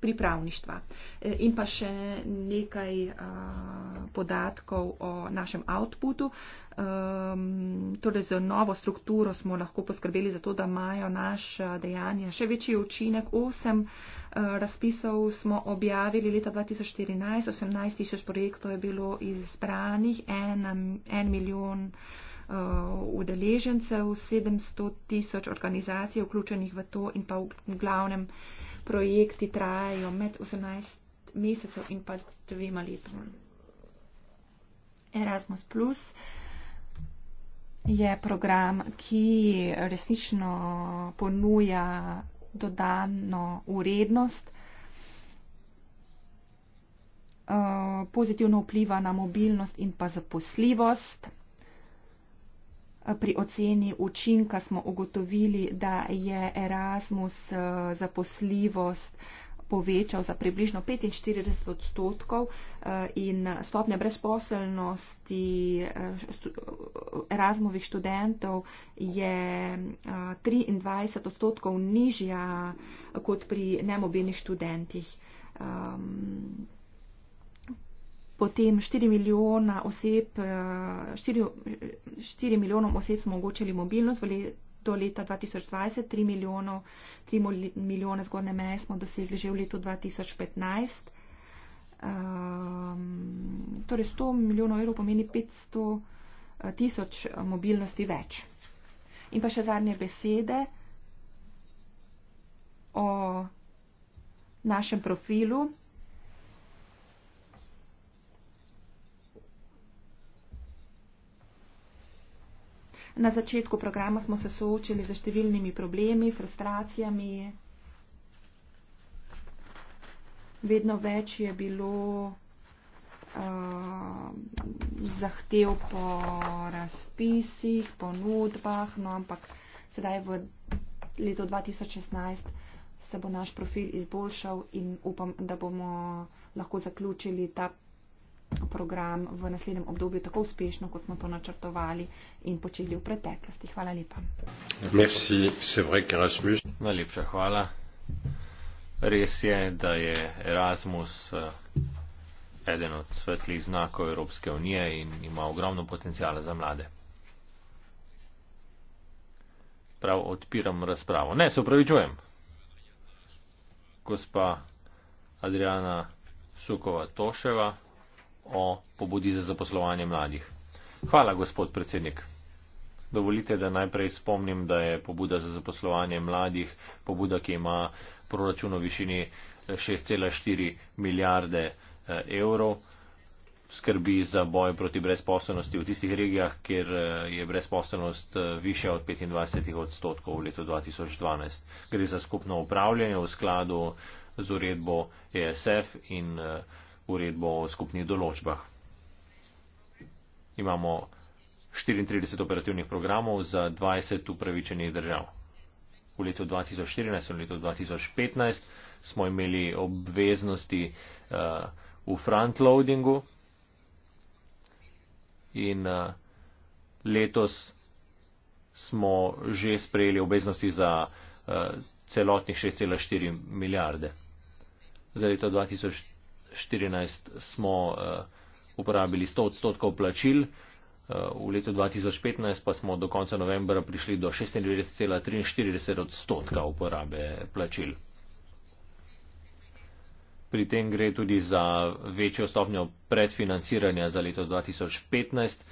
pripravništva. E, in pa še nekaj uh, podatkov o našem outputu. Um, torej, z novo strukturo smo lahko poskrbeli za to, da imajo naša dejanja še večji učinek. Osem uh, razpisov smo objavili leta 2014, 18 tisoč projektov je bilo izbranih, en, en milijon. Eh, udeležencev, 700 tisoč organizacij vključenih v to in pa v glavnem projekti trajajo med 18 mesecev in pa dvema letoma. Erasmus Plus je program, ki resnično ponuja dodano urednost, eh, pozitivno vpliva na mobilnost in pa zaposljivost. Pri oceni učinka smo ugotovili, da je Erasmus eh, zaposljivost povečal za približno 45 odstotkov eh, in stopnja brezposelnosti eh, Erasmovih študentov je 23 odstotkov nižja kot pri nemobilnih študentih. Ehm, potem 4 milijona oseb, 4, eh, 4 milijonom oseb smo omogočili mobilnost v letu. Do leta 2020, 3, milijonov, 3 milijone zgornje meje smo dosegli že v letu 2015. Um, ehm, torej 100 milijonov evrov pomeni 500 eh, tisoč eh, mobilnosti več. In pa še zadnje besede o našem profilu. Na začetku programa smo se soočili za številnimi problemi, frustracijami. Vedno več je bilo uh, zahtev po razpisih, ponudbah, no ampak sedaj v letu 2016 se bo naš profil izboljšal in upam, da bomo lahko zaključili ta program v naslednjem obdobju tako uspešno, kot smo to načrtovali in počeli v preteklosti. Hvala lepa. Merci, Najlepša hvala. Res je, da je Erasmus eh, eden od svetlih znakov Evropske unije in ima ogromno potencijala za mlade. Prav odpiram razpravo. Ne, se upravičujem. Gospa Adriana Sukova Toševa o pobudi za zaposlovanje mladih. Hvala, gospod predsednik. Dovolite, da najprej spomnim, da je pobuda za zaposlovanje mladih pobuda, ki ima proračun v višini 6,4 eh, milijarde eh, evrov, skrbi za boj proti brezposobnosti v tistih regijah, kjer eh, je brezposobnost više od 25 odstotkov v letu 2012. Gre za skupno upravljanje v skladu z uredbo ESF in uredbo o skupnih določbah. Imamo 34 operativnih programov za 20 upravičenih držav. V letu 2014 in letu 2015 smo imeli obveznosti uh, v frontloadingu in uh, letos smo že sprejeli obveznosti za uh, celotnih 6,4 milijarde. Za leto 2014 2014 smo eh, uporabili 100 odstotkov plačil, eh, v letu 2015 pa smo do konca novembra prišli do 96,43 odstotka uporabe plačil. Pri tem gre tudi za večjo stopnjo predfinanciranja za leto 2015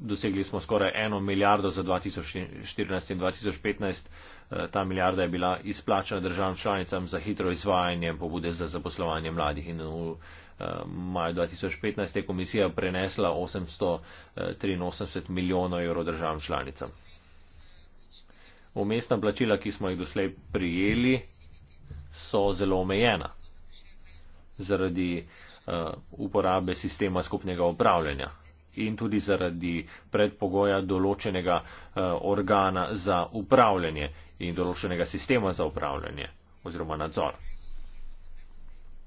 dosegli smo skoraj eno milijardo za 2014 in 2015. Eh, ta milijarda je bila izplačena državam članicam za hitro izvajanje pobude za zaposlovanje mladih in v eh, maju 2015 je komisija prenesla 883 eh, milijonov evrov državam članicam. Umestna plačila, ki smo jih doslej prijeli, so zelo omejena zaradi uh, uporabe sistema skupnega upravljanja in tudi zaradi predpogoja določenega eh, organa za upravljanje in določenega sistema za upravljanje oziroma nadzor.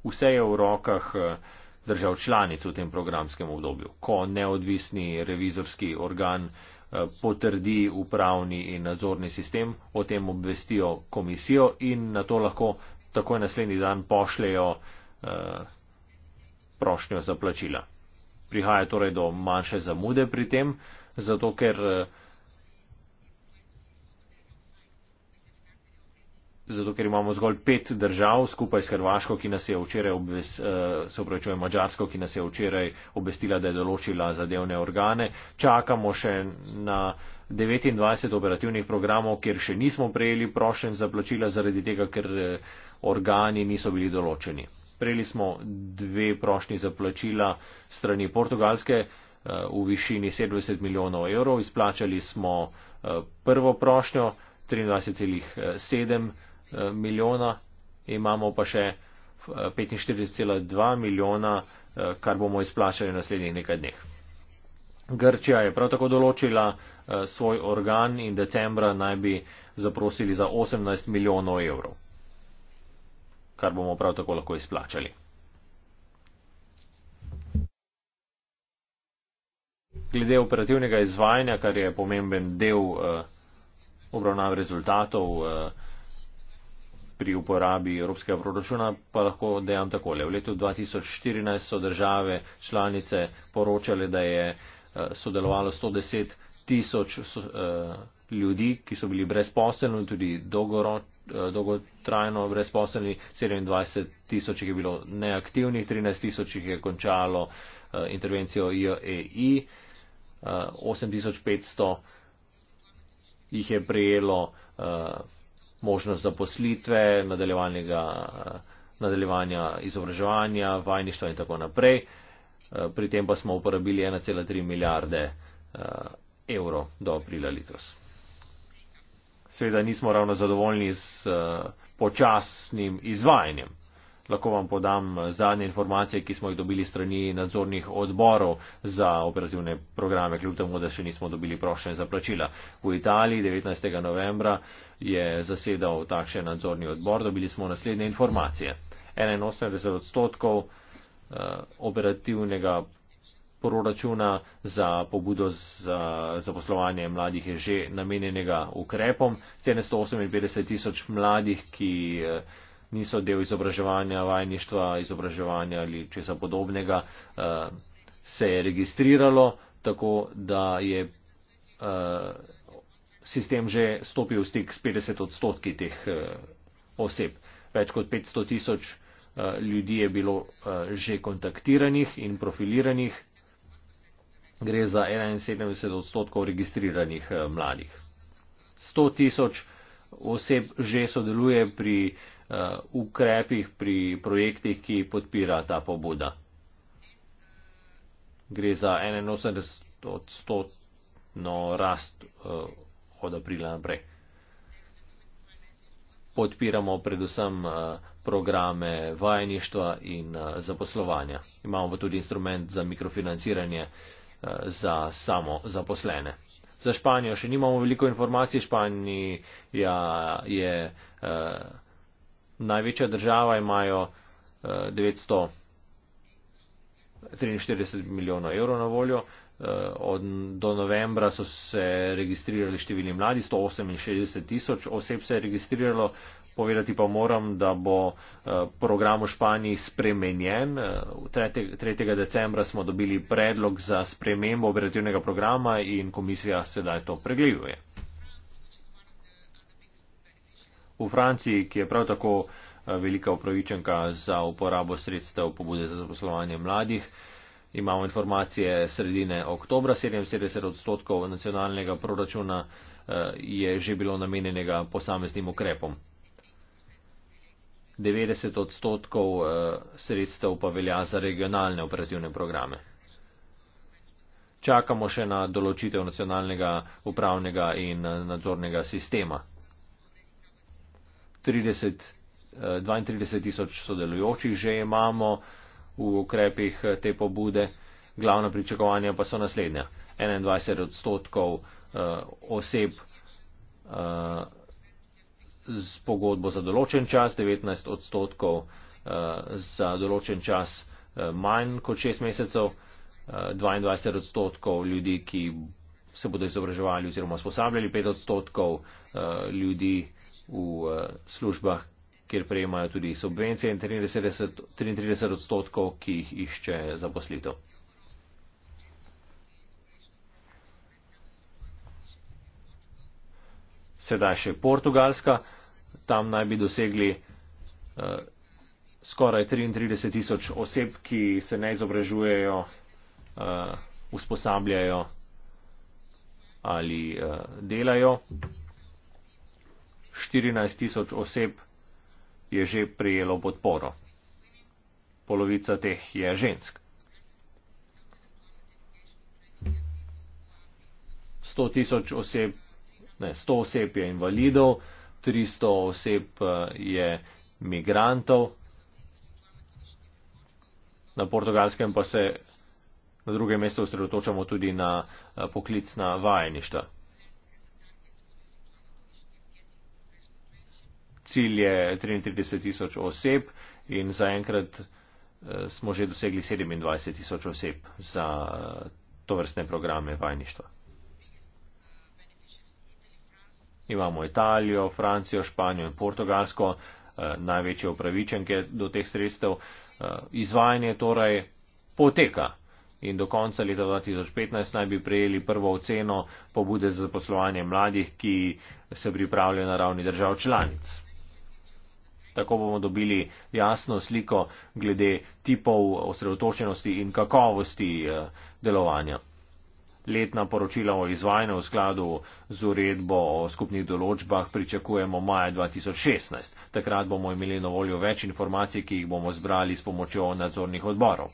Vse je v rokah eh, držav članic v tem programskem obdobju, ko neodvisni revizorski organ eh, potrdi upravni in nadzorni sistem, o tem obvestijo komisijo in na to lahko takoj naslednji dan pošljejo prošnjo za plačila prihaja torej do manjše zamude pri tem, zato ker, eh, zato ker imamo zgolj pet držav skupaj s Hrvaško, ki nas je včeraj, obves, eh, se upravičujem, Mačarsko, ki nas je včeraj obvestila, da je določila zadevne organe. Čakamo še na 29 operativnih programov, kjer še nismo prejeli prošen za plačila zaradi tega, ker eh, organi niso bili določeni. Prejeli smo dve prošnji za plačila strani Portugalske eh, v višini 70 milijonov evrov. Izplačali smo eh, prvo prošnjo, 23,7 eh, milijona, imamo pa še 45,2 milijona, kar bomo izplačali v naslednjih nekaj dneh. Grčija je prav tako določila svoj organ in decembra naj bi zaprosili za 18 milijonov evrov kar bomo prav tako lahko izplačali. Glede operativnega izvajanja, kar je pomemben del eh, obravnav rezultatov eh, pri uporabi evropskega proračuna, pa lahko dejam takole. V letu 2014 so države članice poročale, da je eh, sodelovalo 110 tisoč. So, eh, ljudi, ki so bili brezposelni, tudi dolgoro, eh, dolgotrajno brezposelni, 27 tisoč je bilo neaktivnih, 13 tisoč je končalo eh, intervencijo IEI, 8500 e eh, jih je prijelo možnost zaposlitve, nadaljevanja, nadaljevanja izobraževanja, vajništva in tako naprej. Pri tem pa smo uporabili 1,3 milijarde evrov do aprila letos seveda nismo ravno zadovoljni s eh, počasnim izvajanjem. Lahko vam podam eh, zadnje informacije, ki smo jih dobili strani nadzornih odborov za operativne programe, kljub temu, da še nismo dobili prošen za plačila. V Italiji 19. novembra je zasedal takšen nadzorni odbor, dobili smo naslednje informacije. 81 odstotkov eh, operativnega proračuna za pobudo za zaposlovanje mladih je že namenjenega ukrepom. 758 tisoč mladih, ki eh, niso del izobraževanja, vajništva, izobraževanja ali česa podobnega, eh, se je registriralo, tako da je eh, sistem že stopil v stik s 50 odstotki teh oseb. Več kot 500 tisoč ljudi je bilo že kontaktiranih in profiliranih, gre za 71 odstotkov registriranih eh, mladih. 100 tisoč oseb že sodeluje pri uh, ukrepih, pri projektih, ki podpira ta pobuda. Gre za 81 odstotno rast uh, od aprila naprej. Podpiramo predvsem programe vajeništva in zaposlovanja. Imamo pa tudi instrument za mikrofinanciranje uh, Eh, za samo zaposlene. Za Španijo še nimamo veliko informacij. Španija je eh, največja država, imajo 943 eh, milijonov evrov na voljo. Od, do novembra so se registrirali številni mladi, 168 tisoč oseb se je registriralo, povedati pa moram, da bo eh, program v Španiji spremenjen. 3. Eh, decembra smo dobili predlog za spremembo operativnega programa in komisija sedaj to pregleduje. V Franciji, ki je prav tako eh, velika upravičenka za uporabo sredstev pobude za zaposlovanje mladih, imamo informacije sredine oktobra, 77 odstotkov nacionalnega proračuna je že bilo namenjenega posameznim ukrepom. 90 odstotkov eh, sredstev pa velja za regionalne operativne programe. Čakamo še na določitev nacionalnega upravnega in eh, nadzornega sistema. 30, 32 eh, tisoč sodelujočih že imamo v ukrepih te pobude, glavna pričakovanja pa so naslednja. 21 odstotkov oseb z pogodbo za določen čas, 19 odstotkov eh, za določen čas eh, manj kot 6 mesecev, 22 eh, odstotkov ljudi, ki se bodo izobraževali oziroma usposabljali, 5 odstotkov ljudi v službah, kjer prejemajo tudi subvencije in 33, 33 odstotkov, ki jih išče zaposlitev. Sedaj še Portugalska tam naj bi dosegli uh, skoraj 33 tisoč oseb, ki se ne izobražujejo, uh, usposabljajo ali uh, delajo. 14 tisoč oseb je že prijelo podporo. Polovica teh je žensk. 100 tisoč oseb, ne, 100 oseb je invalidov, 300 oseb eh, je migrantov, na portugalskem pa se na drugem mestu osredotočamo tudi na eh, poklicna vajeništa. Cilj je 33 tisoč oseb in zaenkrat eh, smo že dosegli 27 tisoč oseb za to vrstne programe vajništva. Imamo Italijo, Francijo, Španijo in Portugalsko, eh, največje upravičenke do teh sredstev. Eh, izvajanje torej poteka in do konca leta 2015 naj bi prejeli prvo oceno pobude za zaposlovanje mladih, ki se pripravljajo na ravni držav članic. Tako bomo dobili jasno sliko glede tipov osredotočenosti in kakovosti eh, delovanja. Letna poročila o izvajanju v skladu z uredbo o skupnih določbah pričakujemo maja 2016. Takrat bomo imeli na voljo več informacij, ki jih bomo zbrali s pomočjo nadzornih odborov.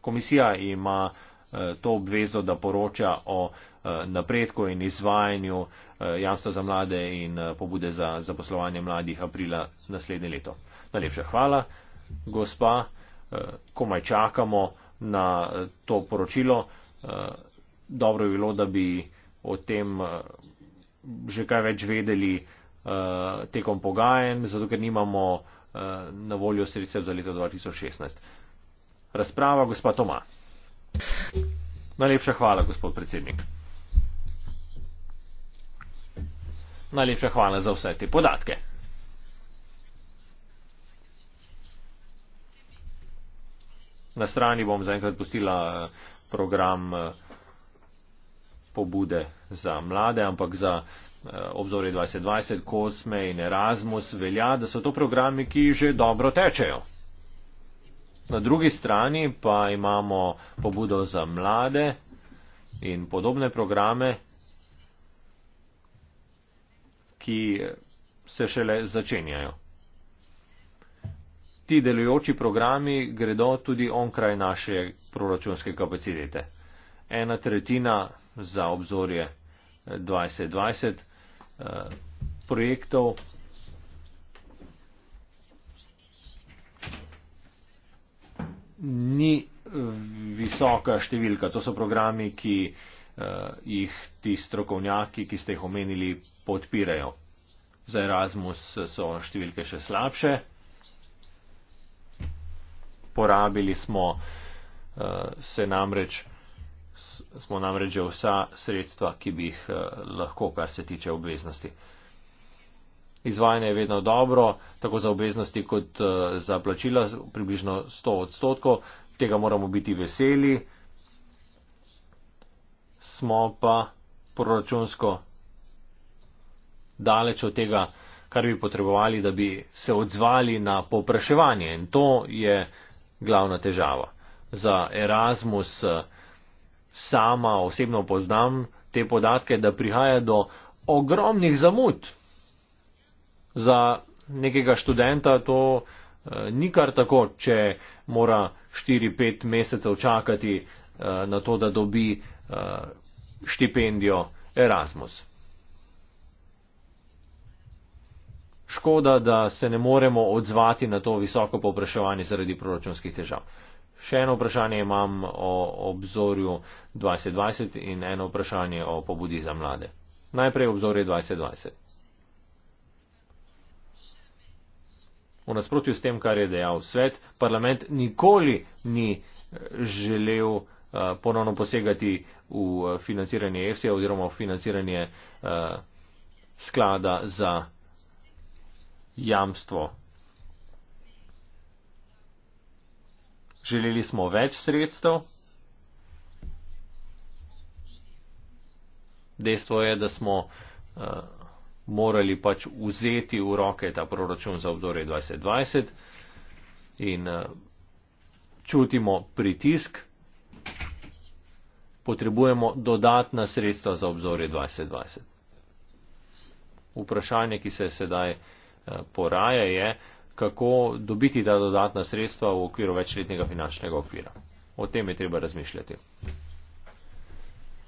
Komisija ima eh, to obvezo, da poroča o eh, napredku in izvajanju eh, jamstva za mlade in pobude za zaposlovanje mladih aprila naslednje leto. Najlepša hvala, gospa, komaj čakamo na to poročilo dobro bi bilo, da bi o tem eh, že kaj več vedeli eh, tekom pogajen, zato ker nimamo eh, na voljo sredstev za leto 2016. Razprava, gospa Toma. Najlepša hvala, gospod predsednik. Najlepša hvala za vse te podatke. Na strani bom zaenkrat pustila program pobude za mlade, ampak za eh, obzorje 2020, Kosme in Erasmus velja, da so to programi, ki že dobro tečejo. Na drugi strani pa imamo pobudo za mlade in podobne programe, ki se šele začenjajo. Ti delujoči programi gredo tudi onkraj naše proračunske kapacitete ena tretjina za obzorje 2020 eh, eh, projektov. Ni eh, visoka številka, to so programi, ki jih ti strokovnjaki, ki ste jih omenili, podpirajo. Za Erasmus so številke še slabše. Porabili smo se namreč smo namreč že vsa sredstva, ki bi jih eh, lahko, kar se tiče obveznosti. Izvajanje je vedno dobro, tako za obveznosti kot eh, za plačila, približno 100 odstotkov, tega moramo biti veseli. Smo pa proračunsko daleč od tega, kar bi potrebovali, da bi se odzvali na popraševanje in to je glavna težava. Za Erasmus. Eh, sama osebno poznam te podatke, da prihaja do ogromnih zamud. Za nekega študenta to eh, ni kar tako, če mora 4-5 mesecev čakati eh, na to, da dobi eh, štipendijo Erasmus. Škoda, da se ne moremo odzvati na to visoko popraševanje zaradi proračunskih težav še eno vprašanje imam o obzorju 2020 in eno vprašanje o pobudi za mlade. Najprej obzorje 2020. V nasprotju s tem, kar je dejal svet, parlament nikoli ni eh, želel uh, ponovno posegati v eh, financiranje EFSE oziroma v financiranje uh, sklada za jamstvo Želeli smo več sredstev. Dejstvo je, da smo uh, morali pač vzeti v roke ta proračun za obdore 2020 in uh, čutimo pritisk, potrebujemo dodatna sredstva za obdore 2020. Vprašanje, ki se sedaj uh, poraja, je, uh, kako dobiti ta dodatna sredstva v okviru večletnega finančnega okvira. O tem je treba razmišljati.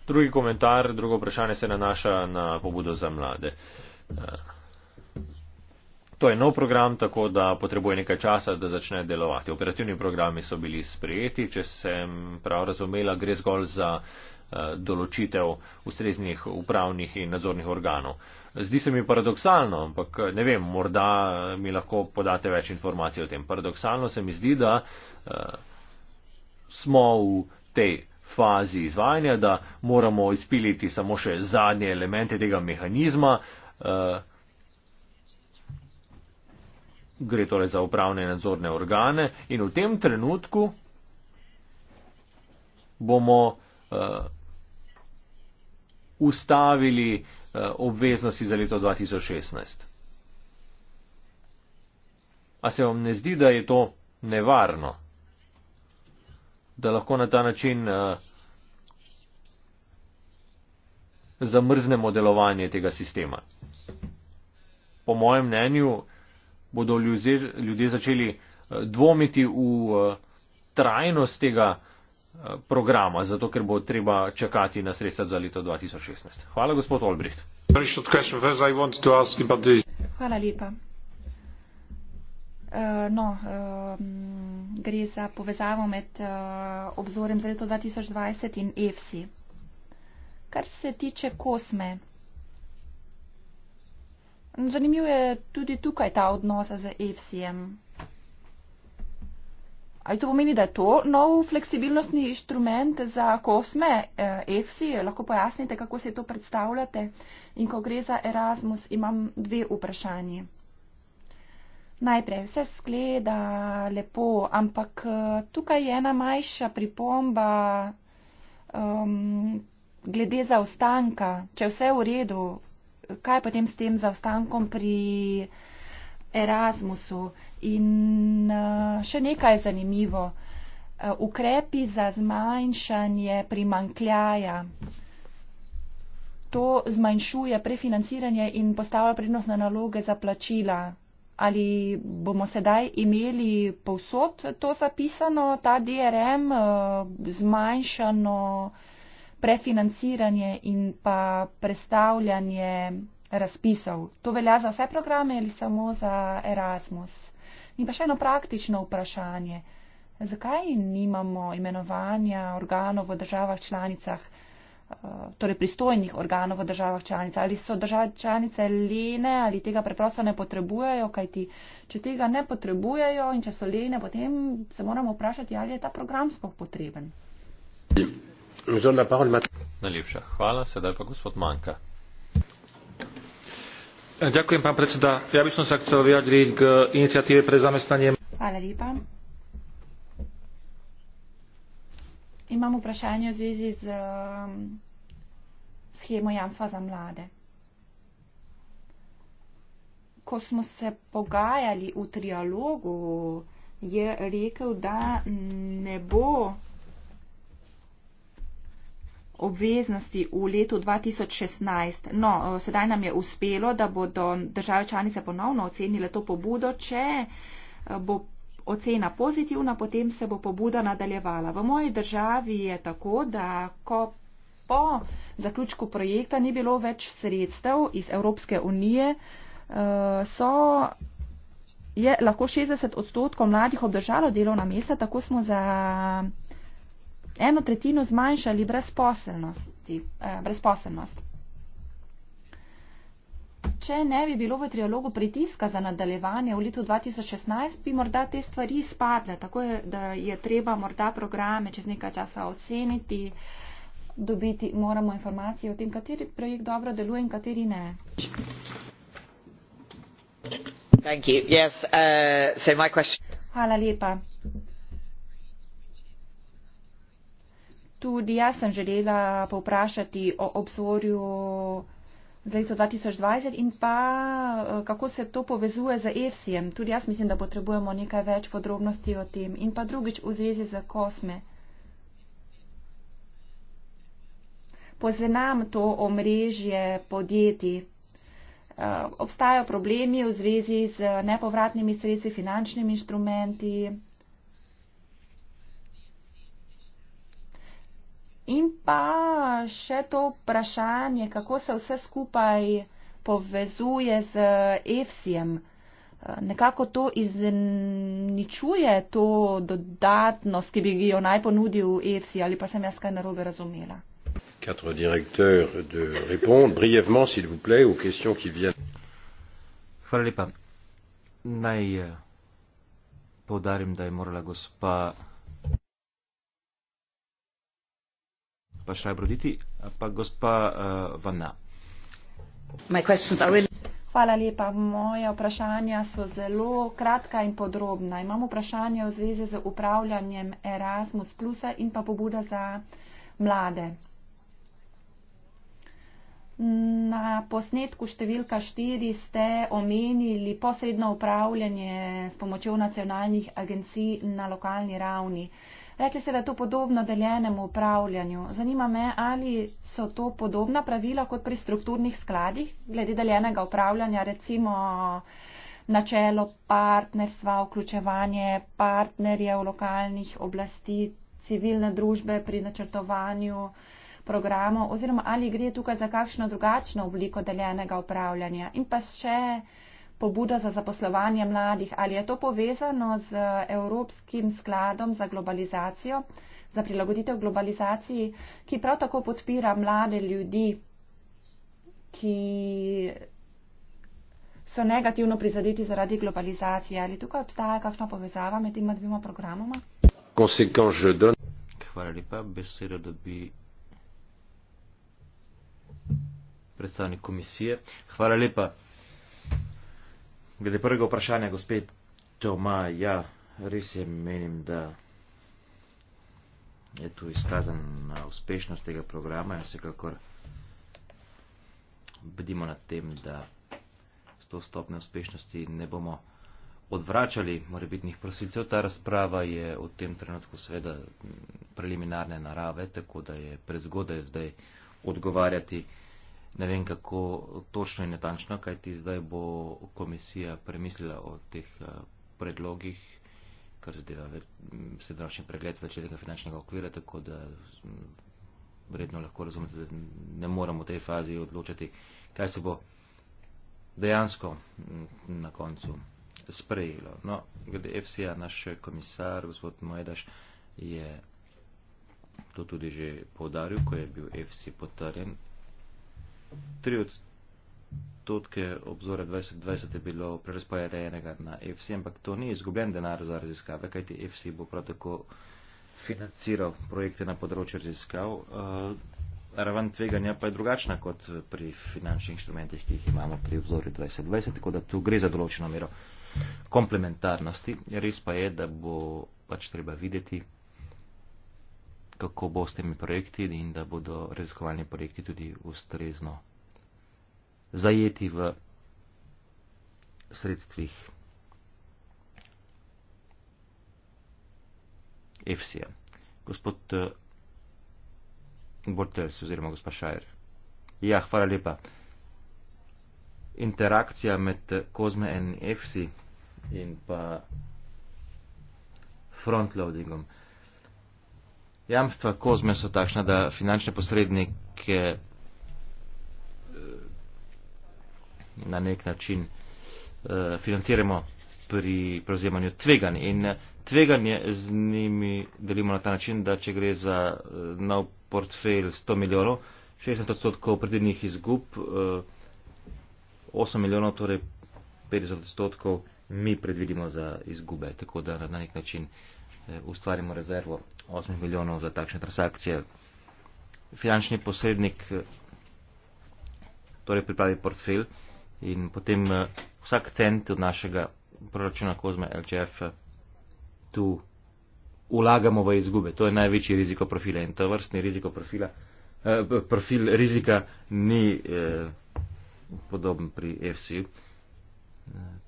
Drugi komentar, drugo vprašanje se nanaša na pobudo za mlade. Eh, to je nov program, tako da potrebuje nekaj časa, da začne delovati. Operativni programi so bili sprejeti, če sem prav razumela, gre zgolj za uh, Eh, določitev ustreznih upravnih in nadzornih organov. Zdi se mi paradoksalno, ampak eh, ne vem, morda eh, mi lahko podate več informacij o tem. Paradoksalno se mi zdi, da uh, smo v tej fazi izvajanja, da moramo izpiliti samo še zadnje elemente tega mehanizma. Uh, gre torej za upravne nadzorne organe in v tem trenutku bomo uh, ustavili eh, obveznosti za leto 2016. A se vam ne zdi, da je to nevarno, da lahko na ta način eh, zamrznemo delovanje tega sistema? Po mojem mnenju bodo ljudje začeli eh, dvomiti v trajnost tega Eh, programa, zato ker bo treba čakati na sredstva za leto 2016. Hvala, gospod Olbricht. Hvala lepa. Uh, no, um, gre za povezavo med uh, obzorem za leto 2020 in EFSI. Kar se tiče kosme, zanimiv je tudi tukaj ta odnos z EFSI-em. Ali to pomeni, da je to nov fleksibilnostni inštrument za kosme EFSI? Eh, Lahko pojasnite, kako se to predstavljate? In ko gre za Erasmus, imam dve vprašanji. Najprej, vse skleda lepo, ampak eh, tukaj je ena majša pripomba um, glede zaostanka. Če vse v redu, kaj potem s tem zaostankom pri. Erasmusu in eh, še nekaj zanimivo. Eh, ukrepi za zmanjšanje primankljaja. To zmanjšuje prefinanciranje in postavlja prednostne naloge za plačila. Ali bomo sedaj imeli povsod to zapisano, ta DRM, eh, zmanjšano prefinanciranje in pa predstavljanje razpisov. To velja za vse programe ali samo za Erasmus. In pa še eno praktično vprašanje. Zakaj nimamo imenovanja organov v državah članicah, eh, torej pristojnih organov v državah članicah? Ali so države članice lene ali tega preprosto ne potrebujejo? Kajti, če tega ne potrebujejo in če so lene, potem se moramo vprašati, ali je ta program sploh potreben. Najlepša hvala, sedaj pa gospod Manka. Ďakujem, pán predseda. Ja by som sa chcel vyjadriť k iniciatíve pre zamestnanie. Pán Lípa. I mám uprašanie v zvizi s um, schémou Jansva za mláde. Ko smo se pogajali v trialogu, je rekel, da ne bo obveznosti v letu 2016. No, eh, sedaj nam je uspelo, da bodo države članice ponovno ocenile to pobudo. Če eh, bo ocena pozitivna, potem se bo pobuda nadaljevala. V moji državi je tako, da ko po zaključku projekta ni bilo več sredstev iz Evropske unije, eh, so. Je lahko 60 odstotkov mladih obdržalo delovna mesta, tako smo za eno tretjino zmanjšali eh, brezposelnost. Če ne bi bilo v trialogu pritiska za nadaljevanje v letu 2016, bi morda te stvari izpadle, tako je, da je treba morda programe čez nekaj časa oceniti, dobiti moramo informacije o tem, kateri projekt dobro deluje in kateri ne. Uh, Hvala lepa. Tudi jaz sem želela povprašati o obzorju za leto 2020 in pa eh, kako se to povezuje z EFSI-jem. Tudi jaz mislim, da potrebujemo nekaj več podrobnosti o tem. In pa drugič v zvezi z kosme. Poznam to omrežje podjetij. Eh, obstajajo problemi v zvezi z nepovratnimi sredstvi, finančnimi inštrumenti. In pa še to vprašanje, kako se vse skupaj povezuje z EFSIEM. Nekako to izničuje to dodatnost, ki bi jo naj ponudil EFSI ali pa sem jaz kaj narobe razumela. Hvala lepa. Naj eh, poudarim, da je morala gospa vprašaj broditi, pa gospa uh, Vanna. Hvala lepa. Moje vprašanja so zelo kratka in podrobna. Imam vprašanje v zvezi z upravljanjem Erasmus Plusa in pa pobuda za mlade. Na posnetku številka 4 ste omenili posredno upravljanje s pomočjo nacionalnih agencij na lokalni ravni. Uh, Rekli ste, da je to podobno deljenemu upravljanju. Zanima me, ali so to podobna pravila kot pri strukturnih skladih, glede deljenega upravljanja, recimo načelo partnerstva, vključevanje partnerjev lokalnih oblasti, civilne družbe pri načrtovanju programov, oziroma ali gre tukaj za kakšno drugačno obliko deljenega upravljanja. In pa še pobuda za zaposlovanje mladih. Ali je to povezano z Evropskim skladom za globalizacijo, za prilagoditev globalizaciji, ki prav tako podpira mlade ljudi, ki so negativno prizadeti zaradi globalizacije. Ali tukaj obstaja kakšna povezava med tema dvima programoma? Hvala lepa. Besedo, da bi predstavnik komisije. Hvala lepa. Glede prvega vprašanja, gospod Toma, ja, res je, menim, da je tu izkazana uspešnost tega programa in vsekakor bdimo nad tem, da s to stopne uspešnosti ne bomo odvračali morebitnih prosilcev. Ta razprava je v tem trenutku seveda preliminarne narave, tako da je prezgodaj zdaj odgovarjati ne vem, kako točno in natančno, kaj ti zdaj bo komisija premislila o teh eh, predlogih, kar zadeva sedanočni pregled večjega finančnega okvira, tako da mm, vredno lahko razumete, da ne moramo v tej fazi odločiti, kaj se bo dejansko mm, na koncu sprejelo. No, glede FCA, naš komisar, gospod Mojedaš, je to tudi že povdaril, ko je bil FC potrjen tri odstotke obzore 2020 je bilo prerazporejenega na FC, ampak to ni izgubljen denar za raziskave, kajti FC bo prav tako financiral projekte na področju raziskav. Eh, raven tveganja pa je drugačna kot pri finančnih inštrumentih, ki jih imamo pri obzori 2020, tako da tu gre za določeno mero komplementarnosti. Res pa je, da bo pač treba videti, kako bo s temi projekti in da bodo raziskovalni projekti tudi ustrezno zajeti v sredstvih EFSI-ja. Gospod eh, Bortels oziroma gospa Šajer. Ja, hvala lepa. Interakcija med eh, Kozme in EFSI in pa frontloadingom. Jamstva Kozme so takšna, da finančne posrednike eh, na nek način eh, financiramo pri prevzemanju tvegan. In eh, tveganje z njimi delimo na ta način, da če gre za nov portfelj 100 milijonov, 60 odstotkov predvidnih izgub, 8 milijonov, torej 50 odstotkov mi predvidimo za izgube. Tako da na nek način uh, Eh, ustvarimo rezervo 8 milijonov za takšne transakcije. Finančni posrednik eh, torej pripravi portfelj in potem eh, vsak cent od našega proračuna Kozme LGF tu ulagamo v izgube. To je največji riziko profila in to vrstni riziko profila, profil rizika ni podoben pri FCU.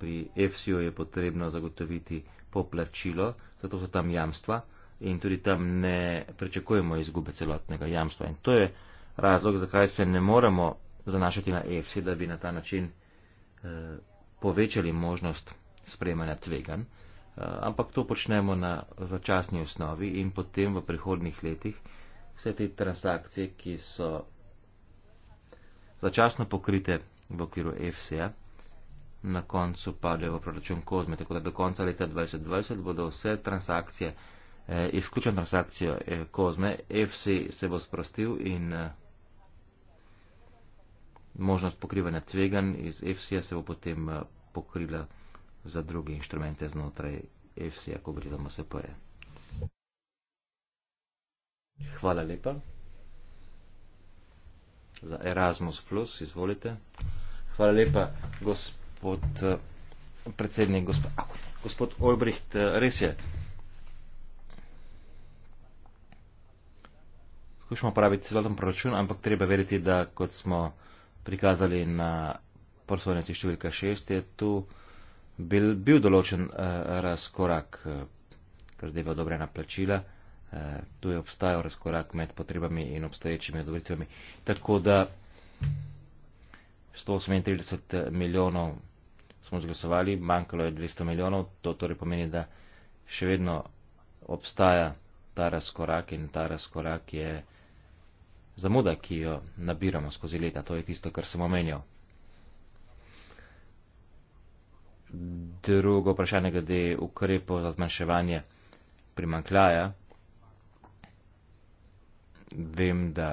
Pri FCU je potrebno zagotoviti poplačilo, zato so tam jamstva in tudi tam ne pričakujemo izgube celotnega jamstva. In to je razlog, zakaj se ne moramo zanašati na EFSI, da bi na ta način eh, povečali možnost sprejemanja tvegan, eh, ampak to počnemo na začasni osnovi in potem v prihodnih letih vse te transakcije, ki so začasno pokrite v okviru EFSI-ja, na koncu pade v proračun Kozme. Tako da do konca leta 2020 bodo vse transakcije, eh, izključen transakcijo eh, Kozme, FC se bo sprostil in eh, možnost pokrivanja tvegan iz FC-ja se bo potem eh, pokrila za druge inštrumente znotraj FC-ja, ko gre za MSP-je. Hvala lepa. Za Erasmus, izvolite. Hvala lepa, gospod gospod eh, predsednik, gospod Olbricht, eh, res je. Skušamo praviti celoten proračun, ampak treba veriti, da kot smo prikazali na poslovnici številka 6, je tu bil, bil določen eh, razkorak, kar zdaj bo dobre naplačila. Tu je obstajal razkorak med potrebami in obstoječimi odobritvami. Tako da 138 milijonov smo izglasovali, manjkalo je 200 milijonov, to torej pomeni, da še vedno obstaja ta razkorak in ta razkorak je zamuda, ki jo nabiramo skozi leta. To je tisto, kar sem omenjal. Drugo vprašanje glede ukrepov za zmanjševanje primankljaja. Vem, da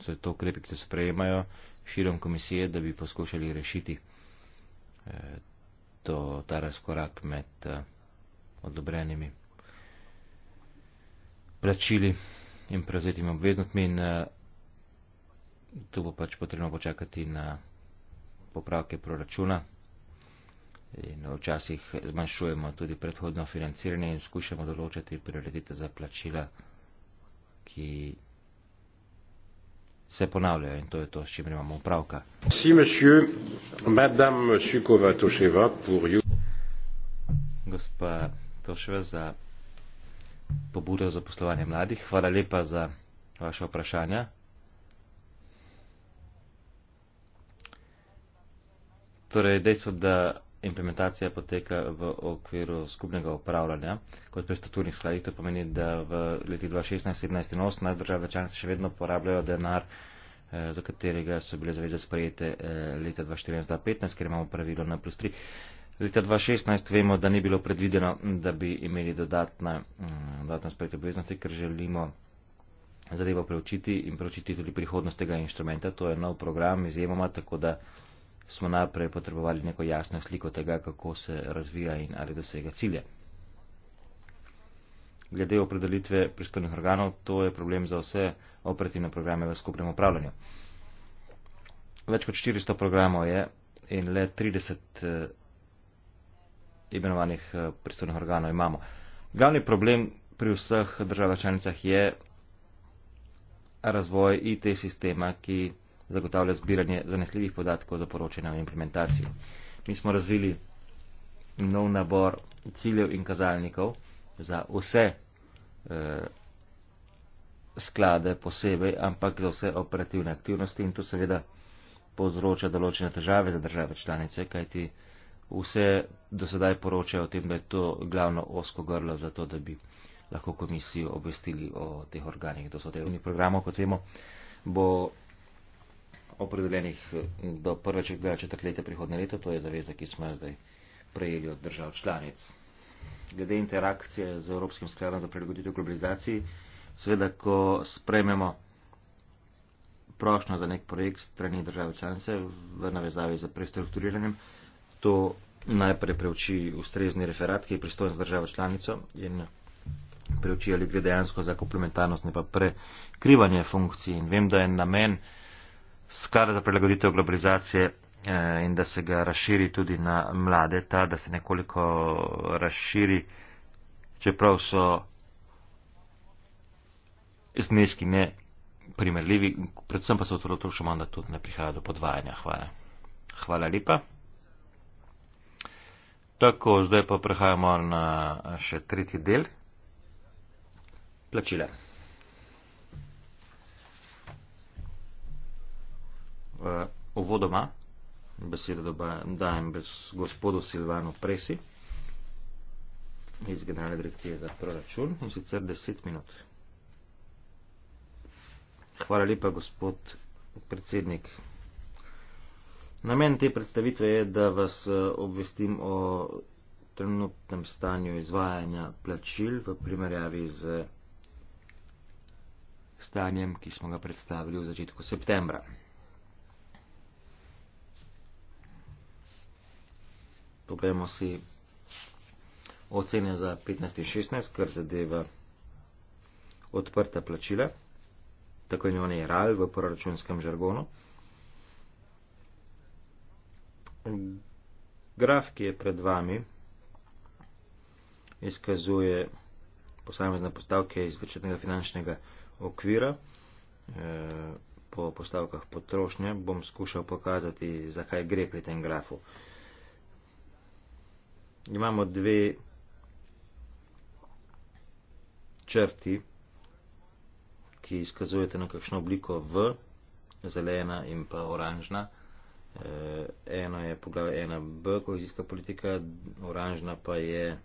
so to ukrepi, ki se sprejemajo širom komisije, da bi poskušali rešiti Eh, to, ta razkorak med eh, odobrenimi plačili in prevzetimi obveznostmi in eh, tu bo pač potrebno počakati na popravke proračuna in včasih zmanjšujemo tudi predhodno financiranje in skušamo določati prioritete za plačila, ki se ponavljajo in to je to, s čim imamo upravka. Gospa Toševa za pobudo za poslovanje mladih, hvala lepa za vaše vprašanja. Torej, dejstvo, da implementacija poteka v okviru skupnega upravljanja kot pri strukturnih skladih. To pomeni, da v letih 2016, 2017 in 2018 države članice še vedno porabljajo denar, eh, za katerega so bile zaveze sprejete eh, leta 2014-2015, ker imamo pravilo na plus 3. Leta 2016 vemo, da ni bilo predvideno, da bi imeli dodatna, hm, dodatna sprejete obveznosti, ker želimo zadevo preučiti in preučiti tudi prihodnost tega inštrumenta. To je nov program izjemoma, tako da smo naprej potrebovali neko jasno sliko tega, kako se razvija in ali dosega cilje. Glede opredelitve pristojnih organov, to je problem za vse operativne programe v skupnem upravljanju. Več kot 400 programov je in le 30 eh, imenovanih eh, pristojnih organov imamo. Glavni problem pri vseh državah članicah je razvoj IT sistema, ki zagotavlja zbiranje zanesljivih podatkov za poročanje o implementaciji. Mi smo razvili nov nabor ciljev in kazalnikov za vse eh, sklade posebej, ampak za vse operativne aktivnosti in to seveda povzroča določene težave za države članice, kajti vse dosedaj poročajo o tem, da je to glavno osko grlo za to, da bi lahko komisijo obvestili o teh organih dosodelovnih programov, kot vemo, bo opredeljenih eh, do prvega četrtletja prihodne leta, to je zaveza, ki smo jo zdaj prejeli od držav članic. Glede interakcije z Evropskim skladom za prilagoditev globalizaciji, seveda, ko sprejmemo prošnjo za nek projekt strani države članice v navezavi za prestrukturiranjem, to najprej preuči ustrezni referat, ki je pristojen z državo članico in preuči, ali gre dejansko za komplementarnost, ne pa prekrivanje funkcij. In vem, da je namen sklada za prilagoditev globalizacije eh, in da se ga razširi tudi na mlade, ta, da se nekoliko razširi, čeprav so zneski ne primerljivi, predvsem pa se otvorilo to šumano, da tudi ne prihaja do podvajanja. Hvala. Hvala lepa. Tako, zdaj pa prehajamo na še tretji del. Plačila. Eh, uvodoma besedo dajem bez gospodu Silvano Presi iz Generalne direkcije za proračun in sicer 10 minut. Hvala lepa, gospod predsednik. Namen te predstavitve je, da vas eh, obvestim o trenutnem stanju izvajanja plačil v primerjavi z stanjem, ki smo ga predstavili v začetku septembra. Poglejmo si ocene za 15 in 16, kar zadeva odprta plačila, tako in one je RAL v proračunskem žargonu. Graf, ki je pred vami, izkazuje posamezne postavke iz večetnega finančnega okvira e, po postavkah potrošnje. Bom skušal pokazati, zakaj gre pri tem grafu imamo dve črti, ki izkazujete na kakšno obliko V, zelena in pa oranžna. Eh, eno je poglavje 1B, kohezijska politika, oranžna pa je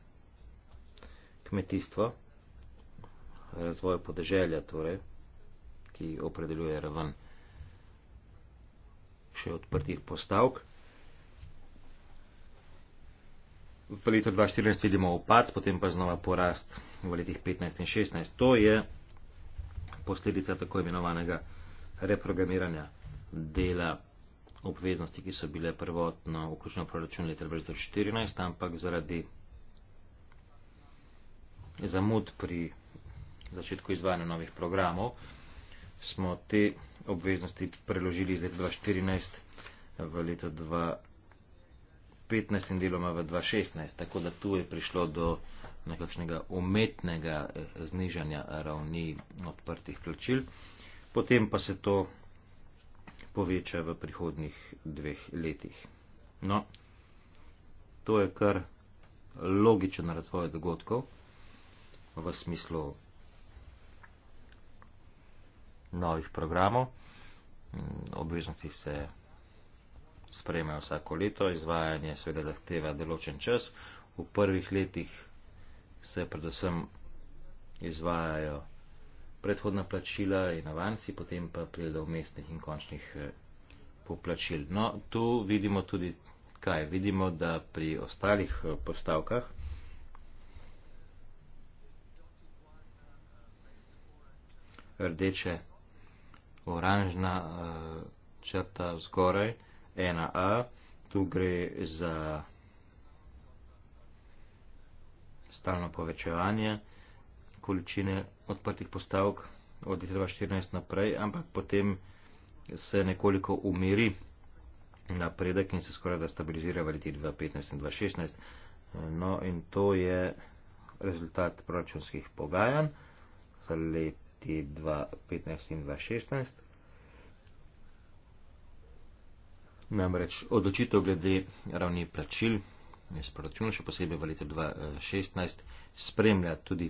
kmetijstvo, razvoj podeželja, torej, ki opredeljuje raven še odprtih postavk. V letu 2014 vidimo upad, potem pa znova porast v letih 15 in 16. To je posledica tako imenovanega reprogramiranja dela obveznosti, ki so bile prvotno vključeno v proračun leta 2014, ampak zaradi zamud pri začetku izvajanja novih programov smo te obveznosti preložili iz leta 2014 v leto 2014. 2015 in deloma v 2016, tako da tu je prišlo do nekakšnega umetnega eh, znižanja ravni odprtih plačil, potem pa se to poveča v prihodnih dveh letih. No, to je kar logičen razvoj dogodkov v smislu novih programov, mm, obveznosti se sprejmejo vsako leto, izvajanje seveda zahteva določen čas. V prvih letih se predvsem izvajajo predhodna plačila in avansi, potem pa pride do umestnih in končnih eh, poplačil. No, tu vidimo tudi kaj. Vidimo, da pri ostalih eh, postavkah rdeče, oranžna eh, črta zgoraj. 1a, tu gre za stalno povečevanje količine odprtih postavk od 2014 naprej, ampak potem se nekoliko umiri napredek in se skoraj da stabilizira v leti 2015 in 2016. No in to je rezultat proračunskih pogajanj za leti 2015 in 2016. Namreč odločitev glede ravni plačil iz proračuna, še posebej v letu 2016, eh, spremlja tudi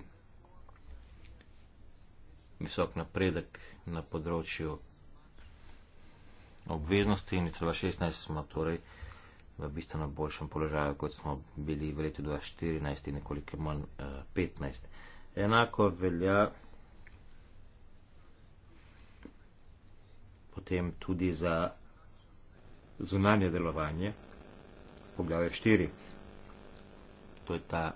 visok napredek na področju obveznosti in 2016 smo torej v bistveno boljšem položaju, kot smo bili v letu 2014 in nekoliko manj 2015. Eh, Enako velja potem tudi za zunanje delovanje, poglavje 4, to je ta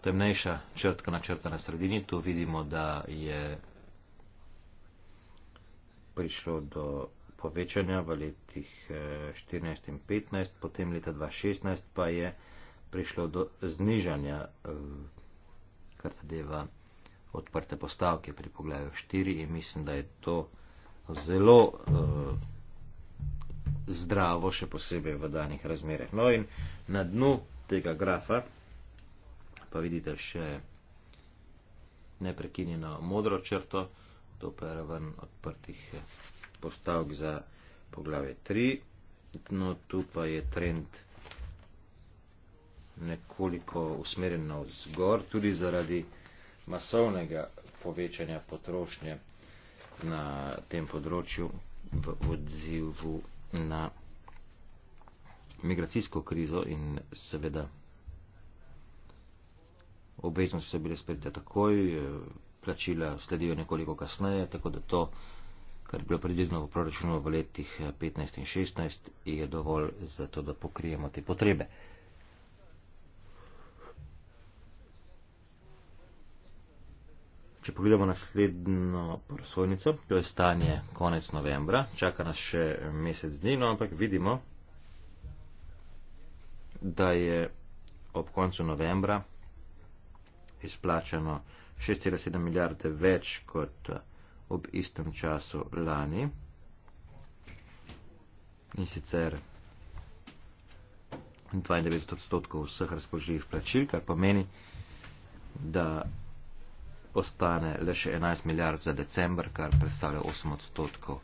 temnejša črtka na črta na sredini, tu vidimo, da je prišlo do povečanja v letih 14 eh, in 15, potem leta 2016 pa je prišlo do znižanja, eh, kar zadeva odprte postavke pri poglavju 4 in mislim, da je to zelo uh, zdravo, še posebej v danih razmerah. No in na dnu tega grafa pa vidite še neprekinjeno modro črto, to pa je ven odprtih postavk za poglavje 3. No, tu pa je trend nekoliko usmerjen na vzgor, tudi zaradi masovnega povečanja potrošnje na tem področju v odzivu na migracijsko krizo in seveda obveznosti so bile sprejete takoj, eh, plačila sledijo nekoliko kasneje, tako da to, kar je bilo predvideno v proračunu v letih 15 eh, in 16, je dovolj za to, da pokrijemo te potrebe. Če pogledamo naslednjo prosojnico, to je stanje konec novembra, čaka nas še mesec dni, no ampak vidimo, da je ob koncu novembra izplačano 6,7 milijarde več kot ob istem času lani. In sicer 92 odstotkov vseh razpoložljivih plačil, kar pomeni, da ostane le še 11 milijard za decembr, kar predstavlja 8 odstotkov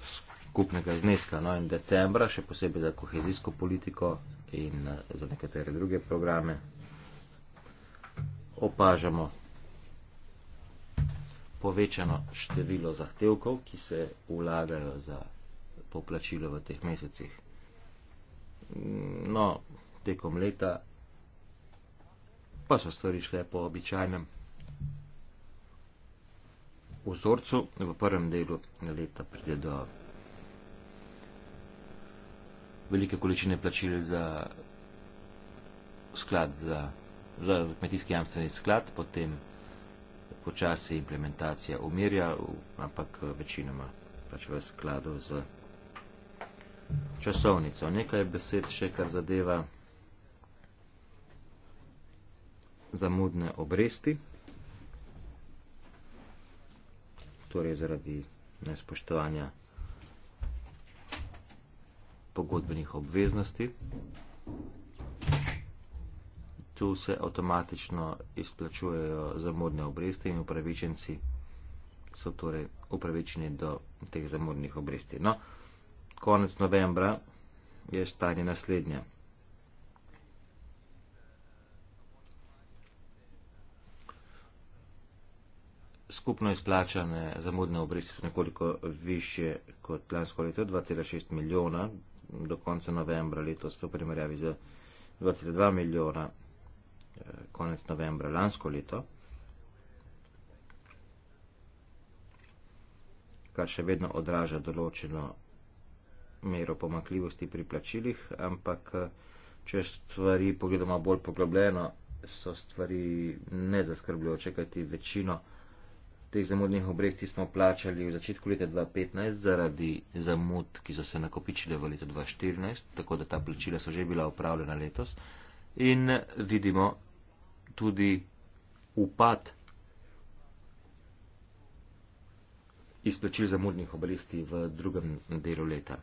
skupnega zneska. No in decembra, še posebej za kohezijsko politiko in eh, za nekatere druge programe, opažamo povečano število zahtevkov, ki se vlagajo za poplačilo v teh mesecih. No, tekom leta pa so stvari šle po običajnem vzorcu v prvem delu leta pride do velike količine plačil za sklad za, za kmetijski jamstveni sklad, potem počasi implementacija umirja, ampak večinoma pač v skladu z časovnico. Nekaj besed še, kar zadeva zamudne obresti, torej zaradi nespoštovanja pogodbenih obveznosti. Tu se avtomatično izplačujejo zamudne obresti in upravičenci so torej upravičeni do teh zamudnih obresti. No, konec novembra je stanje naslednje. skupno izplačane zamudne obresti so nekoliko više kot lansko leto, 2,6 milijona do konca novembra letos, v primerjavi z 2,2 milijona eh, konec novembra lansko leto, kar še vedno odraža določeno mero pomakljivosti pri plačilih, ampak eh, če stvari pogledamo bolj poglobljeno, so stvari nezaskrbljujoče, kajti večino teh zamudnih obresti smo plačali v začetku leta 2015 zaradi zamud, ki so se nakopičile v letu 2014, tako da ta plačila so že bila upravljena letos. In vidimo tudi upad izplačil zamudnih obresti v drugem delu leta.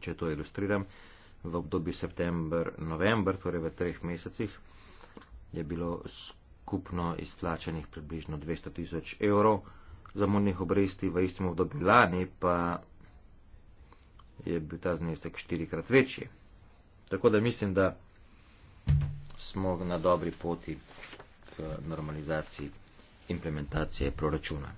Če to ilustriram, v obdobju september-november, torej v treh mesecih, je bilo skupaj skupno izplačanih približno 200 tisoč evrov, zamornih obresti v istem obdobju lani pa je bil ta znesek štirikrat večji. Tako da mislim, da smo na dobri poti k normalizaciji implementacije proračuna.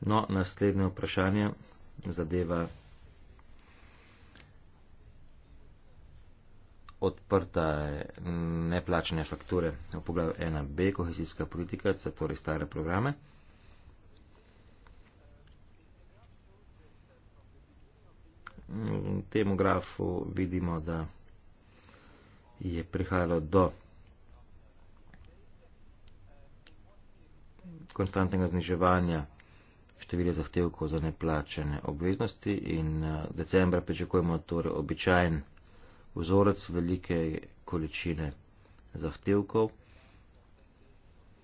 No, naslednje vprašanje zadeva odprta neplačene fakture v poglavju 1b kohezijska politika, za torej stare programe. V tem grafu vidimo, da je prihajalo do konstantnega zniževanja števila zahtevkov za neplačene obveznosti in eh, decembra pričakujemo torej običajen vzorec velike količine zahtevkov,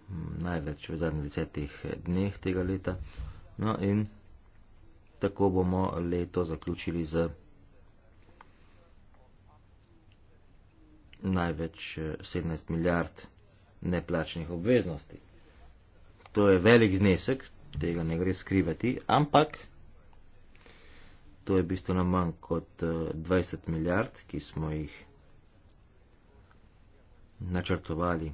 hm, največ v zadnjih desetih dneh tega leta. No in tako bomo leto zaključili z največ 17 eh, milijard neplačnih obveznosti. To je velik znesek, tega ne gre skrivati, ampak to je bistveno manj kot 20 eh, milijard, ki smo jih načrtovali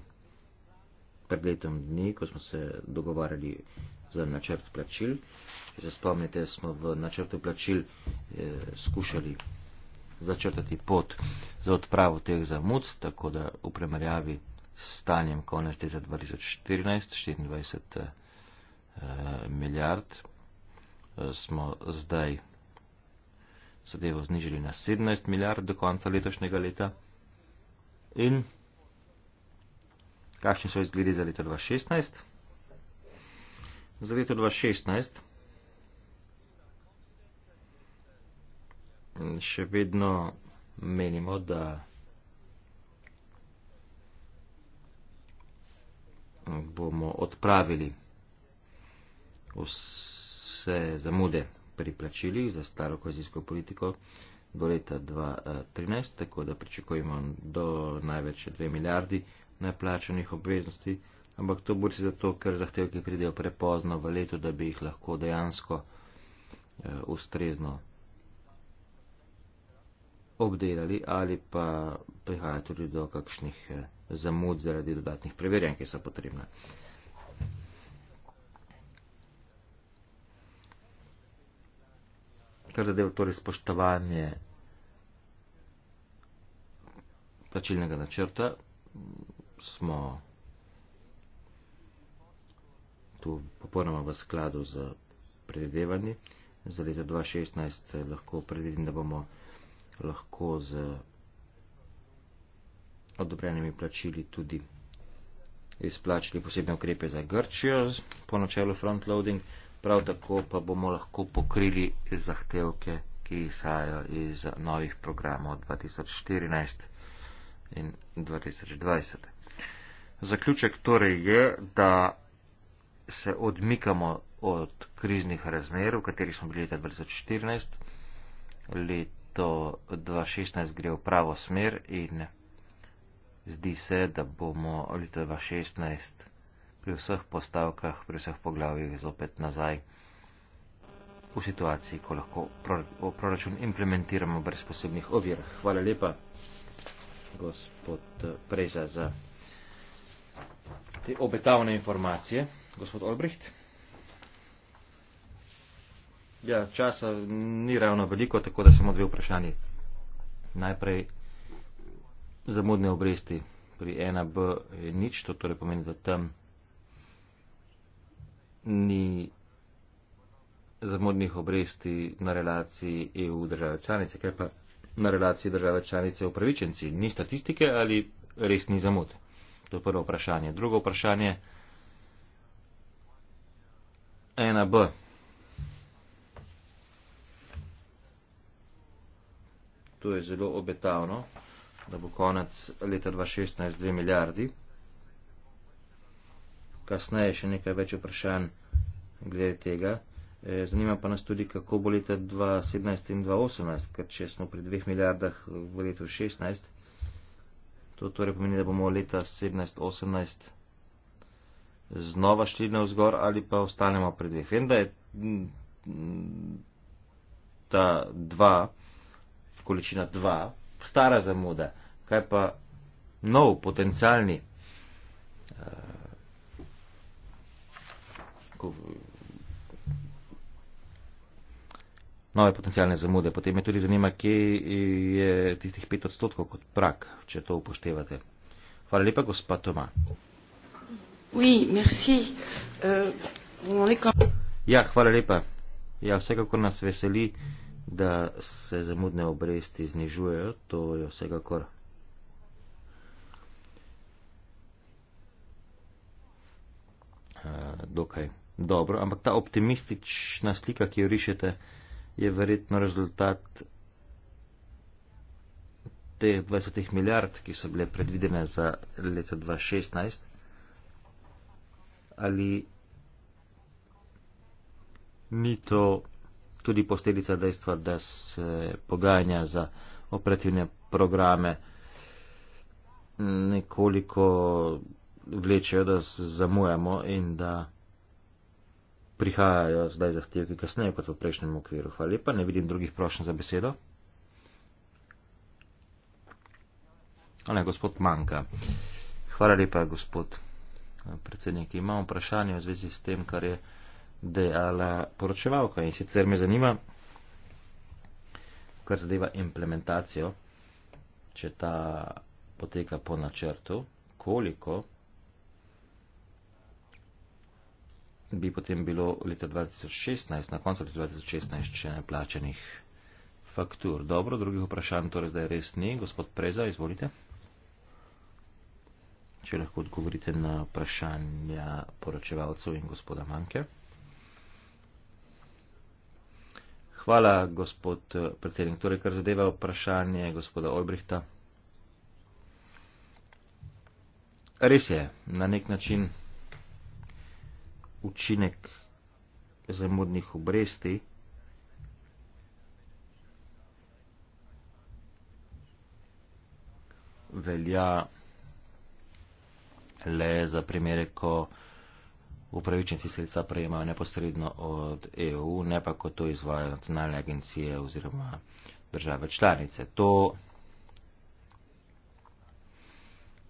pred letom dni, ko smo se dogovarjali za načrt plačil. Če se spomnite, smo v načrtu plačil eh, skušali začrtati pot za odpravo teh zamud, tako da v primerjavi s stanjem konec leta 2014, 24 eh, milijard, eh, smo zdaj zadevo znižili na 17 milijard do konca letošnjega leta. In kakšni so izgledi za leto 2016? Za leto 2016 še vedno menimo, da bomo odpravili vse zamude pri plačilih za staro kozijsko politiko do leta 2013, tako da pričakujemo do največ 2 milijardi neplačanih obveznosti, ampak to bo si zato, ker zahtevki pridejo prepozno v letu, da bi jih lahko dejansko eh, ustrezno obdelali ali pa prihaja tudi do kakšnih eh, zamud zaradi dodatnih preverjanj, ki so potrebna. kar zadeva torej spoštovanje plačilnega načrta, smo tu popolnoma v skladu z predvevanji. Za leto 2016 eh, lahko predvidim, da bomo lahko z odobrenimi plačili tudi izplačili posebne ukrepe za Grčijo po načelu frontloading. loading prav tako pa bomo lahko pokrili zahtevke, ki izhajajo iz novih programov 2014 in 2020. Zaključek torej je, da se odmikamo od kriznih razmer, v katerih smo bili leta 2014. Leto 2016 gre v pravo smer in zdi se, da bomo leta 2016 pri vseh postavkah, pri vseh poglavjih zopet nazaj v situaciji, ko lahko proračun implementiramo brez posebnih ovir. Hvala lepa, gospod Preza, za te obetavne informacije. Gospod Olbricht. Ja, časa ni ravno veliko, tako da samo dve vprašanje. Najprej zamudne obresti pri 1B e nič, to torej pomeni, da tam ni zamudnih obresti na relaciji EU države članice, kaj pa na relaciji države članice upravičenci. Ni statistike ali res ni zamud? To je prvo vprašanje. Drugo vprašanje. 1B. To je zelo obetavno, da bo konec leta 2016 2 milijardi kasneje še nekaj več vprašanj glede tega. E, zanima pa nas tudi, kako bo leta 2017 in 2018, ker če smo pri 2 milijardah v letu 2016, to torej pomeni, da bomo leta 2017-2018 znova šli na vzgor ali pa ostanemo pri 2. Vem, da je ta 2, količina 2, stara zamuda. Kaj pa nov potencialni. Uh, rekel, nove potencijalne zamude. Potem me tudi zanima, kje je tistih 5 odstotkov kot prak, če to upoštevate. Hvala lepa, gospa Toma. Oui, merci. Euh, ja, hvala lepa. Ja, vsekakor nas veseli, da se zamudne obresti znižujejo. To je vsekakor. Uh, dokaj dobro, ampak ta optimistična slika, ki jo rišete, je verjetno rezultat teh 20 milijard, ki so bile predvidene za leto 2016. Ali ni to tudi posledica dejstva, da se pogajanja za operativne programe nekoliko vlečejo, da se zamujamo in da prihajajo zdaj zahtevki kasneje kot v prejšnjem okviru. Hvala lepa, ne vidim drugih prošenj za besedo. Ne, gospod manjka. Hvala lepa, gospod eh, predsednik. Imam vprašanje v zvezi s tem, kar je dejala poročevalka in sicer me zanima, kar zadeva implementacijo, če ta poteka po načrtu, koliko bi potem bilo leta 2016, na koncu leta 2016, še neplačenih faktur. Dobro, drugih vprašanj torej zdaj res ni. Gospod Preza, izvolite. Če lahko odgovorite na vprašanja poročevalcev in gospoda Manke. Hvala, gospod predsednik. Torej, kar zadeva vprašanje gospoda Olbrihta. Res je, na nek način. Hmm učinek zamudnih obresti, velja le za primere, ko upravičenci sredstva prejemajo neposredno od EU, ne pa ko to izvajo nacionalne agencije oziroma države članice. To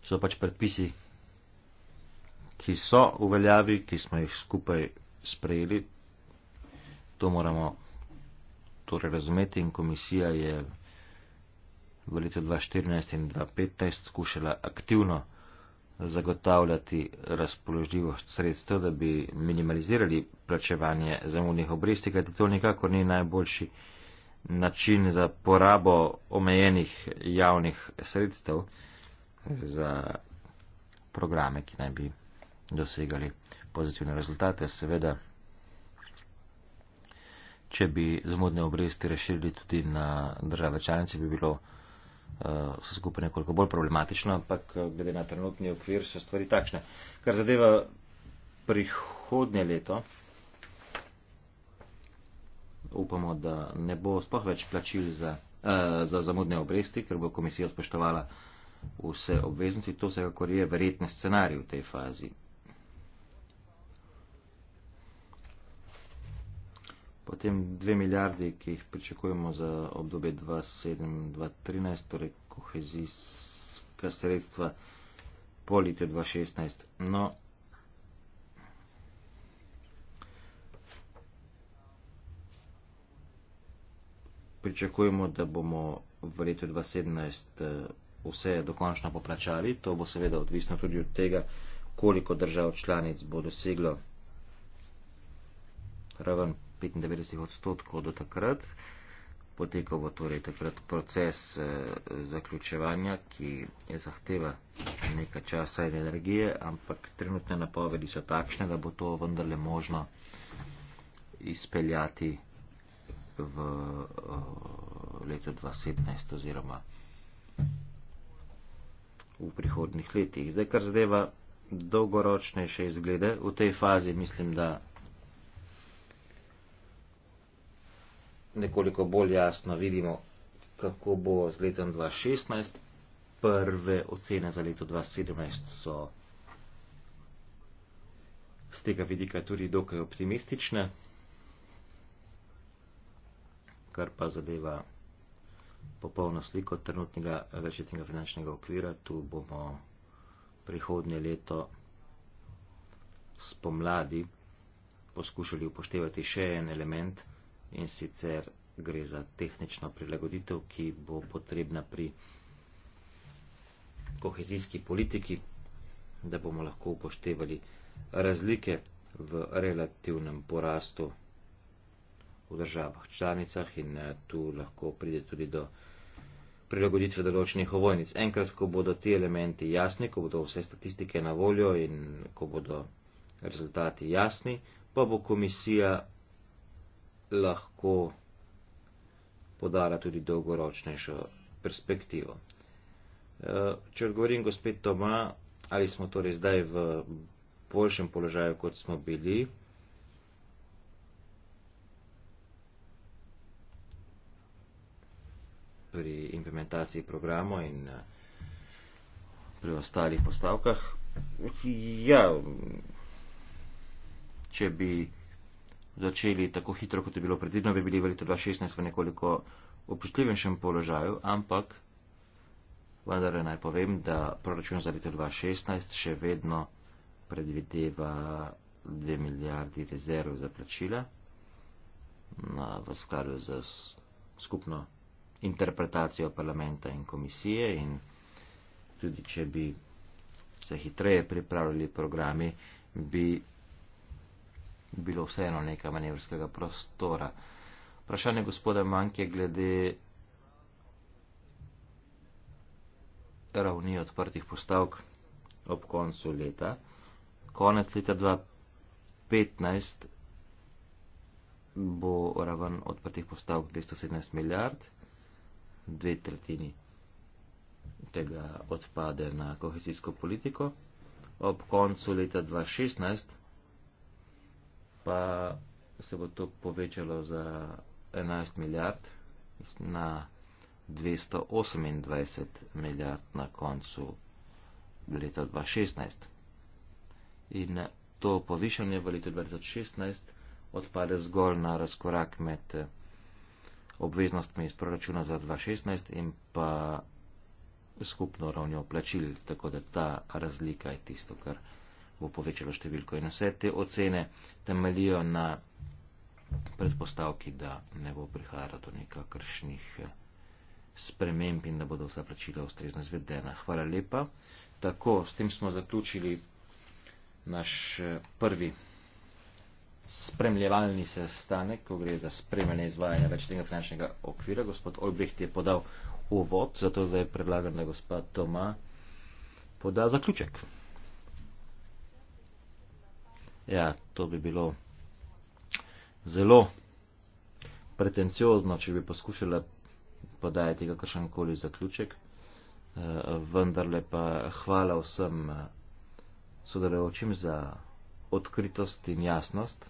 so pač predpisi, ki so v veljavi, ki smo jih skupaj sprejeli. To moramo torej razumeti in komisija je v letu 2014 in 2015 skušala aktivno zagotavljati razpoložljivost sredstev, da bi minimalizirali plačevanje zamudnih obresti, kajti to nikakor ni najboljši način za porabo omejenih javnih sredstev za programe, ki naj bi dosegali pozitivne rezultate. Seveda, če bi zamudne obresti razširili tudi na države članice, bi bilo eh, vse uh, skupaj nekoliko bolj problematično, ampak eh, glede na trenutni okvir so stvari takšne. Kar zadeva prihodnje leto, upamo, da ne bo spoh več plačil za, uh, za zamudne obresti, ker bo komisija spoštovala vse obveznosti. To vsekakor je verjetni scenarij v tej fazi. Potem dve milijardi, ki jih pričakujemo za obdobje 2007-2013, torej kohezijska sredstva po letu 2016. No, pričakujemo, da bomo v letu 2017 eh, vse dokončno poplačali. To bo seveda odvisno tudi od tega, koliko držav članic bo doseglo raven 95 odstotkov do takrat. Potekal bo torej takrat proces eh, zaključevanja, ki je zahteva nekaj časa in energije, ampak trenutne napovedi so takšne, da bo to vendarle možno izpeljati v eh, letu 2017 oziroma v prihodnih letih. Zdaj, kar zadeva dolgoročnejše izglede, v tej fazi mislim, da nekoliko bolj jasno vidimo, kako bo z letom 2016. Prve ocene za leto 2017 so z tega vidika tudi dokaj optimistične, kar pa zadeva popolno sliko trenutnega večletnega finančnega okvira. Tu bomo prihodnje leto spomladi poskušali upoštevati še en element, in sicer gre za tehnično prilagoditev, ki bo potrebna pri kohezijski politiki, da bomo lahko upoštevali razlike v relativnem porastu v državah članicah in eh, tu lahko pride tudi do prilagoditve določenih ovojnic. Enkrat, ko bodo ti elementi jasni, ko bodo vse statistike na voljo in ko bodo rezultati jasni, pa bo komisija lahko podara tudi dolgoročnejšo perspektivo. Eh, če odgovorim gospe Toma, ali smo torej zdaj v boljšem položaju, kot smo bili? pri implementaciji programa in eh, pri ostalih postavkah. Ja, če bi začeli tako hitro, kot je bilo predvidno, bi bili v letu 2016 v nekoliko opuštljivejšem položaju, ampak vendar naj povem, da proračun za leto 2016 še vedno predvideva 2 milijardi rezerv za plačila na, v skladu z skupno interpretacijo parlamenta in komisije in tudi, če bi se hitreje pripravljali programi, bi bilo vseeno nekaj manevrskega prostora. Vprašanje gospoda Manke glede ravni odprtih postavk ob koncu leta. Konec leta 2015 bo raven odprtih postavk 217 milijard, dve tretjini tega odpade na kohezijsko politiko. Ob koncu leta 2016 pa se bo to povečalo za 11 milijard na 228 milijard na koncu leta 2016. In to povišanje v letu 2016 odpade zgolj na razkorak med eh, obveznostmi iz proračuna za 2016 in pa skupno ravnjo plačil, tako da ta razlika je tisto, kar bo povečalo številko. In vse te ocene temeljijo na predpostavki, da ne bo prihajalo do nekakršnih eh, sprememb in da bodo vsa plačila ustrezno izvedena. Hvala lepa. Tako, s tem smo zaključili naš eh, prvi spremljevalni sestanek, ko gre za spremljanje izvajanja večletnega finančnega okvira. Gospod Olbricht je podal uvod, zato zdaj predlagam, da gospod Toma poda zaključek. Ja, to bi bilo zelo pretenciozno, če bi poskušala podajati kakršen koli zaključek. Eh, vendarle pa hvala vsem eh, sodelujočim za odkritost in jasnost.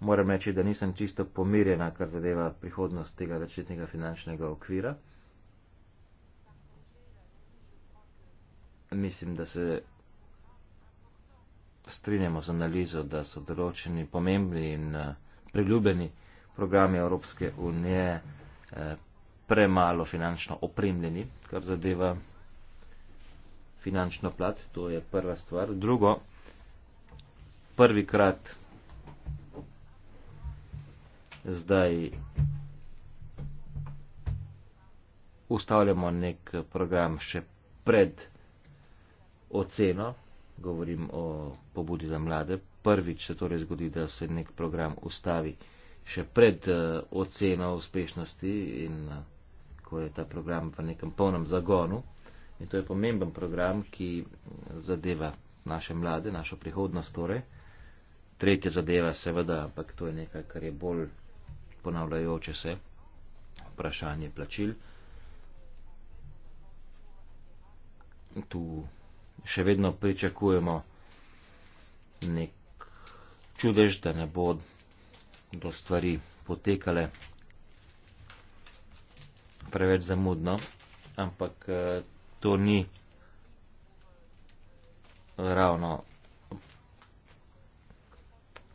Moram reči, da nisem čisto pomirjena, kar zadeva prihodnost tega večletnega finančnega okvira. Mislim, da se strinjamo z analizo, da so določeni pomembni in eh, priljubljeni programi Evropske unije eh, premalo finančno opremljeni, kar zadeva finančno plat. To je prva stvar. Drugo, prvikrat zdaj ustavljamo nek program še pred oceno, govorim o pobudi za mlade, prvič se torej zgodi, da se nek program ustavi še pred uh, oceno uspešnosti in uh, ko je ta program v nekem polnem zagonu. In to je pomemben program, ki eh, zadeva naše mlade, našo prihodnost torej. Tretja zadeva seveda, ampak to je nekaj, kar je bolj ponavljajoče se, vprašanje plačil. Tu še vedno pričakujemo nek čudež, da ne bo do stvari potekale preveč zamudno, ampak eh, to ni ravno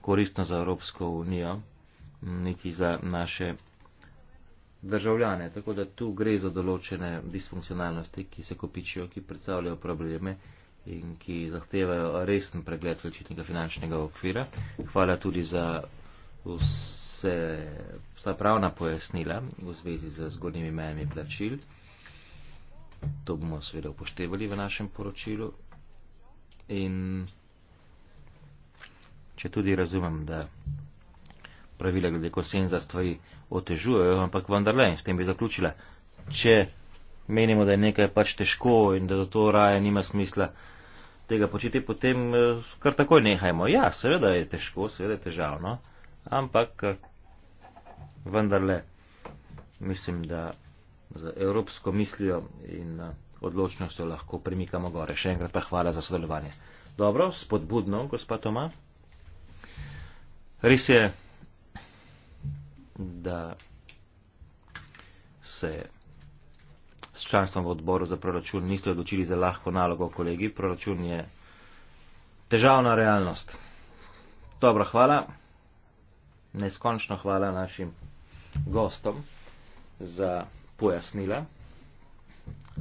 koristno za Evropsko unijo, niti za naše državljane. Tako da tu gre za določene disfunkcionalnosti, ki se kopičijo, ki predstavljajo probleme in ki zahtevajo resen pregled večitnega finančnega okvira. Hvala tudi za vse, vsa pravna pojasnila v zvezi z zgodnjimi mejami plačil. To bomo seveda upoštevali v našem poročilu. In če tudi razumem, da pravila glede konsenza stvari otežujejo, ampak vendarle, in s tem bi zaključila, če menimo, da je nekaj pač težko in da zato raje nima smisla tega početi, potem eh, kar takoj nehajmo. Ja, seveda je težko, seveda je težavno, ampak eh, vendarle mislim, da z evropsko mislijo in eh, odločnostjo lahko premikamo gore. Še enkrat pa hvala za sodelovanje. Dobro, spodbudno, gospa Toma. Res je, da se članstvom v odboru za proračun niste odločili za lahko nalogo, kolegi. Proračun je težavna realnost. Dobro, hvala. Neskončno hvala našim gostom za pojasnila.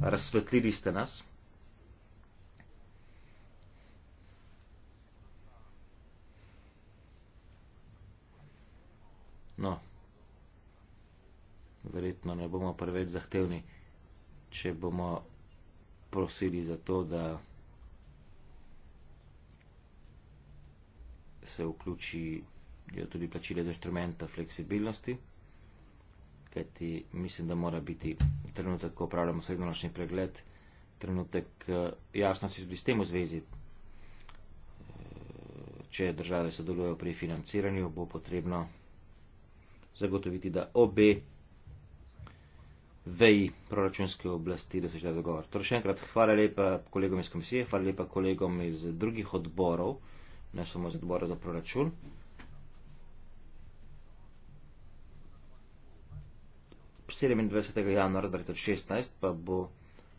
Razsvetlili ste nas. No, verjetno ne bomo preveč zahtevni če bomo prosili za to, da se vključi tudi plačile do inštrumenta fleksibilnosti, kajti mislim, da mora biti trenutek, ko upravljamo srednjeročni pregled, trenutek eh, jasnosti tudi s tem v zvezi. Eh, če države sodelujejo pri financiranju, bo potrebno zagotoviti, da obe veji proračunske oblasti, da se šla dogovor. Torej še enkrat hvala lepa kolegom iz komisije, hvala lepa kolegom iz drugih odborov, ne samo iz odbora za proračun. Ob 27. januar 2016 pa bo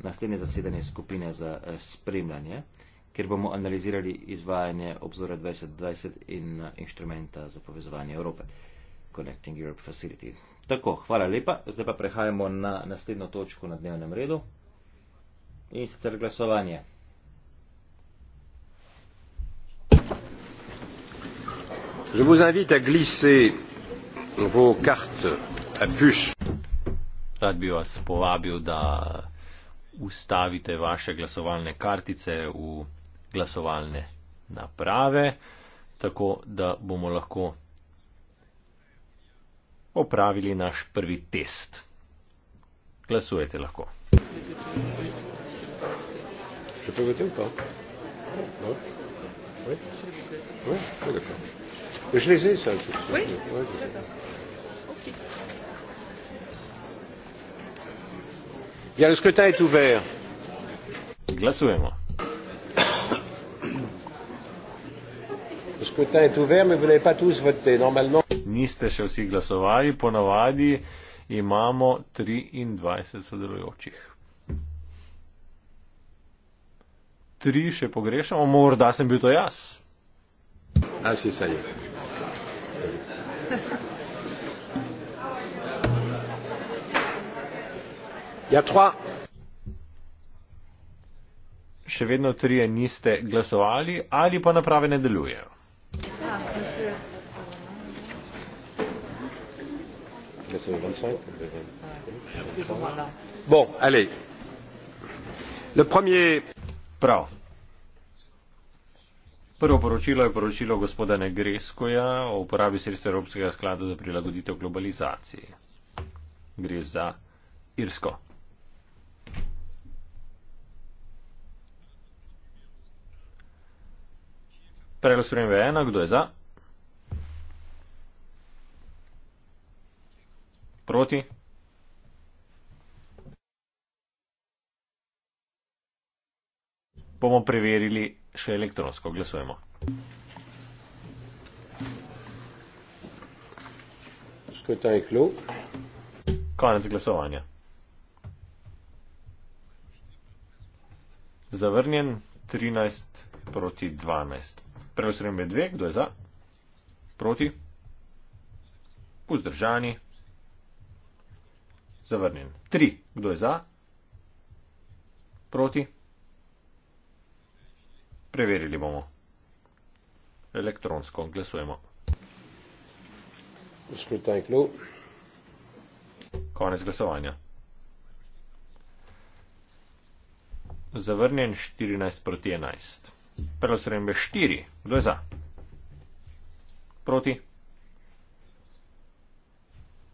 naslednje zasedanje skupine za eh, spremljanje, kjer bomo analizirali izvajanje obzora 2020 in eh, inštrumenta za povezovanje Evrope. Connecting Europe Facility. Tako, hvala lepa. Zdaj pa prehajamo na naslednjo točko na dnevnem redu in sicer glasovanje. Je vous invite à glisser vos cartes à puce. Rad bi vas povabil, da ustavite vaše glasovalne kartice v glasovalne naprave, tako da bomo lahko opravili naš prvi test. Glasujete lahko. Še prvi no? tem pa? Bien, ja, le scrutin est ouvert. Glasujemo. Le scrutin est ouvert, mais vous n'avez pas tous voté. Normalement niste še vsi glasovali, ponavadi imamo 23 sodelujočih. Tri še pogrešamo, morda sem bil to jaz. A si se je. Ja, tri. Še vedno trije niste glasovali ali pa naprave ne delujejo. la semaine 25. Bon, allez. Le premier. Prav. Prvo poročilo je poročilo gospoda Negreskoja o uporabi sredstva Evropskega sklada za prilagoditev globalizaciji. Gre za Irsko. Predlog spremembe 1. Kdo je za? Proti? Bomo preverili še elektronsko. Glasujemo. Konec glasovanja. Zavrnjen 13 proti 12. Prvo srednje dve, kdo je za? Proti? Vzdržani zavrnjen. Tri. Kdo je za? Proti? Preverili bomo. Elektronsko glasujemo. Konec glasovanja. Zavrnjen 14 proti 11. Prvo srembe 4. Kdo je za? Proti?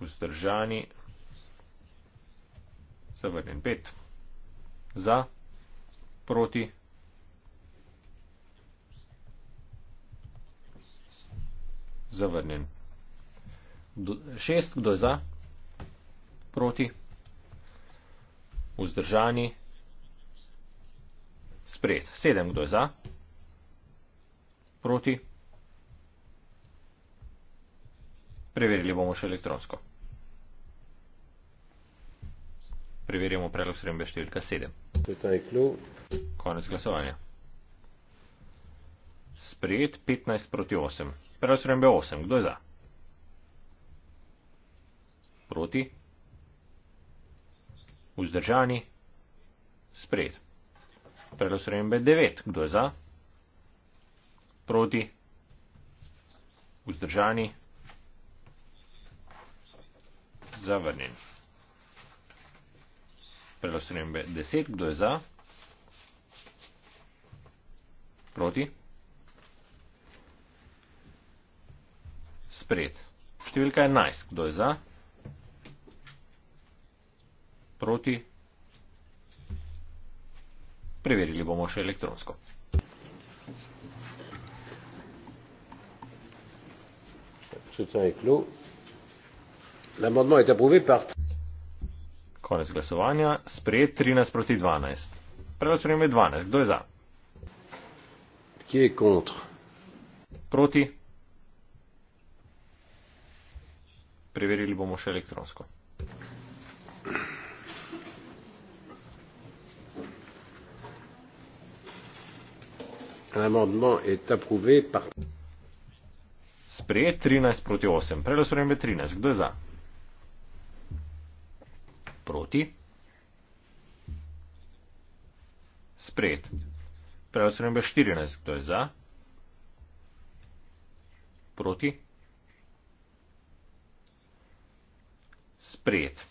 Vzdržani zavrnjen 5. Za, proti. Zavrnjen. 6. Kdo je za? Proti. Vzdržani. Spred. 7. Kdo je za? Proti. Preverili bomo še elektronsko. Preverjamo predlog srembe številka 7. Konec glasovanja. Sprejet 15 proti 8. Predlog srembe 8. Kdo je za? Proti? Vzdržani? Sprejet. Predlog srembe 9. Kdo je za? Proti? Vzdržani? Zavrnjeni prve spremembe deset, kdo je za? Proti? Sprejet. Številka enajst, kdo je za? Proti? Preverili bomo še elektronsko. Je kloj. L'amendement est approuvé par Konec glasovanja. Sprejet 13 proti 12. Predlog sprejem je 12. Kdo je za? Kje je kontr? Proti. Preverili bomo še elektronsko. Sprejet 13 proti 8. Predlog sprejem je 13. Kdo je za? proti. Sprejet. Prav se nam je 14, kdo je za. Proti. Sprejet.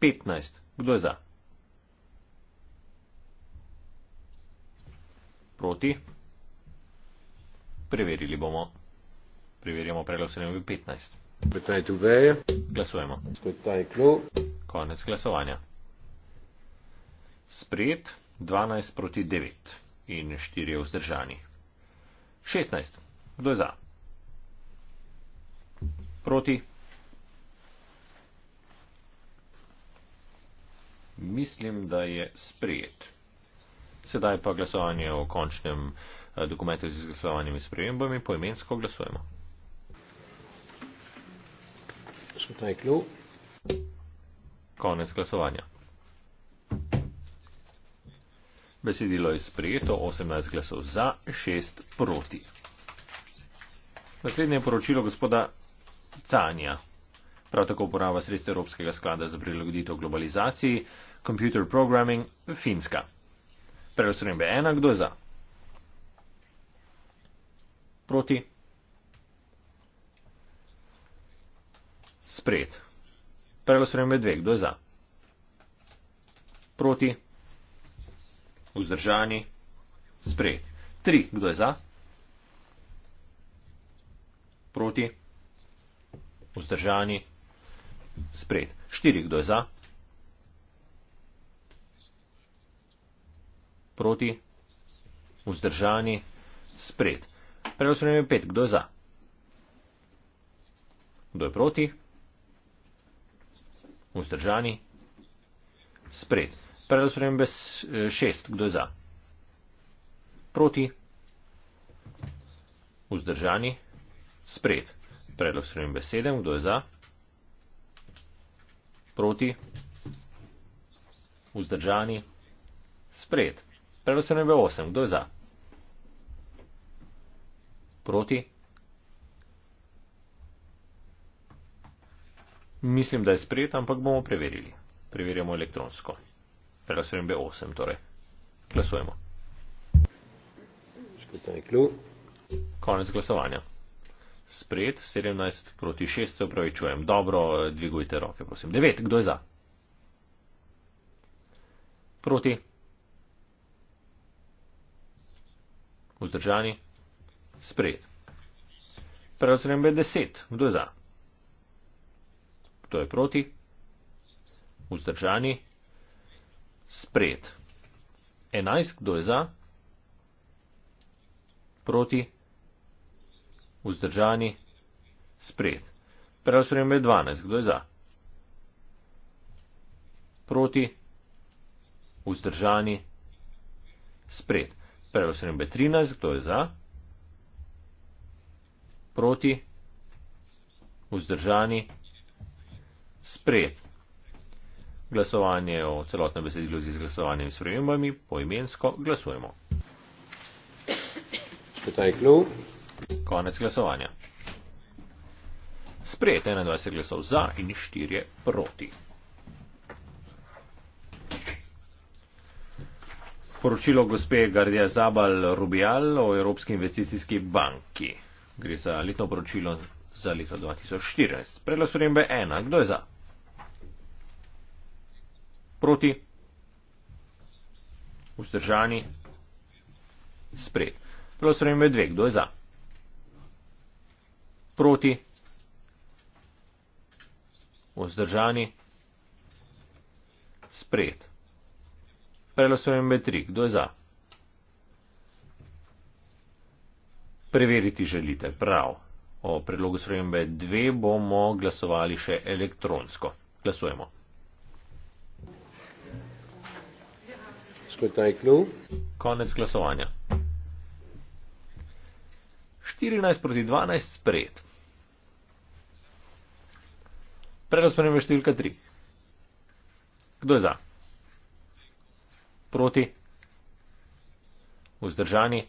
15, kdo je za. Proti. Preverili bomo. Preverjamo predlog se nam je 15. Petaj je tukaj. Glasujemo. Petaj je klo. Konec glasovanja. Sprejet 12 proti 9 in 4 je vzdržani. 16. Kdo je za? Proti. Mislim, da je sprejet. Sedaj pa glasovanje o končnem eh, dokumentu z izglasovanimi spremembami poimensko glasujemo. Svetajklu. Konec glasovanja. Besedilo je sprejeto, 18 glasov za, 6 proti. Naslednje poročilo gospoda Canja. Prav tako uporaba sredstev Evropskega sklada za prilagoditev globalizaciji, Computer Programming, Finska. Preostrojen B1, kdo je za? Proti. Sprejet. Predlog spremembe dve. Kdo je za? Proti. Vzdržani. Sprejet. Tri. Kdo je za? Proti. Vzdržani. Sprejet. Štiri. Kdo je za? Proti. Vzdržani. Sprejet. Predlog spremembe pet. Kdo je za? Kdo je proti? vzdržani. Spred. Predlog spremembe e, šest. Kdo je za? Proti. Vzdržani. Spred. Predlog spremembe sedem. Kdo je za? Proti. Vzdržani. Spred. Predlog spremembe osem. Kdo je za? Proti. Mislim, da je sprejet, ampak bomo preverili. Preverjamo elektronsko. Preglasujem B8, torej. Glasujemo. Konec glasovanja. Sprejet, 17 proti 6 se upravičujem. Dobro, dvigujte roke, prosim. 9, kdo je za? Proti. Vzdržani. Sprejet. Preglasujem B10, kdo je za? to je proti, vzdržani, sprejet. 11, kdo je za, proti, vzdržani, sprejet. Preostrojem je 12, kdo je za, proti, vzdržani, sprejet. Preostrojem je 13, kdo je za, proti, vzdržani, sprejet sprejet. Glasovanje o celotnem besedilu z izglasovanjem s premembami poimensko glasujemo. Konec glasovanja. Sprejet 21 glasov za in 4 proti. Poročilo gospe Gardija Zabal Rubial o Evropski investicijski banki. Gre za letno poročilo za leto 2014. Predlog spremembe 1. Kdo je za? proti, vzdržani, spred. Prosim, ime dve, kdo je za? Proti, vzdržani, spred. Prelosujem med tri. Kdo je za? Preveriti želite. Prav. O predlogu sprejembe dve bomo glasovali še elektronsko. Glasujemo. Konec glasovanja. 14 proti 12 sprejet. Predlog spremembe številka 3. Kdo je za? Proti? Vzdržani?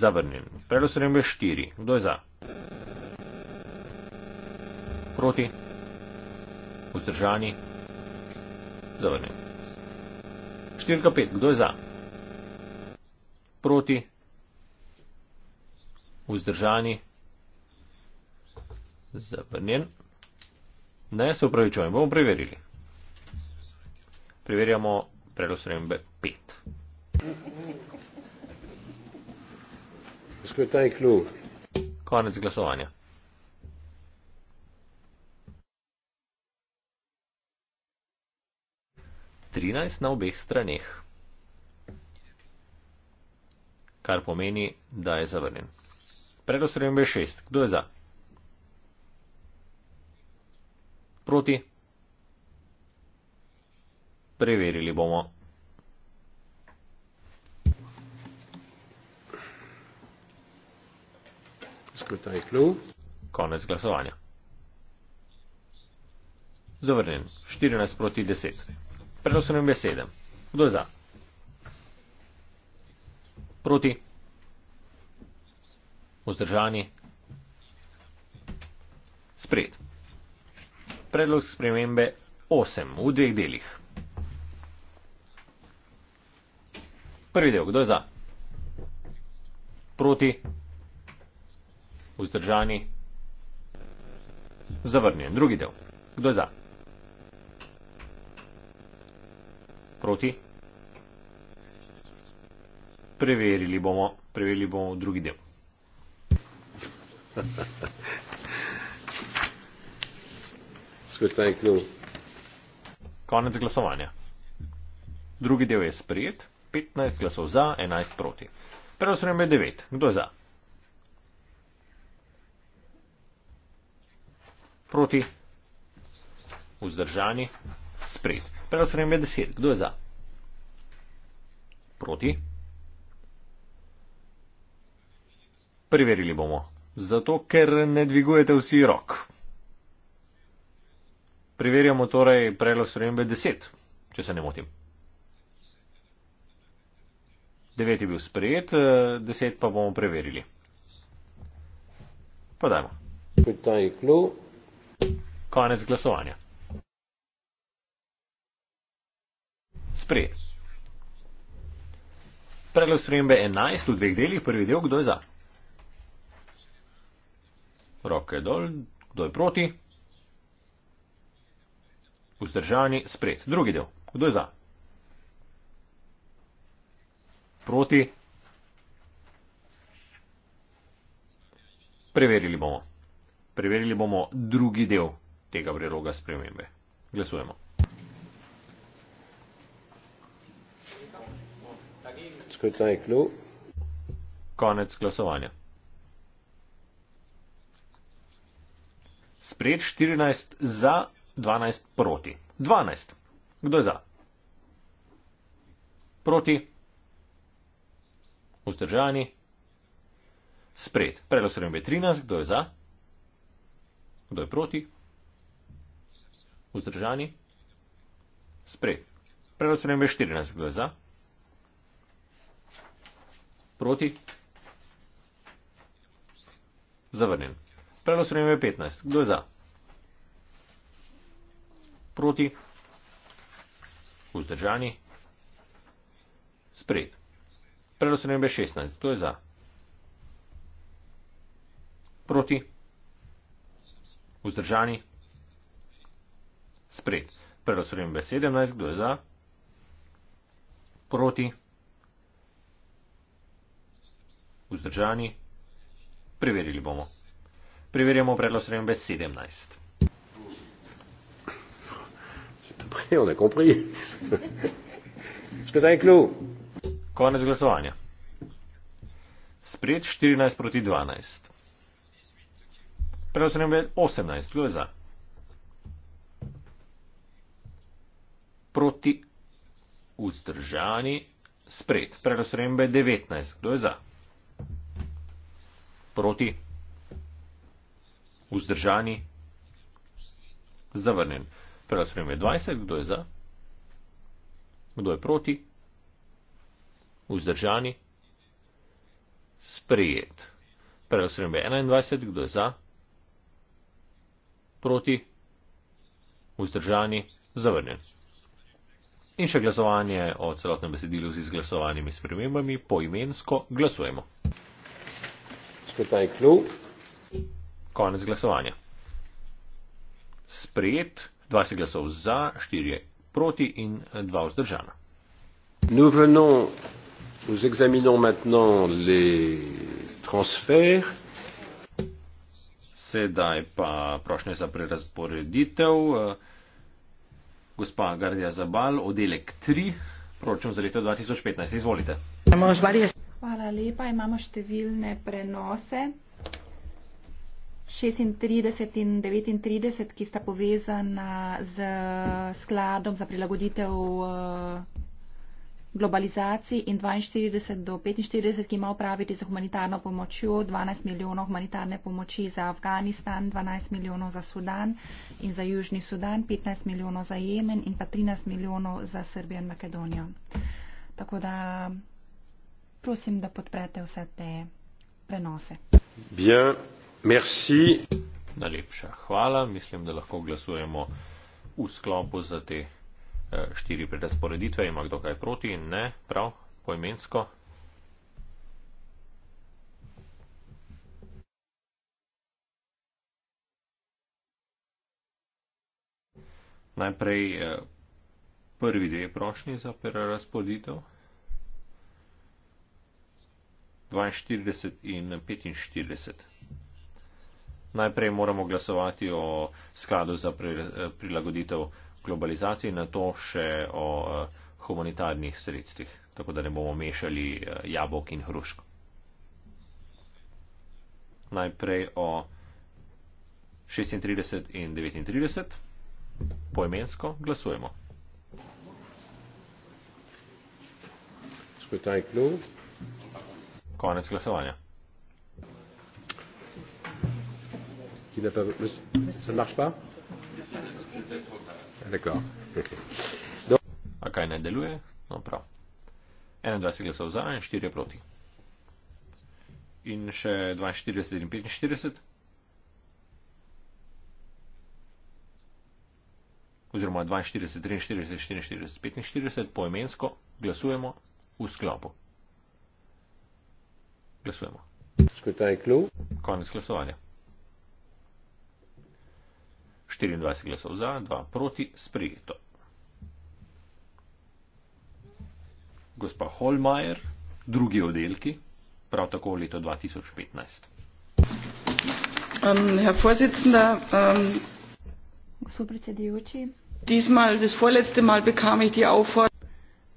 Zavrnjen. Predlog spremembe 4. Kdo je za? Proti? Vzdržani? Zavrnjen. 4 ka 5, kdo je za? Proti? Vzdržani? Zavrnjen? Ne, se upravičujem, bomo preverili. Preverjamo predlog spremembe 5. Skratka, taj klub. Konec glasovanja. 13 na obeh straneh. Kar pomeni, da je zavrnjen. Predlog spremembe je 6. Kdo je za? Proti? Preverili bomo. Skrutaj klub. Konec glasovanja. Zavrnjen. 14 proti 10 predlosenem besede. Kdo je za? Proti? Vzdržani? Spred. Predlog spremembe 8 v dveh delih. Prvi del, kdo je za? Proti? Vzdržani? Zavrnjen. Drugi del, kdo je za? proti? Preverili bomo, preverili bomo drugi del. Konec glasovanja. Drugi del je sprejet, 15 glasov za, 11 proti. Preostanem je 9. Kdo je za? Proti? Vzdržani? Sprejet. Preostanem je deset. Kdo je za? Proti? Preverili bomo. Zato, ker ne dvigujete vsi rok. Preverjamo torej predlog spremembe 10, če se ne motim. 9 je bil sprejet, 10 eh, pa bomo preverili. Pa dajmo. Konec glasovanja. sprejet. Predlog spremembe 11 v dveh delih, prvi del, kdo je za? Roke dol, kdo je proti? Vzdržani, sprejet. Drugi del, kdo je za? Proti? Preverili bomo. Preverili bomo drugi del tega priloga spremembe. Glasujemo. Scrutin est clos. Konec glasovanja. Sprejet 14 za, 12 proti. 12. Kdo je za? Proti. Vzdržani. Sprejet. Predlog sprejem je 13. Kdo je za? Kdo je proti? Vzdržani. Sprejet. Predlog sprejem je 14. Kdo je za? Proti? Zavrnjen. Predlog sprememe je 15. Kdo je za? Proti? Vzdržani? Sprejet. Predlog sprememe je 16. Kdo je za? Proti? Vzdržani? Sprejet. Predlog sprememe je 17. Kdo je za? Proti? vzdržani. Preverili bomo. Preverjamo predlog sremembe 17. Konec glasovanja. Spred 14 proti 12. Predlog sremembe 18. Kdo je za? Proti vzdržani. Spred. Predlog sremembe 19. Kdo je za? proti, vzdržani, zavrnjen. Preglasujem je 20, kdo je za, kdo je proti, vzdržani, sprejet. Preglasujem je 21, kdo je za, proti, vzdržani, zavrnjen. In še glasovanje o celotnem besedilu z izglasovanimi spremembami, poimensko glasujemo skrtaj klu. Konec glasovanja. Sprejet, 20 glasov za, 4 proti in 2 eh, vzdržana. Nous venons, nous examinons maintenant les transferts. Sedaj pa prošnje za prerazporeditev. Eh, gospa Gardija Zabal, oddelek 3, proračun za leto 2015. Izvolite. Hvala lepa. Imamo številne prenose. 36 in 39, ki sta povezana z skladom za prilagoditev eh, globalizaciji in 42 do 45, ki ima upraviti za humanitarno pomočjo, 12 milijonov humanitarne pomoči za Afganistan, 12 milijonov za Sudan in za Južni Sudan, 15 milijonov za Jemen in pa 13 milijonov za Srbijo in Makedonijo. Tako da prosim, da podprete vse te prenose. Bien, merci. Najlepša hvala. Mislim, da lahko glasujemo v sklopu za te eh, štiri predasporeditve. Ima kdo kaj proti in ne? Prav, poimensko. Najprej eh, prvi dve prošnji za prerasporeditev. 42 in 45. Najprej moramo glasovati o skladu za prilagoditev globalizaciji, na to še o humanitarnih sredstvih, tako da ne bomo mešali jabolk in hrušk. Najprej o 36 in 39. Poimensko glasujemo. Gospod Tajklu. Konec glasovanja. Ah, A kaj ne deluje? No, prav. 21 glasov za in 4 proti. In še 42 in 45. Oziroma 42, 43, 44, 45, poemensko glasujemo v sklopu. Glasujemo. Skrutaj klub. Konec glasovanja. 24 glasov za, 2 proti, sprejeto. Gospa Holmajer, drugi oddelki, prav tako leto 2015. Um, um, Gospod predsedujoči,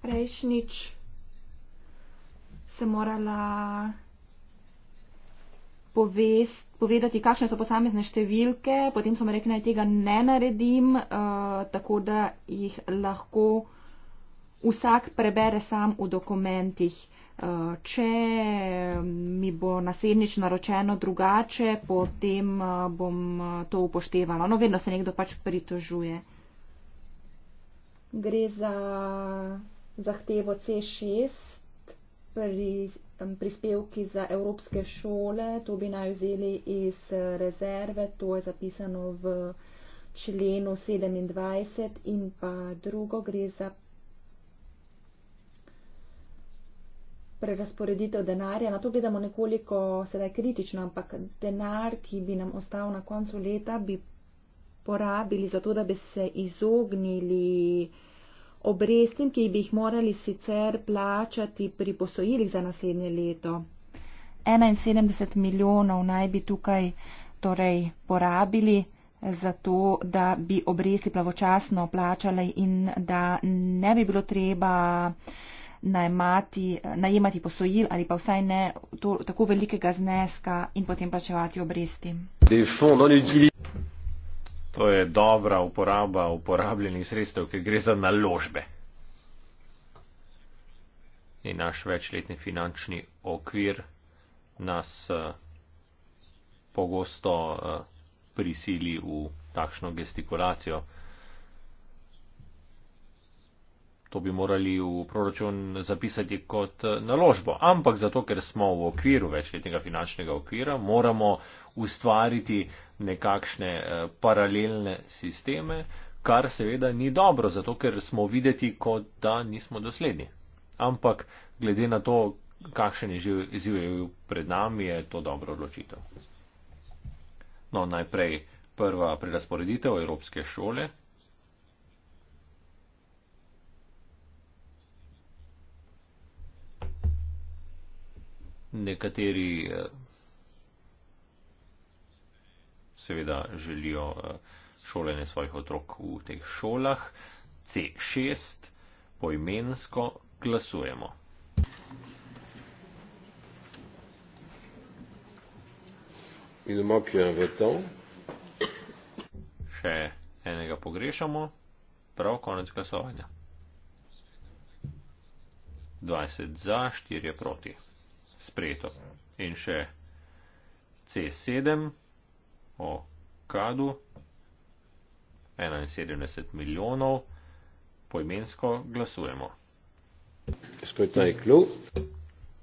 prejšnjič sem morala povest, povedati, kakšne so posamezne številke, potem so mi rekli, naj tega ne naredim, uh, tako da jih lahko vsak prebere sam v dokumentih. Uh, če mi bo naslednjič naročeno drugače, potem uh, bom to upoštevala. No, vedno se nekdo pač pritožuje. Gre za zahtevo C6 pri, prispevki za evropske šole, to bi naj vzeli iz rezerve, to je zapisano v členu 27 in pa drugo gre za prerasporeditev denarja. Na to gledamo nekoliko sedaj kritično, ampak denar, ki bi nam ostal na koncu leta, bi porabili za to, da bi se izognili uh, obrestim, ki bi jih morali sicer plačati pri posojilih za naslednje leto. 71 milijonov naj bi tukaj torej porabili za to, da bi obresti plavočasno plačali in da ne bi bilo treba najemati, najemati posojil ali pa vsaj ne to, tako velikega zneska in potem plačevati obresti. Fond, To je dobra uporaba uporabljenih sredstev, ker gre za naložbe. In naš večletni finančni okvir nas eh, pogosto eh, prisili v takšno gestikulacijo. To bi morali v proračun zapisati kot eh, naložbo. Ampak zato, ker smo v okviru večletnega finančnega okvira, moramo ustvariti nekakšne eh, paralelne sisteme, kar seveda ni dobro, zato ker smo videti, kot da nismo dosledni. Ampak glede na to, kakšen je izziv pred nami, je to dobro odločitev. No, najprej prva prerasporeditev Evropske šole. nekateri eh, seveda želijo eh, šolanje svojih otrok v teh šolah. C6 poimensko glasujemo. Še enega pogrešamo, prav konec glasovanja. 20 za, 4 proti sprejeto. In še C7 o kadu, 71 milijonov, poimensko glasujemo.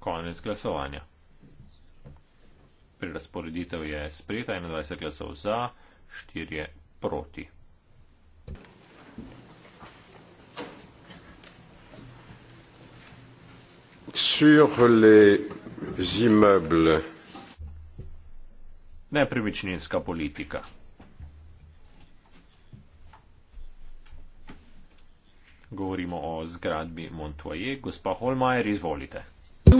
Konec glasovanja. Pri razporeditev je sprejeta 21 glasov za, 4 proti. Sur les Zimeble. Nepremičninska politika. Govorimo o zgradbi Montoye. Gospa Holmajer, izvolite. Eh,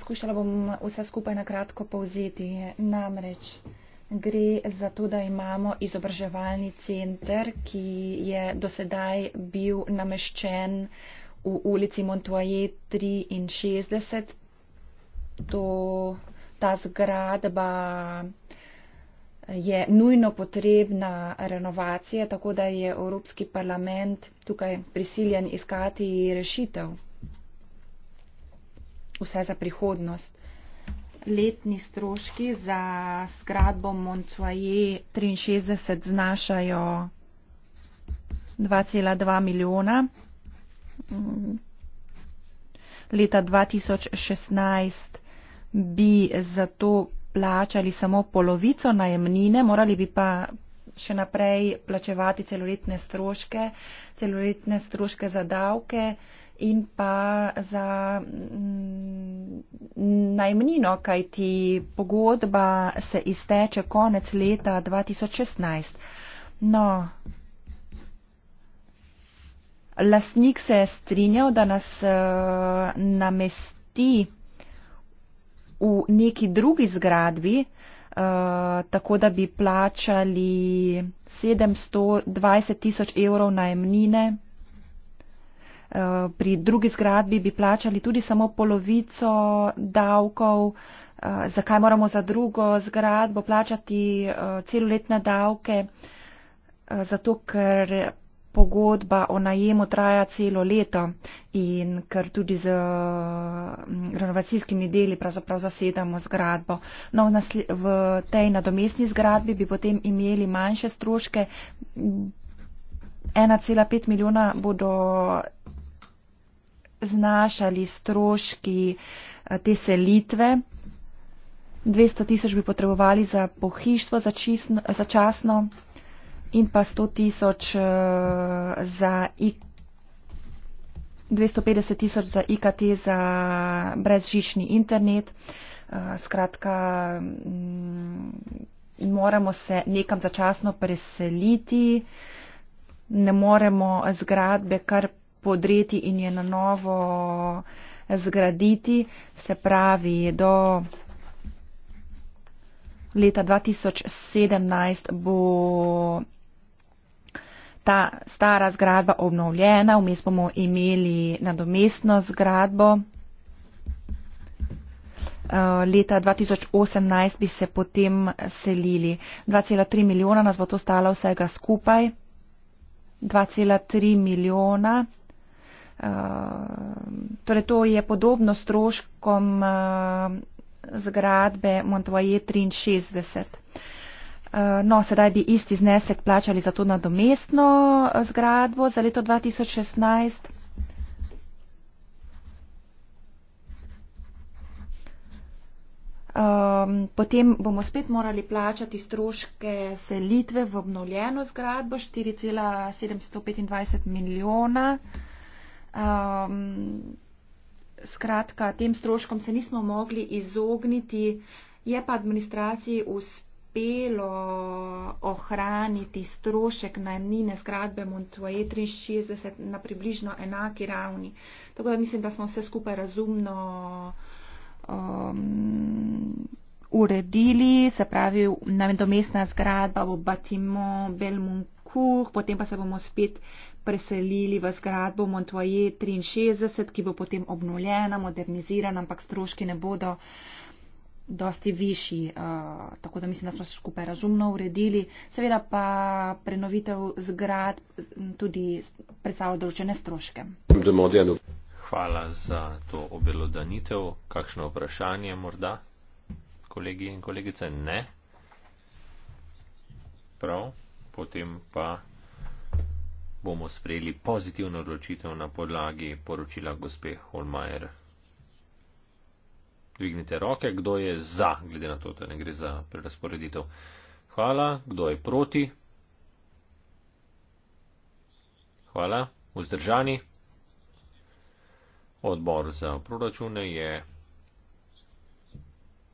skušala bom vse skupaj na kratko povzeti. Namreč gre za to, da imamo izobraževalni center, ki je dosedaj bil nameščen v ulici Montoye 63. To, ta zgradba je nujno potrebna renovacije, tako da je Evropski parlament tukaj prisiljen iskati rešitev. Vse za prihodnost. Letni stroški za zgradbo Montoye 63 znašajo 2,2 milijona leta 2016 bi za to plačali samo polovico najemnine, morali bi pa še naprej plačevati celoletne stroške, celoletne stroške za davke in pa za mm, najmnino, kaj ti pogodba se izteče konec leta 2016. No, lastnik se je strinjal, da nas uh, namesti v neki drugi zgradbi, uh, tako da bi plačali 720 tisoč evrov najemnine. Eh, pri drugi zgradbi bi plačali tudi samo polovico davkov. Zakaj moramo za drugo zgradbo plačati celoletne davke? Zato, ker pogodba o najemu traja celo leto in ker tudi z mm, renovacijskimi deli pravzaprav zasedamo zgradbo. No, v, nasli, v tej nadomestni zgradbi bi potem imeli manjše stroške. 1,5 milijona bodo znašali stroški eh, te selitve. 200 tisoč bi potrebovali za pohištvo začasno. Za in pa 100 tisoč uh, za IK. 250 tisoč za IKT za brezžični internet. Eh, skratka, mm, moramo se nekam začasno preseliti, ne moremo zgradbe kar podreti in je na novo zgraditi. Se pravi, do leta 2017 bo ta stara zgradba obnovljena, vmes bomo imeli nadomestno zgradbo. Eh, leta 2018 bi se potem selili. 2,3 milijona nas bo to stalo vsega skupaj. 2,3 milijona. Eh, torej, to je podobno stroškom eh, zgradbe Montvoje 63. Eh, no, sedaj bi isti znesek plačali za to nadomestno eh, zgradbo za leto 2016. Um, ehm, potem bomo spet morali plačati stroške selitve v obnovljeno zgradbo 4,725 milijona. Um, Skratka, tem stroškom se nismo mogli izogniti, je pa administraciji uspelo uspelo ohraniti strošek najemnine zgradbe Montoje 63 na približno enaki ravni. Tako da mislim, da smo vse skupaj razumno um, uredili, se pravi, namestna zgradba bo Batimon Belmoncourt, potem pa se bomo spet preselili v zgradbo Montoje 63, ki bo potem obnuljena, modernizirana, ampak stroški ne bodo dosti višji, uh, tako da mislim, da smo se skupaj razumno uredili. Seveda pa prenovitev zgrad tudi predstavlja določene stroške. Hvala za to obelodanitev. Kakšno vprašanje morda, kolegi in kolegice? Ne. Prav, potem pa bomo sprejeli pozitivno odločitev na podlagi poročila gospe Holmajer dvignite roke, kdo je za, glede na to, da ne gre za prerasporeditev. Hvala, kdo je proti? Hvala, vzdržani. Odbor za proračune je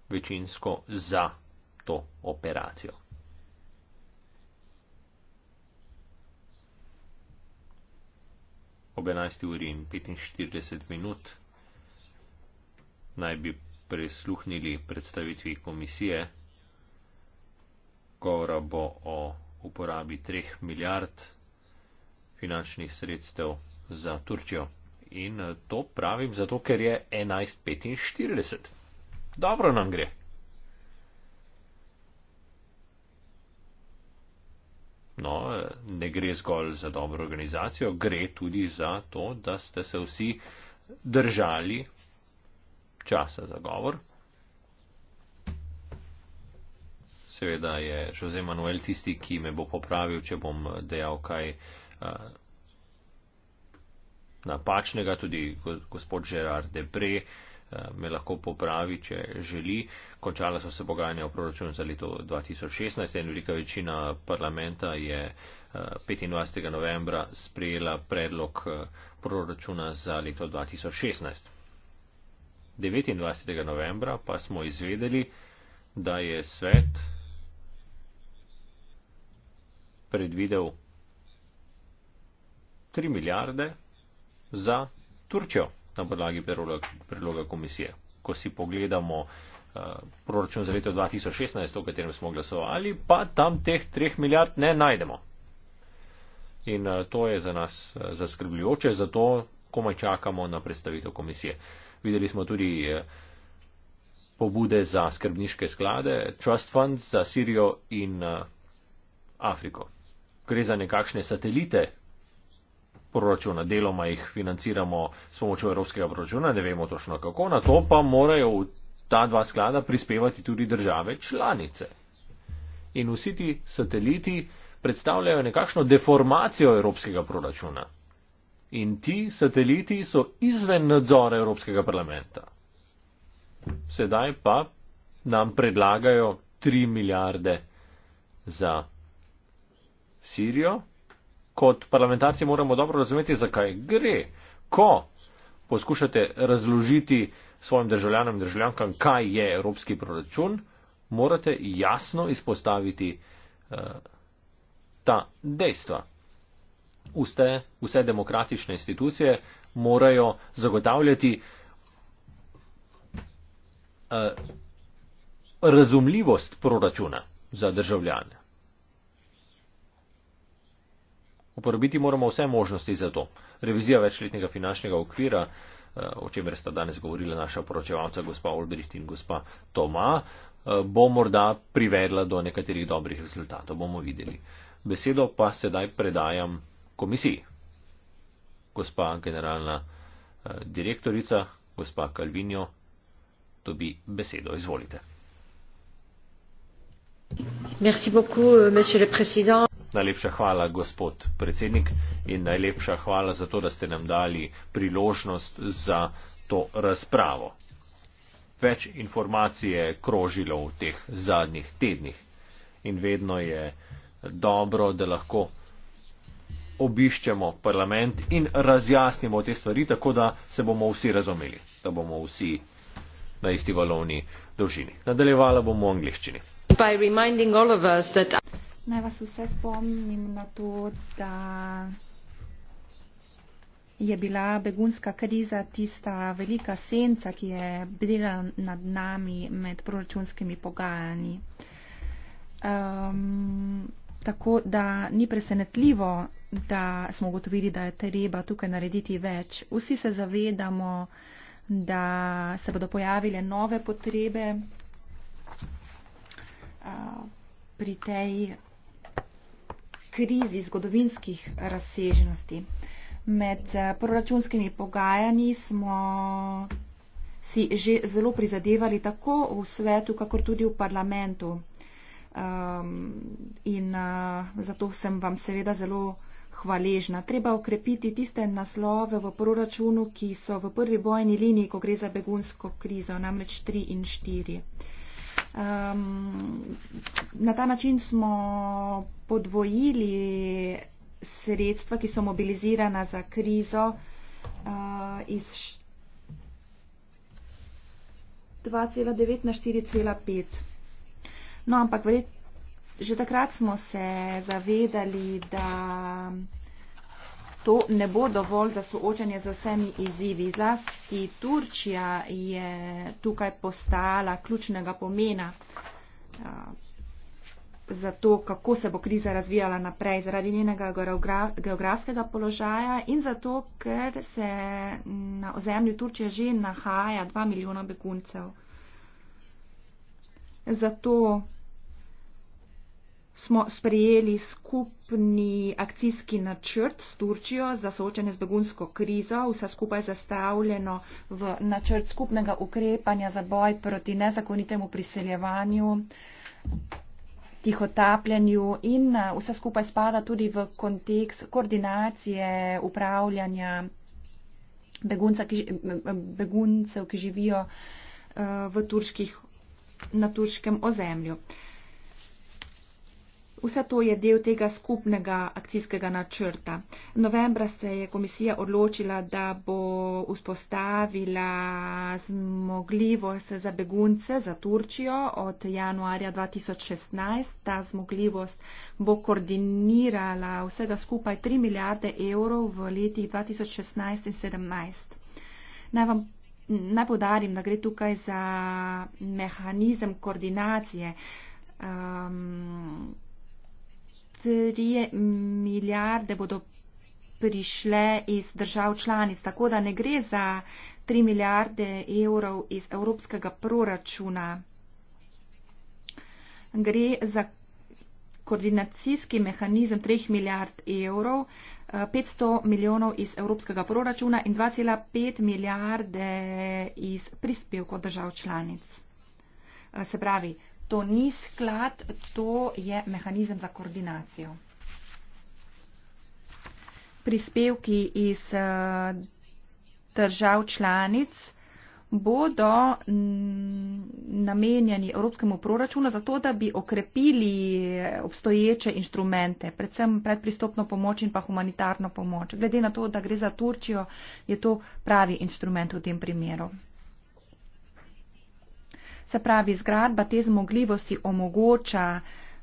večinsko za to operacijo. Ob 11.45 naj bi prisluhnili predstavitvi komisije. Govora bo o uporabi treh milijard finančnih sredstev za Turčijo. In eh, to pravim zato, ker je 11.45. Dobro nam gre. No, eh, ne gre zgolj za dobro organizacijo, gre tudi za to, da ste se vsi držali časa za govor. Seveda je Jose Manuel tisti, ki me bo popravil, če bom dejal kaj uh, napačnega, tudi gospod Gerard Depre uh, me lahko popravi, če želi. Končala so se pogajanja o proračunu za leto 2016 in velika večina parlamenta je uh, 25. novembra sprejela predlog uh, proračuna za leto 2016. 29. novembra pa smo izvedeli, da je svet predvidel 3 milijarde za Turčjo na podlagi predloga komisije. Ko si pogledamo uh, proračun za leto 2016, o katerem smo glasovali, pa tam teh 3 milijard ne najdemo. In uh, to je za nas uh, zaskrbljujoče, zato komaj čakamo na predstavitev komisije. Uh, Videli smo tudi eh, pobude za skrbniške sklade, trust funds za Sirijo in eh, Afriko. Gre za nekakšne satelite proračuna, deloma jih financiramo s pomočjo evropskega proračuna, ne vemo točno kako, na to pa morajo v ta dva sklada prispevati tudi države članice. In vsi ti sateliti predstavljajo nekakšno deformacijo evropskega proračuna in ti sateliti so izven nadzora Evropskega parlamenta. Sedaj pa nam predlagajo 3 milijarde za Sirijo. Kot parlamentarci moramo dobro razumeti, zakaj gre. Ko poskušate razložiti svojim državljanom in državljankam, kaj je evropski proračun, morate jasno izpostaviti uh, ta dejstva vse, vse demokratične institucije morajo zagotavljati eh, razumljivost proračuna za državljane. Uporabiti moramo vse možnosti za to. Revizija večletnega finančnega okvira, eh, o čemer sta danes govorila naša poročevalca gospa Olbricht in gospa Toma, eh, bo morda privedla do nekaterih dobrih rezultatov. Bomo videli. Besedo pa sedaj predajam komisiji. Gospa generalna eh, direktorica, gospa Kalvinjo, dobi besedo. Izvolite. Beaucoup, euh, najlepša hvala, gospod predsednik, in najlepša hvala za to, da ste nam dali priložnost za to razpravo. Več informacij je krožilo v teh zadnjih tednih in vedno je dobro, da lahko obiščemo parlament in razjasnimo te stvari, tako da se bomo vsi razumeli, da bomo vsi na isti valovni dolžini. Nadaljevala bomo v angliščini. Naj vas vse spomnim na to, da je bila begunska kriza tista velika senca, ki je bila nad nami med proračunskimi pogajanji. Um, Tako da ni presenetljivo, da smo ugotovili, da je treba tukaj narediti več. Vsi se zavedamo, da se bodo pojavile nove potrebe a, pri tej krizi zgodovinskih razsežnosti. Med proračunskimi pogajanji smo si že zelo prizadevali tako v svetu, kakor tudi v parlamentu. Um, in uh, zato sem vam seveda zelo hvaležna. Treba ukrepiti tiste naslove v proračunu, ki so v prvi bojni liniji, ko gre za begunsko krizo, namreč 3 in 4. Um, na ta način smo podvojili sredstva, ki so mobilizirana za krizo uh, iz 2,9 na 4,5. No, ampak verjet, že takrat smo se zavedali, da to ne bo dovolj za soočanje z vsemi izzivi. Zlasti Turčija je tukaj postala ključnega pomena za to, kako se bo kriza razvijala naprej zaradi njenega geografskega položaja in zato, ker se na ozemlju Turčije že nahaja 2 milijona beguncev zato smo sprejeli skupni akcijski načrt s Turčijo za soočanje z begunsko krizo, vse skupaj zastavljeno v načrt skupnega ukrepanja za boj proti nezakonitemu priseljevanju, tihotapljanju in eh, vse skupaj spada tudi v kontekst koordinacije upravljanja begunca, ki, beguncev, ki živijo eh, v turških na turškem ozemlju. Vse to je del tega skupnega akcijskega načrta. Novembra se je komisija odločila, da bo vzpostavila zmogljivost za begunce za Turčijo od januarja 2016. Ta zmogljivost bo koordinirala vsega skupaj 3 milijarde evrov v letih 2016 in 2017. Naj vam naj podarim, da gre tukaj za mehanizem koordinacije. Um, 3 milijarde bodo prišle iz držav članic, tako da ne gre za 3 milijarde evrov iz evropskega proračuna. Gre za koordinacijski mehanizem 3 milijard evrov, 500 eh, milijonov iz evropskega proračuna in 2,5 milijarde iz prispevkov držav članic. Eh, se pravi, to ni sklad, to je mehanizem za koordinacijo. Prispevki iz eh, držav članic bodo mm, namenjeni evropskemu proračunu za to, da bi okrepili obstoječe inštrumente, predvsem predpristopno pomoč in pa humanitarno pomoč. Glede na to, da gre za Turčijo, je to pravi instrument v tem primeru. Se pravi, zgradba te zmogljivosti omogoča,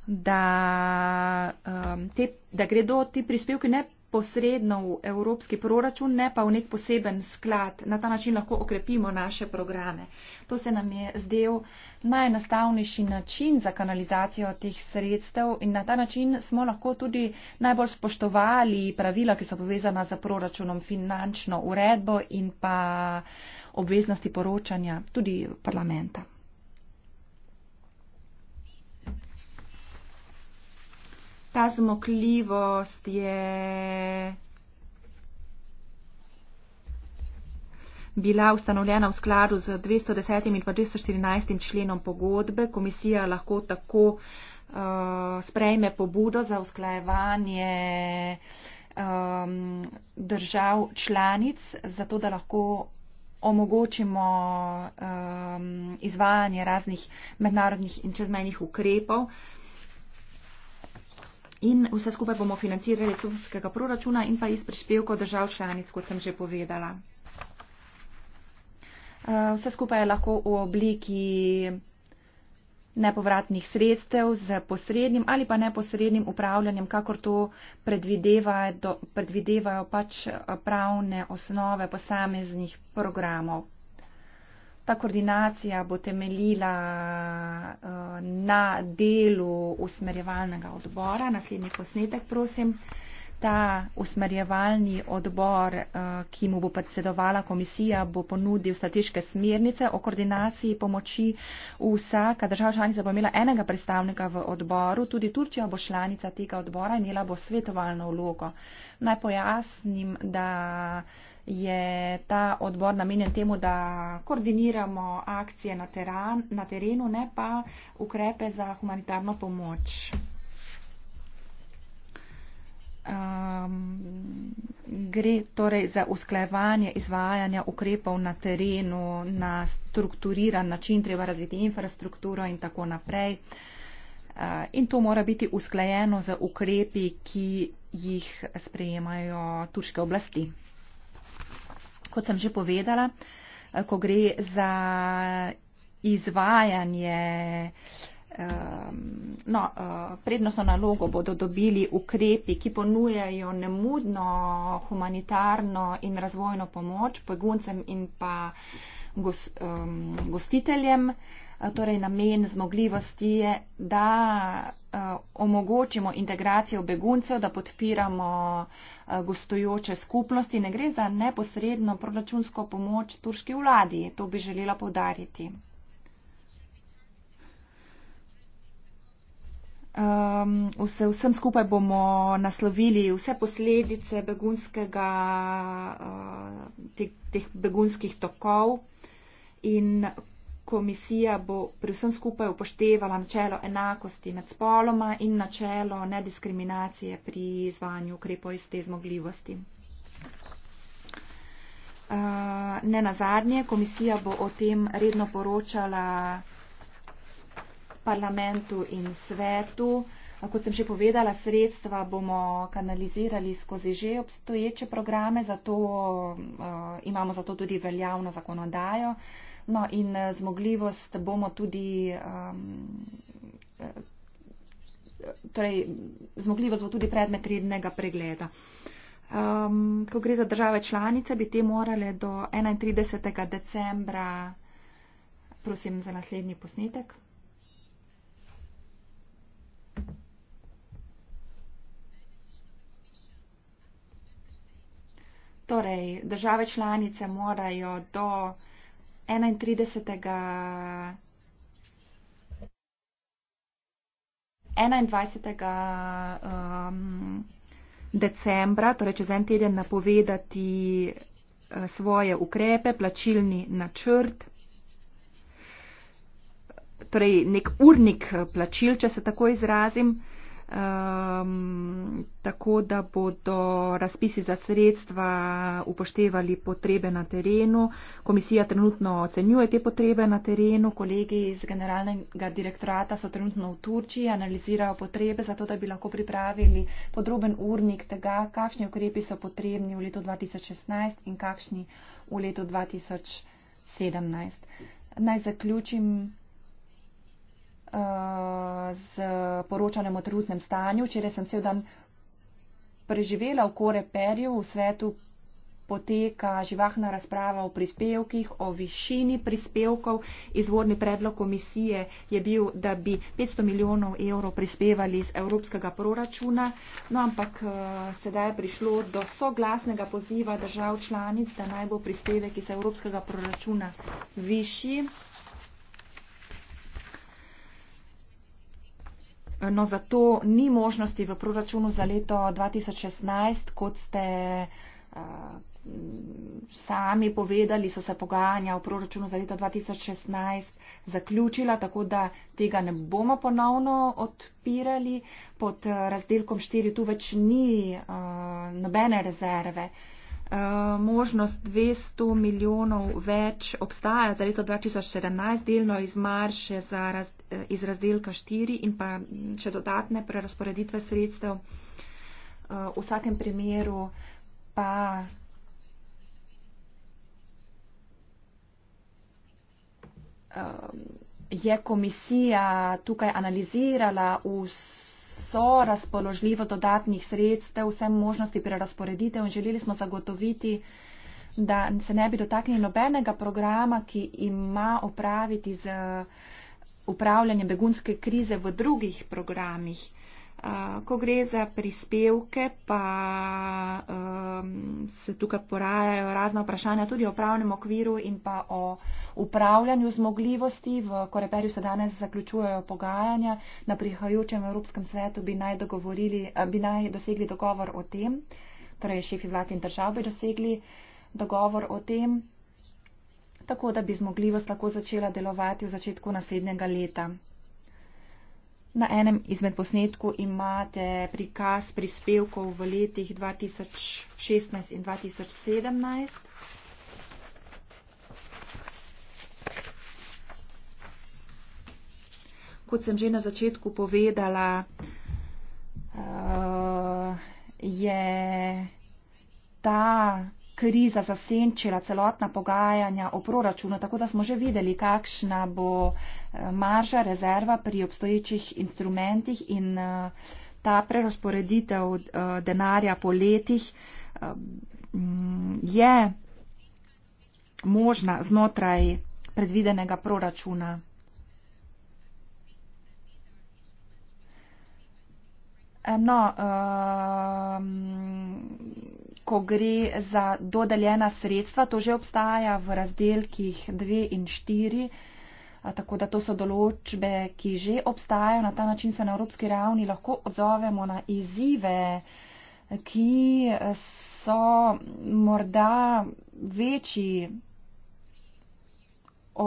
da, um, te, da gredo ti prispevki ne posredno v evropski proračun, ne pa v nek poseben sklad. Na ta način lahko okrepimo naše programe. To se nam je zdel najenostavnejši način za kanalizacijo teh sredstev in na ta način smo lahko tudi najbolj spoštovali pravila, ki so povezana z proračunom, finančno uredbo in pa obveznosti poročanja tudi parlamenta. ta zmokljivost je bila ustanovljena v skladu z 210. in 214. členom pogodbe. Komisija lahko tako uh, sprejme pobudo za usklajevanje um, držav članic, zato da lahko omogočimo um, izvajanje raznih mednarodnih in čezmejnih ukrepov. Uh, In vse skupaj bomo financirali iz sovskega proračuna in pa iz prispevkov držav članic, kot sem že povedala. Eh, vse skupaj je lahko v obliki nepovratnih sredstev z posrednim ali pa neposrednim upravljanjem, kakor to predvideva, do, predvidevajo pač eh, pravne osnove posameznih programov ta koordinacija bo temeljila eh, na delu usmerjevalnega odbora. Naslednji posnetek, prosim. Ta usmerjevalni odbor, eh, ki mu bo predsedovala komisija, bo ponudil strateške smernice o koordinaciji pomoči. Vsaka država članica bo imela enega predstavnika v odboru, tudi Turčija bo članica tega odbora in imela bo svetovalno vlogo. Naj pojasnim, da je ta odbor namenjen temu, da koordiniramo akcije na, teran, na terenu, ne pa ukrepe za humanitarno pomoč. Um, gre torej za usklajevanje izvajanja ukrepov na terenu na strukturiran način, treba razviti infrastrukturo in tako naprej. Uh, in to mora biti usklajeno z ukrepi, ki jih sprejemajo turške oblasti kot sem že povedala, eh, ko gre za izvajanje, ehm, no, eh, prednostno nalogo bodo dobili ukrepi, ki ponujajo nemudno humanitarno in razvojno pomoč peguncem in pa ehm, gostiteljem. Um, Eh, torej namen zmogljivosti je, da eh, omogočimo integracijo beguncev, da podpiramo eh, gostujoče skupnosti. Ne gre za neposredno proračunsko pomoč turški vladi, to bi želela povdariti. Ehm, vse, vsem skupaj bomo naslovili vse posledice begunskega, teh, teh begunskih tokov in komisija bo pri vsem skupaj upoštevala načelo enakosti med spoloma in načelo nediskriminacije pri izvanju ukrepov iz te zmogljivosti. Uh, ne nazadnje, komisija bo o tem redno poročala parlamentu in svetu. Kot sem že povedala, sredstva bomo kanalizirali skozi že obstoječe programe, zato, uh, imamo zato tudi veljavno zakonodajo. Uh, No in eh, zmogljivost bomo tudi. Um, torej, zmogljivost bo tudi predmet rednega pregleda. Um, ko gre za države članice, bi te morale do 31. decembra, prosim za naslednji posnetek. Torej, države članice morajo do 31. 21. Um, decembra, torej čez en teden, napovedati eh, svoje ukrepe, plačilni načrt, torej nek urnik eh, plačil, če se tako izrazim. Um, tako da bodo razpisi za sredstva upoštevali potrebe na terenu. Komisija trenutno ocenjuje te potrebe na terenu. Kolegi iz generalnega direktorata so trenutno v Turčiji, analizirajo potrebe za to, da bi lahko pripravili podroben urnik tega, kakšni ukrepi so potrebni v letu 2016 in kakšni v letu 2017. Naj zaključim Eh, z poročanjem o trenutnem stanju. Včeraj sem cel dan preživela v Koreperju, v svetu poteka živahna razprava o prispevkih, o višini prispevkov. Izvorni predlog komisije je bil, da bi 500 milijonov evrov prispevali iz evropskega proračuna, no ampak uh, sedaj je prišlo do soglasnega poziva držav članic, da naj bo prispevek iz evropskega proračuna višji. No, zato ni možnosti v proračunu za leto 2016, kot ste uh, sami povedali, so se pogajanja v proračunu za leto 2016 zaključila, tako da tega ne bomo ponovno odpirali. Pod razdelkom 4 tu več ni uh, nobene rezerve. Uh, Eh, možnost 200 milijonov več obstaja za leto 2017, delno iz marše za raz, eh, iz razdelka 4 in pa mm, še dodatne prerasporeditve sredstev. Eh, v vsakem primeru pa. Je komisija tukaj analizirala vse so razpoložljivo dodatnih sredstev, vse možnosti prerasporeditev in želeli smo zagotoviti, da se ne bi dotaknili nobenega programa, ki ima opraviti z upravljanjem begunske krize v drugih programih. Eh, ko gre za prispevke, pa um, se tukaj porajajo razna vprašanja tudi o pravnem okviru in pa o upravljanju zmogljivosti. V Koreperju se danes zaključujejo pogajanja. Na prihajajočem Evropskem svetu bi naj, eh, bi naj dosegli dogovor o tem, torej šefi vlad in držav bi dosegli dogovor o tem, tako da bi zmogljivost lahko začela delovati v začetku naslednjega leta. Na enem izmed posnetkov imate prikaz prispevkov v letih 2016 in 2017. Kot sem že na začetku povedala, eh, je ta kriza zasenčila celotna pogajanja o proračunu, tako da smo že videli, kakšna bo eh, marža rezerva pri obstoječih instrumentih in eh, ta prerasporeditev eh, denarja po letih mm, je možna znotraj predvidenega proračuna. No, um, ko gre za dodeljena sredstva, to že obstaja v razdelkih 2 in 4. Tako da to so določbe, ki že obstajajo. Na ta način se na evropski ravni lahko odzovemo na izzive, ki so morda večji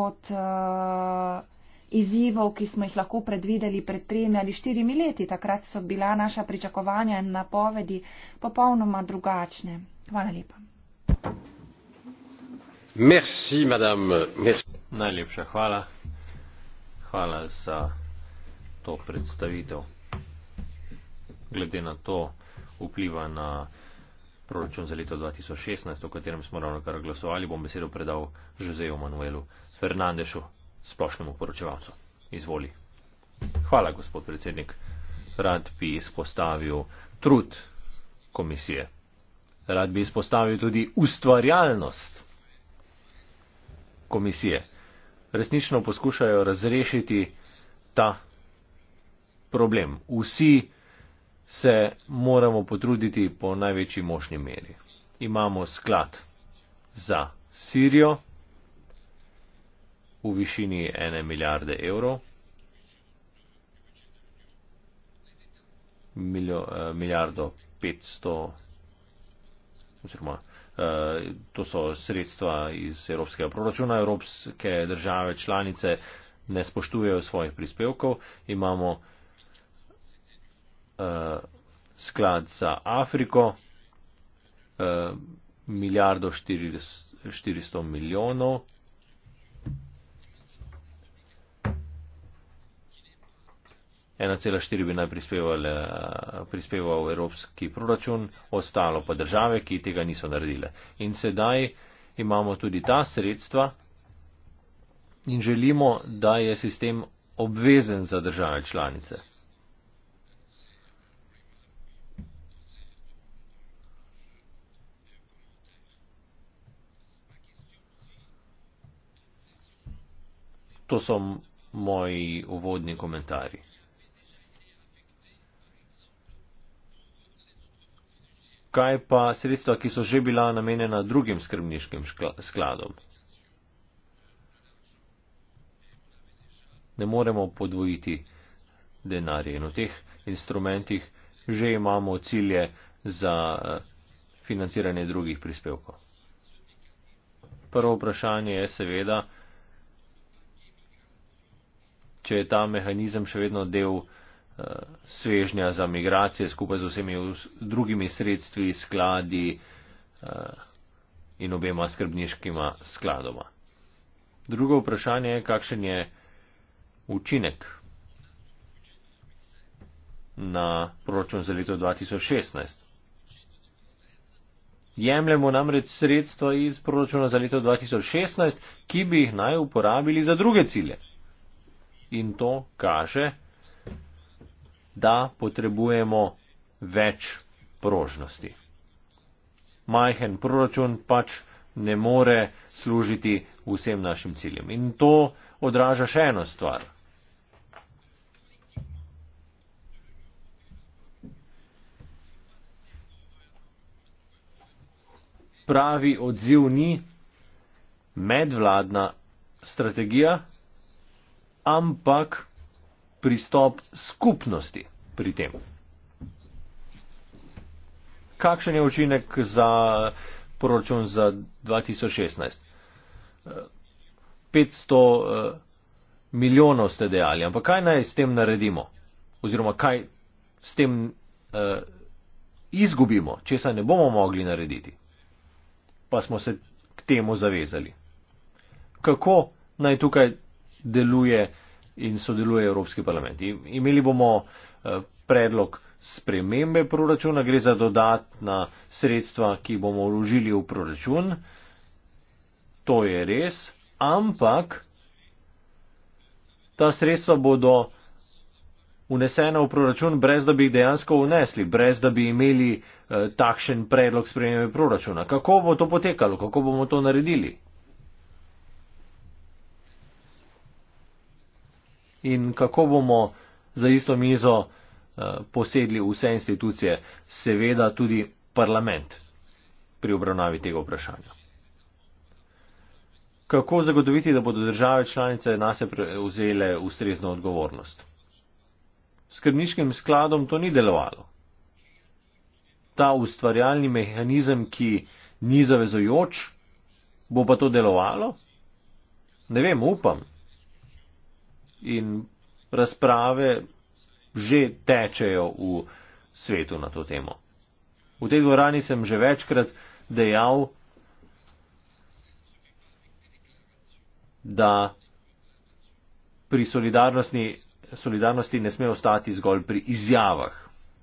od. Uh, izzivov, ki smo jih lahko predvideli pred tremi ali štirimi leti. Takrat so bila naša pričakovanja in napovedi popolnoma drugačne. Hvala lepa. Merci, Merci. Najlepša hvala. Hvala za to predstavitev. Glede na to vpliva na proračun za leto 2016, o katerem smo ravno kar glasovali, bom besedo predal Žuzeju Manuelu Fernandešu splošnemu poročevalcu. Izvoli. Hvala, gospod predsednik. Rad bi izpostavil trud komisije. Rad bi izpostavil tudi ustvarjalnost komisije. Resnično poskušajo razrešiti ta problem. Vsi se moramo potruditi po največji možni meri. Imamo sklad za Sirijo, v višini ene milijarde evrov. Miljo, eh, milijardo 500, oziroma eh, to so sredstva iz evropskega proračuna, evropske države članice ne spoštujejo svojih prispevkov. Imamo eh, sklad za Afriko, eh, milijardo 400, 400 milijonov 1,4 bi naj prispeval evropski proračun, ostalo pa države, ki tega niso naredile. In sedaj imamo tudi ta sredstva in želimo, da je sistem obvezen za države članice. To so moji uvodni komentarji. kaj pa sredstva, ki so že bila namenjena drugim skrbniškim skladom? Ne moremo podvojiti denarja in v teh instrumentih že imamo cilje za eh, financiranje drugih prispevkov. Prvo vprašanje je seveda, če je ta mehanizem še vedno del Eh, svežnja za migracije skupaj z vsemi drugimi sredstvi, skladi eh, in obema skrbniškima skladoma. Drugo vprašanje je, kakšen je učinek na proračun za leto 2016. Jemljemo namreč sredstva iz proračuna za leto 2016, ki bi jih naj uporabili za druge cilje. In to kaže, da potrebujemo več prožnosti. Majhen proračun pač ne more služiti vsem našim ciljem. In to odraža še eno stvar. Pravi odziv ni medvladna strategija, ampak pristop skupnosti pri tem. Kakšen je učinek za proračun za 2016? 500 eh, milijonov ste dejali, ampak kaj naj s tem naredimo? Oziroma kaj s tem uh, izgubimo, česa ne bomo mogli narediti? Pa smo se k temu zavezali. Kako naj tukaj deluje? in sodeluje Evropski parlament. I, imeli bomo eh, predlog spremembe proračuna, gre za dodatna sredstva, ki bomo vložili v proračun. To je res, ampak ta sredstva bodo unesena v proračun, brez da bi jih dejansko unesli, brez da bi imeli eh, takšen predlog spremembe proračuna. Kako bo to potekalo, kako bomo to naredili? in kako bomo za isto mizo eh, posedli vse institucije, seveda tudi parlament pri obravnavi tega vprašanja. Kako zagotoviti, da bodo države članice nase prevzele ustrezno odgovornost? S krmiškim skladom to ni delovalo. Ta ustvarjalni mehanizem, ki ni zavezojoč, bo pa to delovalo? Ne vem, upam, in razprave že tečejo v svetu na to temo. V tej dvorani sem že večkrat dejal, da pri solidarnosti, solidarnosti ne sme ostati zgolj pri izjavah,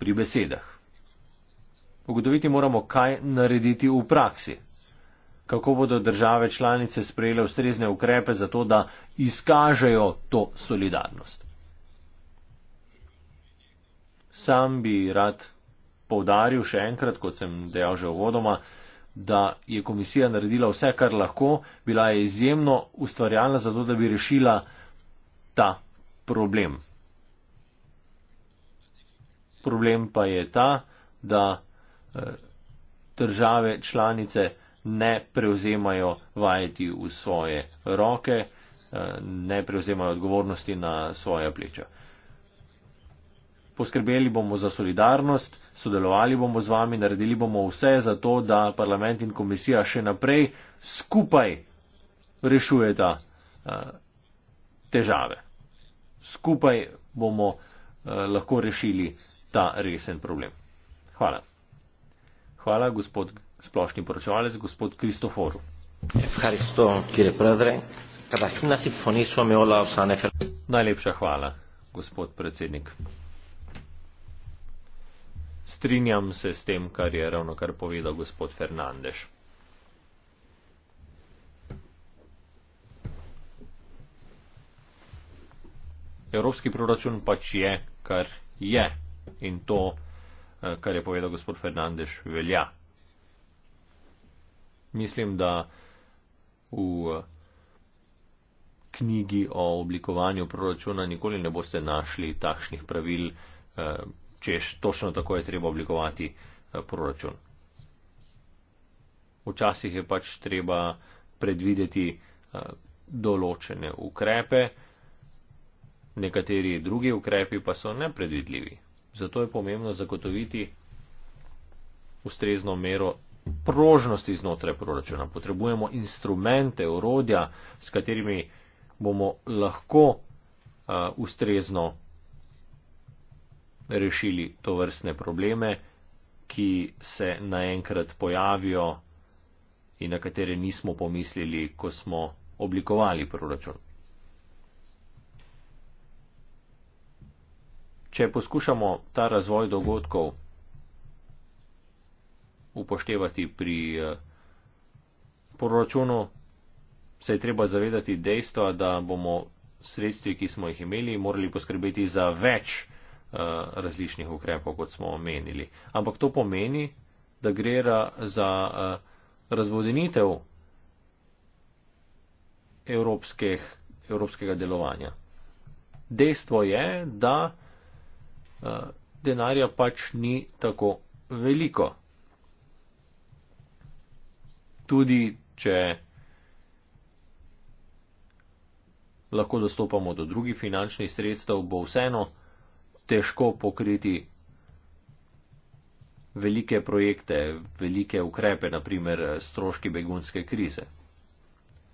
pri besedah. Pogotoviti moramo, kaj narediti v praksi kako bodo države članice sprejele ustrezne ukrepe za to, da izkažejo to solidarnost. Sam bi rad povdaril še enkrat, kot sem dejal že uvodoma, da je komisija naredila vse, kar lahko, bila je izjemno ustvarjalna za to, da bi rešila ta problem. Problem pa je ta, da eh, države članice ne prevzemajo vajeti v svoje roke, eh, ne prevzemajo odgovornosti na svoje pleča. Poskrbeli bomo za solidarnost, sodelovali bomo z vami, naredili bomo vse za to, da parlament in komisija še naprej skupaj rešujeta eh, težave. Skupaj bomo eh, lahko rešili ta resen problem. Hvala. Hvala, gospod splošni poročevalec gospod Kristofor. Najlepša hvala, gospod predsednik. Strinjam se s tem, kar je ravno kar povedal gospod Fernandeš. Evropski proračun pač je, kar je. In to, eh, kar je povedal gospod Fernandeš, velja mislim, da v knjigi o oblikovanju proračuna nikoli ne boste našli takšnih pravil, eh, češ točno tako je treba oblikovati eh, proračun. Včasih je pač treba predvideti eh, določene ukrepe, nekateri drugi ukrepi pa so nepredvidljivi. Zato je pomembno zagotoviti ustrezno mero prožnosti znotraj proračuna, potrebujemo instrumente, orodja, s katerimi bomo lahko uh, ustrezno rešili to vrstne probleme, ki se naenkrat pojavijo in na katere nismo pomislili, ko smo oblikovali proračun. Če poskušamo ta razvoj dogodkov upoštevati pri eh, poročunu, se je treba zavedati dejstva, da bomo sredstvi, ki smo jih imeli, morali poskrbeti za več eh, različnih ukrepov, kot smo omenili. Ampak to pomeni, da gre za eh, razvodenitev evropskih, evropskega delovanja. Dejstvo je, da denarja pač ni tako veliko tudi če lahko dostopamo do drugih finančnih sredstev, bo vseeno težko pokriti velike projekte, velike ukrepe, naprimer eh, stroški begunske krize.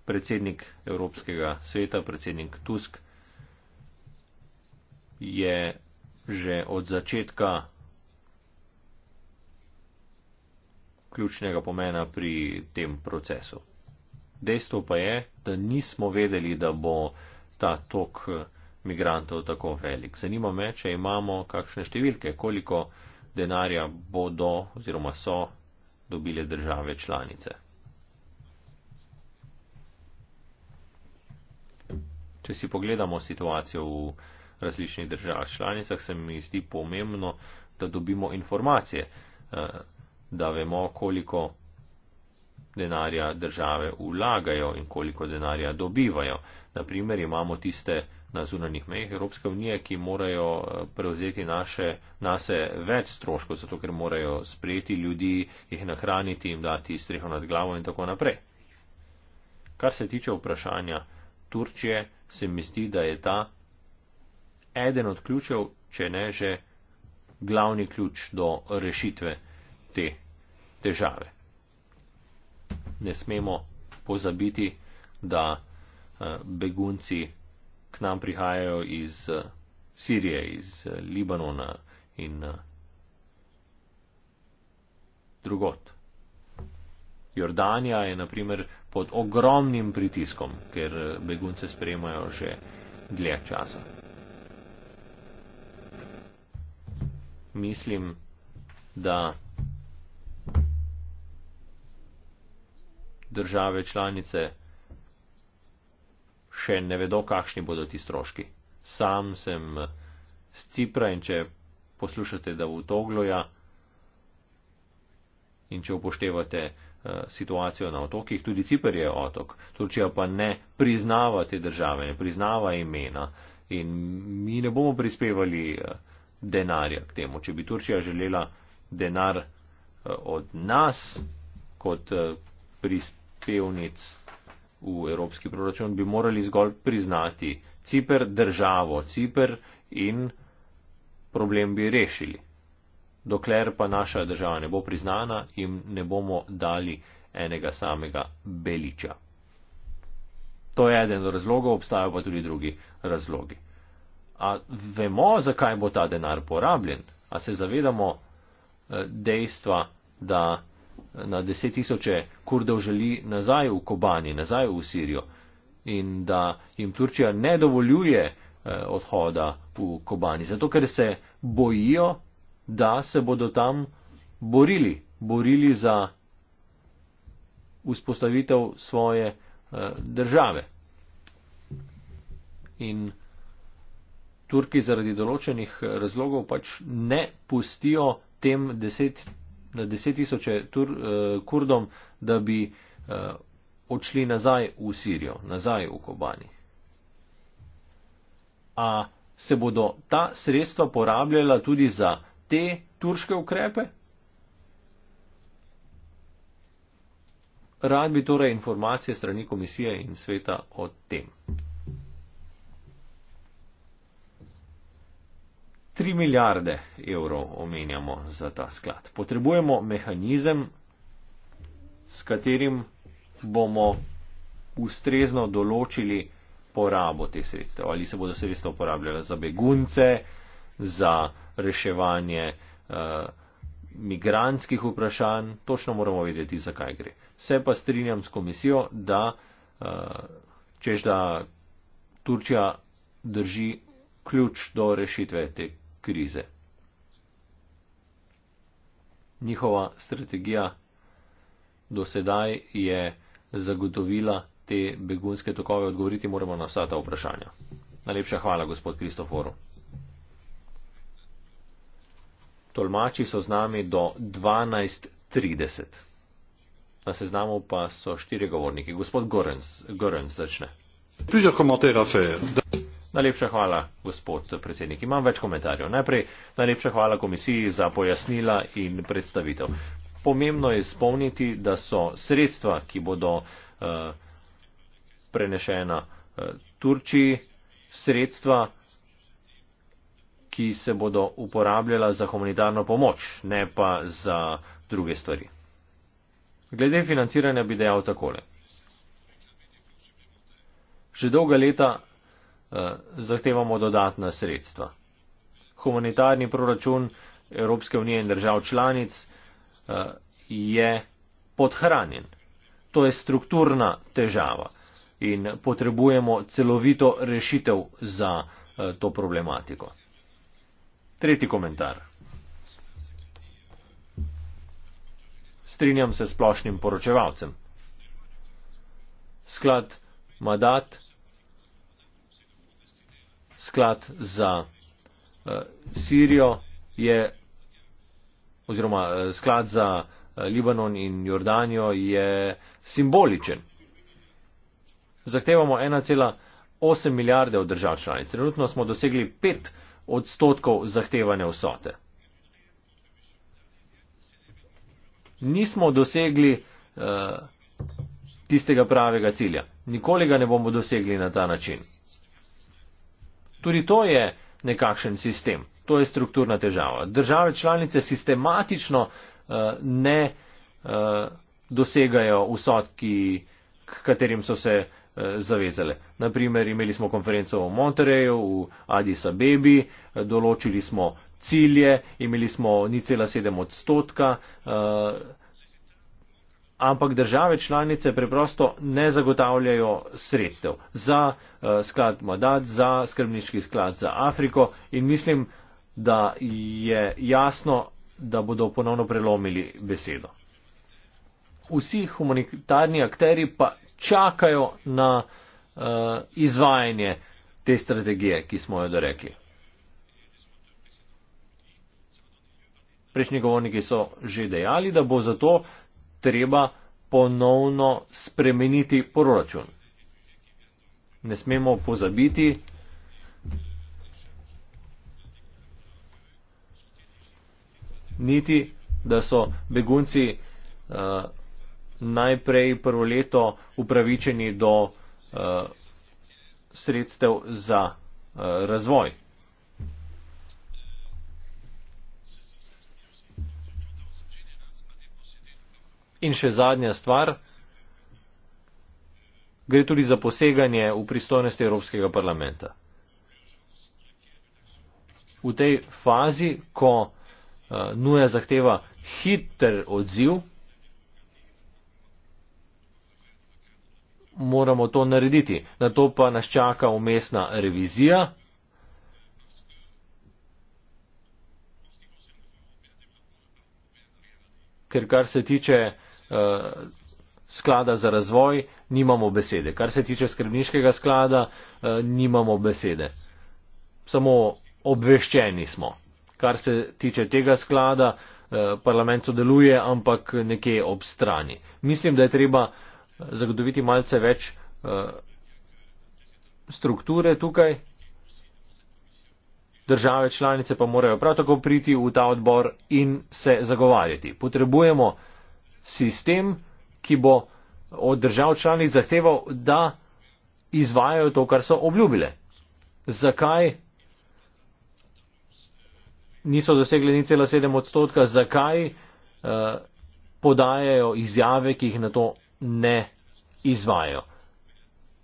Predsednik Evropskega sveta, predsednik Tusk, je že od začetka ključnega pomena pri tem procesu. Dejstvo pa je, da nismo vedeli, da bo ta tok eh, migrantov tako velik. Zanima me, če imamo kakšne številke, koliko denarja bodo oziroma so dobile države članice. Če si pogledamo situacijo v različnih državah članicah, se mi zdi pomembno, da dobimo informacije, eh, da vemo, koliko denarja države vlagajo in koliko denarja dobivajo. Naprimer, imamo tiste na zunanih mejih Evropske unije, ki morajo eh, prevzeti naše, nase več stroškov, zato ker morajo sprejeti ljudi, jih nahraniti, jim dati streho nad glavo in tako naprej. Kar se tiče vprašanja Turčije, se mi zdi, da je ta eden od ključev, če ne že glavni ključ do rešitve te težave. Ne smemo pozabiti, da eh, begunci k nam prihajajo iz eh, Sirije, iz eh, Libanona in drugot. Jordanija je naprimer pod ogromnim pritiskom, ker begunce spremajo že dlje časa. Mislim, da države članice še ne vedo, kakšni bodo ti stroški. Sam sem z eh, Cipra in če poslušate, da v Togloja in če upoštevate eh, situacijo na otokih, tudi Cipr je otok, Turčija pa ne priznava te države, ne priznava imena in mi ne bomo prispevali eh, denarja k temu. Če bi Turčija želela denar od nas kot prispevati, pevnic v evropski proračun, bi morali zgolj priznati Cipr državo, Cipr in problem bi rešili. Dokler pa naša država ne bo priznana, jim ne bomo dali enega samega beliča. To je eden od razlogov, obstajajo pa tudi drugi razlogi. A vemo, zakaj bo ta denar porabljen? A se zavedamo eh, dejstva, da na deset tisoče kurdov želi nazaj v Kobani, nazaj v Sirijo in da jim Turčija ne dovoljuje eh, odhoda v Kobani, zato ker se bojijo, da se bodo tam borili, borili za vzpostavitev svoje eh, države. In Turki zaradi določenih eh, razlogov pač ne pustijo tem deset deset tisoče tur, uh, kurdom, da bi uh, odšli nazaj v Sirijo, nazaj v Kobani. A se bodo ta sredstva porabljala tudi za te turške ukrepe? Rad bi torej informacije strani komisije in sveta o tem. 3 milijarde evrov omenjamo za ta sklad. Potrebujemo mehanizem, s katerim bomo ustrezno določili porabo teh sredstev. Ali se bodo sredstva uporabljala za begunce, za reševanje eh, migranskih vprašanj, točno moramo vedeti, zakaj gre. Se pa strinjam s komisijo, da eh, čež da Turčija drži ključ do rešitve te krize. Njihova strategija do sedaj je zagotovila te begunske tokove. Odgovoriti moramo na vsa ta vprašanja. Najlepša hvala, gospod Kristoforu. Tolmači so z nami do 12.30. Na seznamu pa so štiri govorniki. Gospod Gorens začne. Plusieurs commentaires à faire. Najlepša hvala, gospod predsednik. Imam več komentarjev. Najprej najlepša hvala komisiji za pojasnila in predstavitev. Pomembno je spomniti, da so sredstva, ki bodo uh, prenešena uh, Turčiji, sredstva, ki se bodo uporabljala za humanitarno pomoč, ne pa za druge stvari. Glede financiranja bi dejal takole. Že dolga leta Eh, zahtevamo dodatna sredstva. Humanitarni proračun Evropske unije in držav članic eh, je podhranjen. To je strukturna težava in potrebujemo celovito rešitev za eh, to problematiko. Tretji komentar. Strinjam se s splošnim poročevalcem. Sklad Madat sklad za eh, Sirijo je, oziroma eh, sklad za eh, Libanon in Jordanijo je simboličen. Zahtevamo 1,8 milijarde od držav članic. Trenutno smo dosegli 5 odstotkov zahtevane vsote. Nismo dosegli uh, tistega pravega cilja. Nikoli ga ne bomo dosegli na ta način. Tudi to je nekakšen sistem, to je strukturna težava. Države članice sistematično uh, ne uh, dosegajo vsot, ki, k katerim so se uh, zavezale. Naprimer, imeli smo konferenco v Montereju, v Addis Abebi, uh, določili smo cilje, imeli smo ni cela sedem odstotka. Uh, ampak države članice preprosto ne zagotavljajo sredstev za eh, sklad Madad, za skrbniški sklad za Afriko in mislim, da je jasno, da bodo ponovno prelomili besedo. Vsi humanitarni akteri pa čakajo na uh, izvajanje te strategije, ki smo jo dorekli. Prejšnji govorniki so že dejali, da bo zato treba ponovno spremeniti proračun. Ne smemo pozabiti, niti, da so begunci uh, najprej prvo leto upravičeni do uh, sredstev za uh, razvoj. In še zadnja stvar, gre tudi za poseganje v pristojnosti Evropskega parlamenta. V tej fazi, ko uh, nuja zahteva hiter odziv, moramo to narediti. Na to pa nas čaka umestna revizija. Ker kar se tiče Eh, sklada za razvoj, nimamo besede. Kar se tiče skrbniškega sklada, eh, nimamo besede. Samo obveščeni smo. Kar se tiče tega sklada, eh, parlament sodeluje, ampak nekje ob strani. Mislim, da je treba zagotoviti malce več strukture tukaj. Države članice pa morajo prav tako priti v ta odbor in se zagovarjati. Potrebujemo sistem, ki bo od držav članic zahteval, da izvajajo to, kar so obljubile. Zakaj niso dosegli ni cela sedem odstotka, zakaj uh, podajajo izjave, ki jih na to ne izvajajo.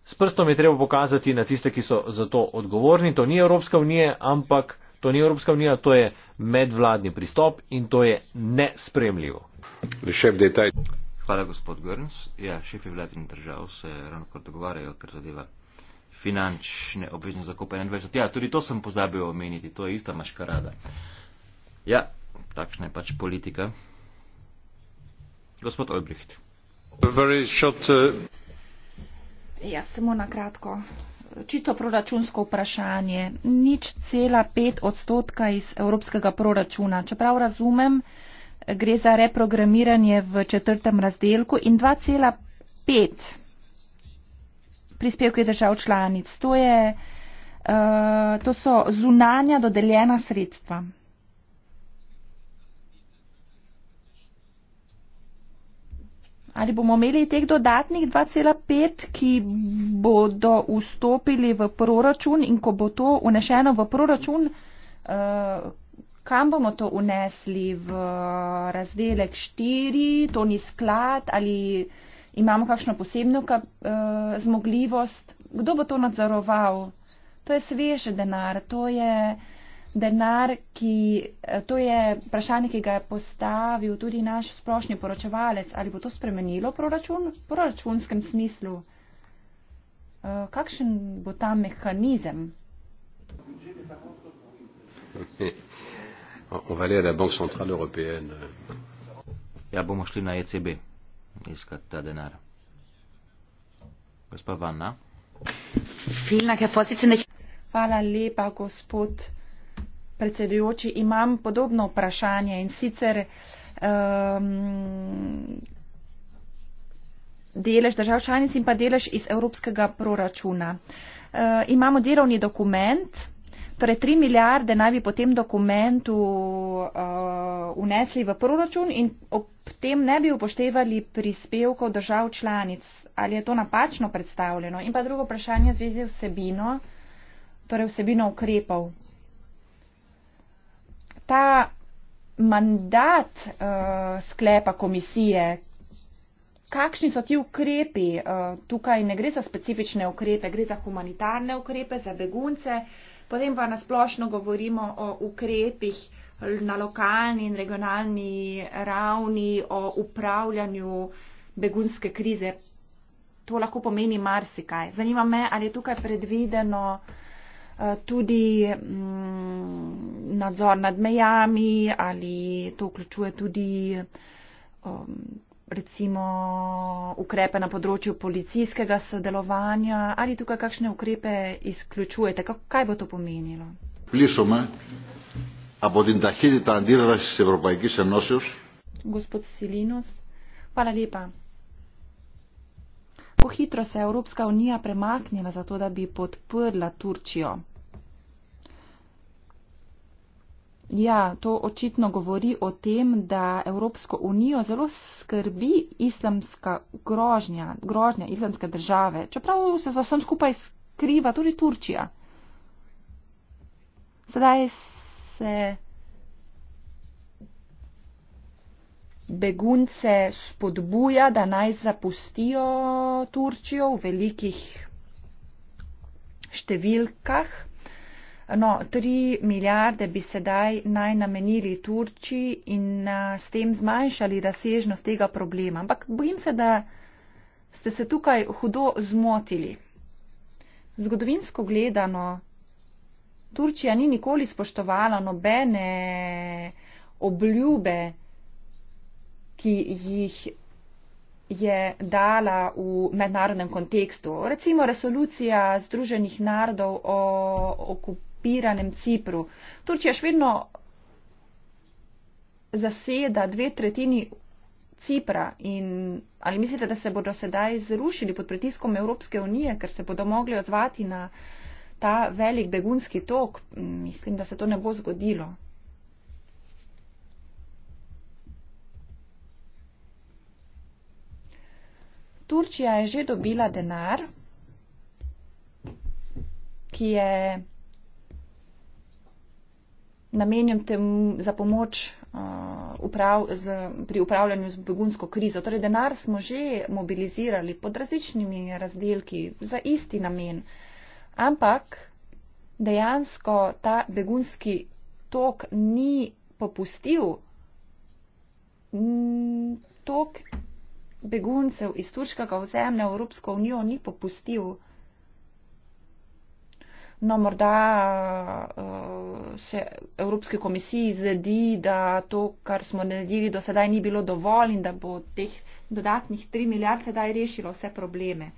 S prstom je treba pokazati na tiste, ki so za to odgovorni. To ni Evropska unija, ampak To ni Evropska unija, to je medvladni pristop in to je nespremljivo. Hvala, gospod Grns. Ja, šefi vladnih držav se ravno kar dogovarjajo, kar zadeva finančne obveznosti za COP21. Ja, tudi to sem pozabil omeniti, to je ista maškarada. Ja, takšna je pač politika. Gospod Olbricht. Short, uh... Ja, samo na kratko čisto proračunsko vprašanje. Nič cela pet odstotka iz evropskega proračuna. Čeprav razumem, gre za reprogramiranje v četrtem razdelku in 2,5 prispevke držav članic. To, je, uh, to so zunanja dodeljena sredstva. Ali bomo imeli teh dodatnih 2,5, ki bodo vstopili v proračun in ko bo to unešeno v proračun, eh, kam bomo to unesli v razdelek 4, to ni sklad ali imamo kakšno posebno eh, zmogljivost, kdo bo to nadzoroval? To je svež denar, to je denar, ki eh, to je vprašanje, ki ga je postavil tudi naš splošni poročevalec, ali bo to spremenilo proračun v proračunskem smislu? Eh, kakšen bo ta mehanizem? [laughs] Ja, bomo šli na ECB iskati ta denar. Gospa Vanna. Hvala lepa, gospod predsedujoči, imam podobno vprašanje in sicer um, delež držav članic in pa delež iz evropskega proračuna. Uh, imamo delovni dokument, torej 3 milijarde naj bi po tem dokumentu uh, unesli v proračun in ob tem ne bi upoštevali prispevkov držav članic. Ali je to napačno predstavljeno? In pa drugo vprašanje v zvezi vsebino, torej vsebino ukrepov ta mandat uh, sklepa komisije, kakšni so ti ukrepi, uh, tukaj ne gre za specifične ukrepe, gre za humanitarne ukrepe, za begunce, potem pa nasplošno govorimo o ukrepih na lokalni in regionalni ravni, o upravljanju begunske krize. To lahko pomeni marsikaj. Zanima me, ali je tukaj predvideno uh, Eh, tudi mm, nadzor nad mejami ali to vključuje tudi um, recimo ukrepe na področju policijskega sodelovanja ali tukaj kakšne ukrepe izključujete. Kaj bo to pomenilo? Plišoma. Gospod Silinus, hvala lepa. Kako hitro se je Evropska unija premaknila za to, da bi podprla Turčijo? Ja, to očitno govori o tem, da Evropsko unijo zelo skrbi islamska grožnja, grožnja islamske države, čeprav se za vsem skupaj skriva tudi Turčija. Sedaj se. begunce spodbuja, da naj zapustijo Turčijo v velikih številkah. No, 3 milijarde bi sedaj naj namenili Turčiji in a, s tem zmanjšali razsežnost tega problema. Ampak bojim se, da ste se tukaj hudo zmotili. Zgodovinsko gledano, Turčija ni nikoli spoštovala nobene obljube ki jih je dala v mednarodnem kontekstu. Recimo resolucija Združenih narodov o okupiranem Cipru. Turčija še vedno zaseda dve tretjini Cipra in ali mislite, da se bodo sedaj zrušili pod pritiskom Evropske unije, ker se bodo mogli odzvati na ta velik begunski tok? Mislim, da se to ne bo zgodilo. Turčija je že dobila denar, ki je namenjen za pomoč uh, uprav, z, pri upravljanju z begunsko krizo. Torej, denar smo že mobilizirali pod različnimi razdelki za isti namen, ampak dejansko ta begunski tok ni popustil. Tok beguncev iz turškega ozemlja v Evropsko unijo ni popustil. No, morda uh, se Evropski komisiji zdi, da to, kar smo naredili do sedaj, ni bilo dovolj in da bo teh dodatnih 3 milijard sedaj rešilo vse probleme.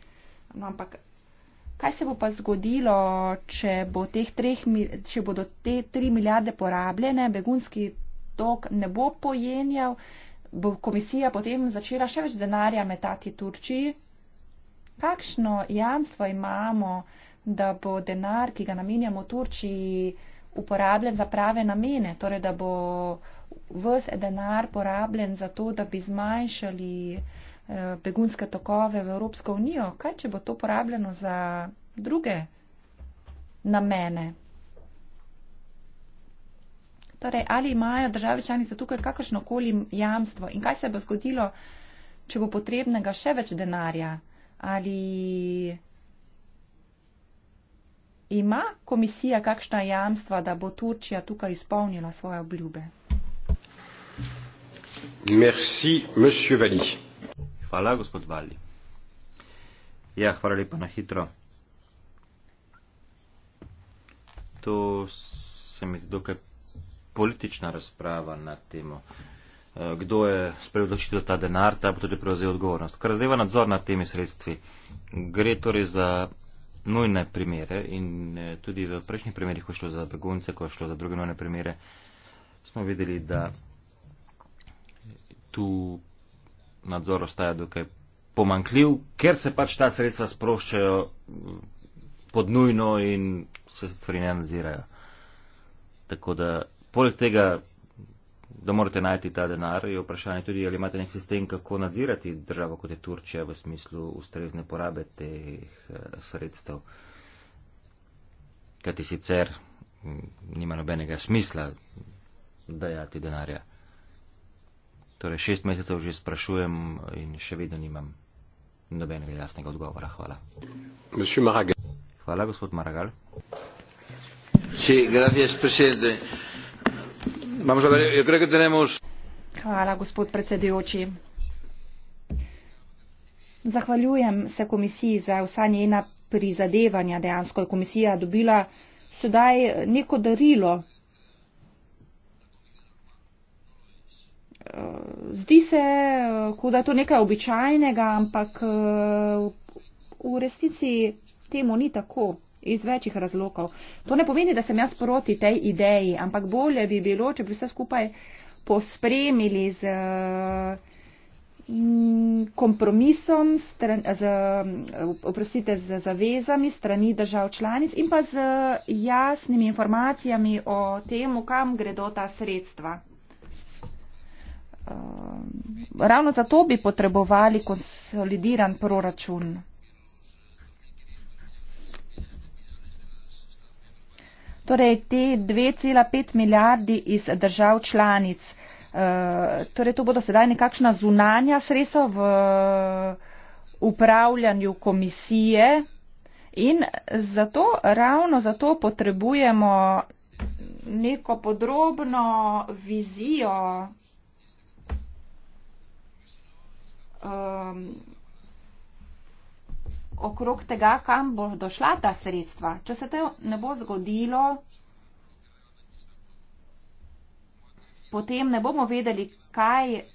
No, ampak kaj se bo pa zgodilo, če, bo teh treh, če bodo te 3 milijarde porabljene, begunski tok ne bo pojenjal? Uh, bo komisija potem začela še več denarja metati Turčiji. Kakšno jamstvo imamo, da bo denar, ki ga namenjamo Turčiji, uporabljen za prave namene, torej da bo vse denar porabljen za to, da bi zmanjšali eh, begunske tokove v Evropsko unijo. Kaj, če bo to porabljeno za druge namene? Torej, ali imajo države članice tukaj kakršno koli jamstvo in kaj se bo zgodilo, če bo potrebnega še več denarja? Ali ima komisija kakšna jamstva, da bo Turčija tukaj izpolnila svoje obljube? Merci, hvala, gospod Vali. Ja, hvala lepa na hitro. To se mi zdi dokaj politična razprava na temo, eh, kdo je sprejel odločitev ta denar, ta bo tudi prevzel odgovornost. Kar zdaj nadzor nad temi sredstvi, gre torej za nujne primere in eh, tudi v prejšnjih primerih, ko je šlo za begunce, ko je šlo za druge nujne primere, smo videli, da tu nadzor ostaja dokaj pomankljiv, ker se pač ta sredstva sproščajo mm, podnujno in se stvari ne nadzirajo. Tako da Poleg tega, da morate najti ta denar, je vprašanje tudi, ali imate nek sistem, kako nadzirati državo, kot je Turčija, v smislu ustrezne porabe teh eh, sredstev. Kaj ti sicer nima nobenega smisla dajati denarja. Torej, šest mesecev že sprašujem in še vedno nimam nobenega jasnega odgovora. Hvala. Hvala, gospod Maragal. Sí, gracias, presidente hvala gospod predsedujoči zahvaljujem se komisiji za vsa njena prizadevanja dejansko je komisija dobila sedaj neko darilo eh, zdi se eh, kot da je to nekaj običajnega ampak eh, v resnici temu ni tako iz večjih razlogov. To ne pomeni, da sem jaz proti tej ideji, ampak bolje bi bilo, če bi vse skupaj pospremili z mm, kompromisom, z, oprostite, z zavezami strani držav članic in pa z jasnimi informacijami o tem, kam gredo ta sredstva. Ehm, ravno zato bi potrebovali konsolidiran proračun. torej te 2,5 milijardi iz držav članic, eh, torej to bodo sedaj nekakšna zunanja sredstva v eh, upravljanju komisije in zato, ravno zato potrebujemo neko podrobno vizijo. Ehm, okrog tega, kam bo došla ta sredstva. Če se to ne bo zgodilo, potem ne bomo vedeli, kaj, eh,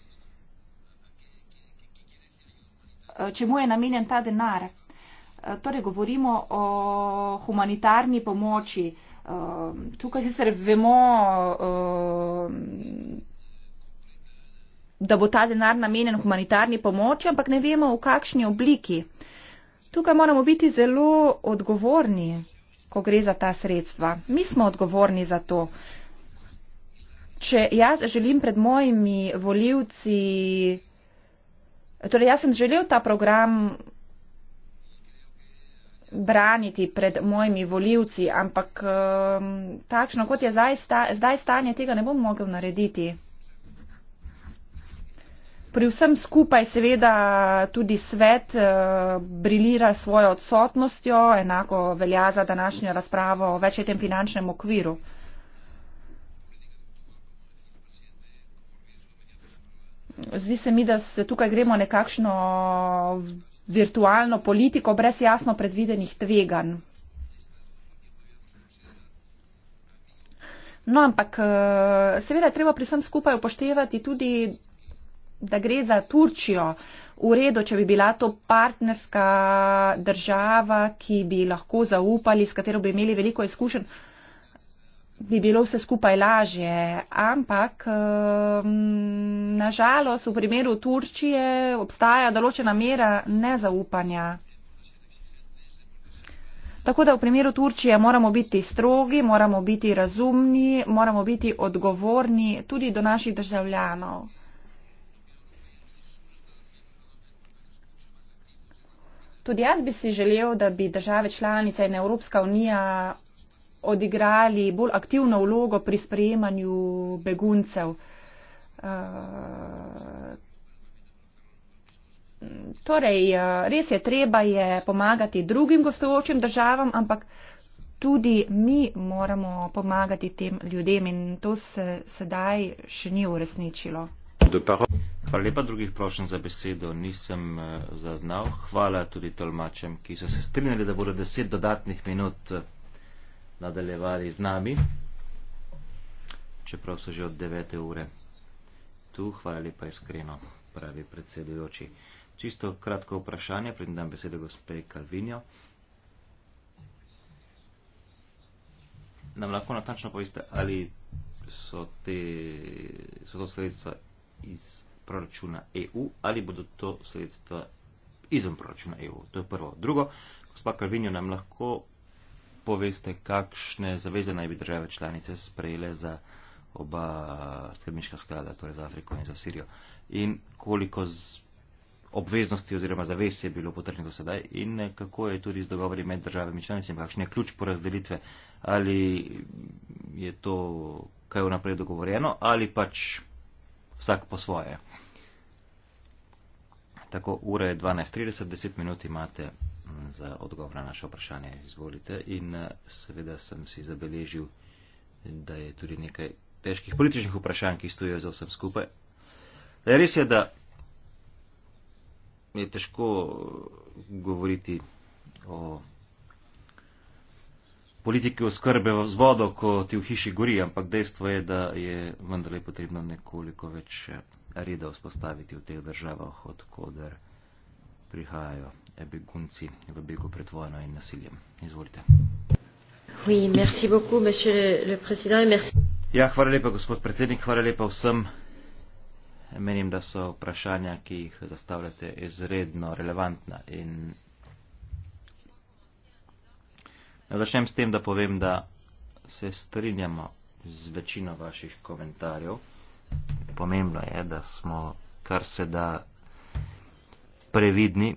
čemu je namenjen ta denar. Eh, torej, govorimo o humanitarni pomoči. Eh, tukaj sicer vemo, da bo ta denar namenjen humanitarni pomoči, ampak ne vemo, v kakšni obliki. Tukaj moramo biti zelo odgovorni, ko gre za ta sredstva. Mi smo odgovorni za to. Če jaz želim pred mojimi voljivci, torej jaz sem želel ta program braniti pred mojimi voljivci, ampak um, takšno, kot je zdaj stanje, tega ne bom mogel narediti. Pri vsem skupaj seveda tudi svet eh, brilira svojo odsotnostjo, enako velja za današnjo razpravo o večjetem finančnem okviru. Zdi se mi, da se tukaj gremo nekakšno virtualno politiko brez jasno predvidenih tveganj. No, ampak eh, seveda je treba pri vsem skupaj upoštevati tudi da gre za Turčijo. V redu, če bi bila to partnerska država, ki bi lahko zaupali, s katero bi imeli veliko izkušenj, bi bilo vse skupaj lažje. Ampak, ehm, nažalost, v primeru Turčije obstaja določena mera nezaupanja. Tako da v primeru Turčije moramo biti strogi, moramo biti razumni, moramo biti odgovorni tudi do naših državljanov. Tudi jaz bi si želel, da bi države članice in Evropska unija odigrali bolj aktivno vlogo pri sprejemanju beguncev. Eh, torej, eh, res je, treba je pomagati drugim gostujočim državam, ampak tudi mi moramo pomagati tem ljudem in to se sedaj še ni uresničilo. Hvala lepa, drugih prošen za besedo nisem eh, zaznal. Hvala tudi tolmačem, ki so se strinjali, da bodo deset dodatnih minut eh, nadaljevali z nami, čeprav so že od 9. ure tu. Hvala lepa iskreno, pravi predsedujoči. Čisto kratko vprašanje, predtem dam besedo gospe Kalvinjo. Nam lahko natančno poveste, ali so, te, so to sredstva iz proračuna EU ali bodo to sredstva izven proračuna EU. To je prvo. Drugo, gospod Kalvinjo, nam lahko poveste, kakšne zaveze naj bi države članice sprejele za oba skrbniška sklada, torej za Afriko in za Sirijo. In koliko z obveznosti oziroma zavez je bilo potrebno do sedaj in eh, kako je tudi z dogovori med državami članicami, kakšen je ključ po razdelitve, ali je to kaj vnaprej dogovorjeno ali pač vsak po svoje. Tako, ura je 12.30, 10 minut imate mm, za odgovor na naše vprašanje. Izvolite. In eh, seveda sem si zabeležil, da je tudi nekaj težkih političnih vprašanj, ki stojijo za vsem skupaj. Da res je, da je težko eh, govoriti o politike oskrbe z vodo, ko ti v hiši gori, ampak dejstvo je, da je vendarle potrebno nekoliko več reda vzpostaviti v teh državah, odkuder prihajajo begunci v begu pred vojno in nasiljem. Izvolite. Oui, merci beaucoup, monsieur le président, merci. Ja, hvala lepa, gospod predsednik, hvala lepa vsem. Menim, da so vprašanja, ki jih zastavljate, izredno relevantna in Začnem s tem, da povem, da se strinjamo z večino vaših komentarjev. Pomembno je, da smo kar se da previdni,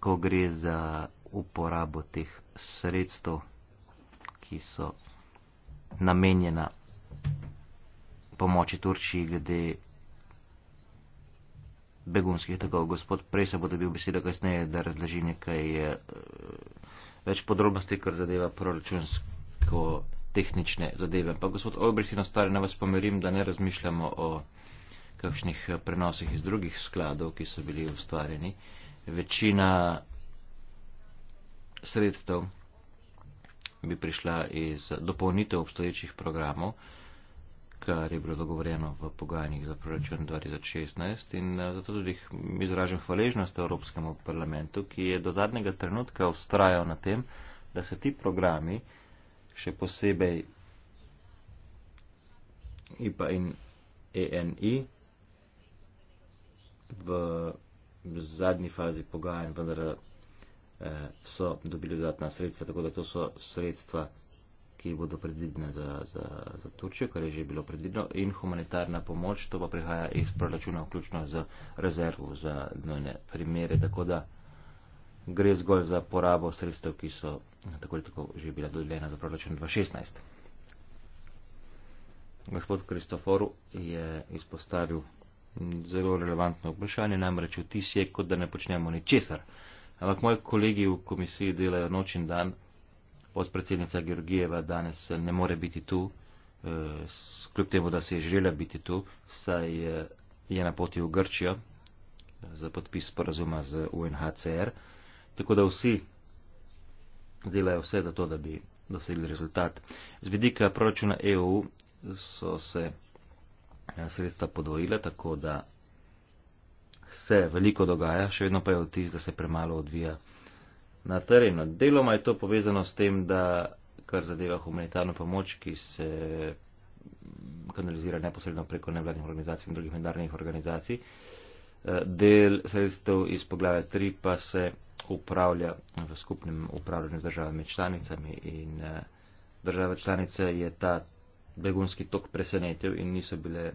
ko gre za uporabo teh sredstev, ki so namenjena pomoči Turčiji glede begunskih. Tako, gospod Presa bo dobil besedo kasneje, da razloži nekaj. Uh, več podrobnosti, kar zadeva proračunsko tehnične zadeve. Pa gospod Obrih in ostali, naj vas pomirim, da ne razmišljamo o kakšnih prenosih iz drugih skladov, ki so bili ustvarjeni. Večina sredstev bi prišla iz dopolnitev obstoječih programov kar je bilo dogovorjeno v pogajanjih za proračun 2016 in eh, zato tudi izražam hvaležnost Evropskemu parlamentu, ki je do zadnjega trenutka ustrajal na tem, da se ti programi, še posebej IPA in ENI, v zadnji fazi pogajanj vendar eh, so dobili dodatna sredstva, tako da to so sredstva ki bodo predvidene za, za, za Turčijo, kar je že bilo predvideno, in humanitarna pomoč, to pa prihaja iz proračuna, vključno z rezervo za dnevne primere, tako da gre zgolj za porabo sredstev, ki so tako ali tako že bila dodeljena za proračun 2016. Gospod Kristoforu je izpostavil zelo relevantno vprašanje, namreč vtis je, kot da ne počnemo ničesar. Ampak moji kolegi v komisiji delajo noč in dan, podpredsednica Georgijeva danes ne more biti tu, eh, kljub temu, da se je želela biti tu, saj eh, je na poti v Grčijo eh, za podpis porazuma z UNHCR. Tako da vsi delajo vse za to, da bi dosegli rezultat. Z vidika proračuna EU so se sredstva podvojila, tako da se veliko dogaja, še vedno pa je vtis, da se premalo odvija na terenu. Deloma je to povezano s tem, da kar zadeva humanitarno pomoč, ki se kanalizira neposredno preko nevladnih organizacij in drugih mednarodnih organizacij. Eh, del sredstev iz poglave 3 pa se upravlja v skupnem upravljanju z državami članicami in eh, država članice je ta begunski tok presenetil in niso bile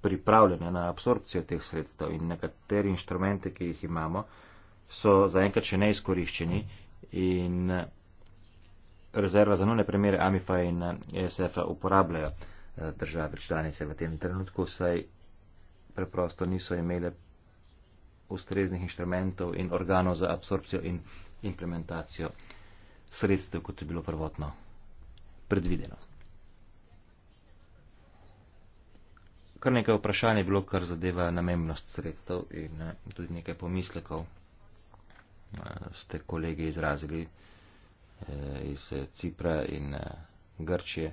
pripravljene na absorpcijo teh sredstev in nekateri inštrumente, ki jih imamo, so zaenkrat še neizkoriščeni in rezerva za nune primere AMIFA in ESF-a eh, e uporabljajo eh, države članice v tem trenutku, saj preprosto niso imele ustreznih inštrumentov in organov za absorpcijo in implementacijo sredstev, kot je bilo prvotno predvideno. Kar nekaj vprašanj je bilo, kar zadeva namembnost sredstev in eh, tudi nekaj pomislekov. Eh, ste kolegi izrazili eh, iz Cipra in eh, Grčije,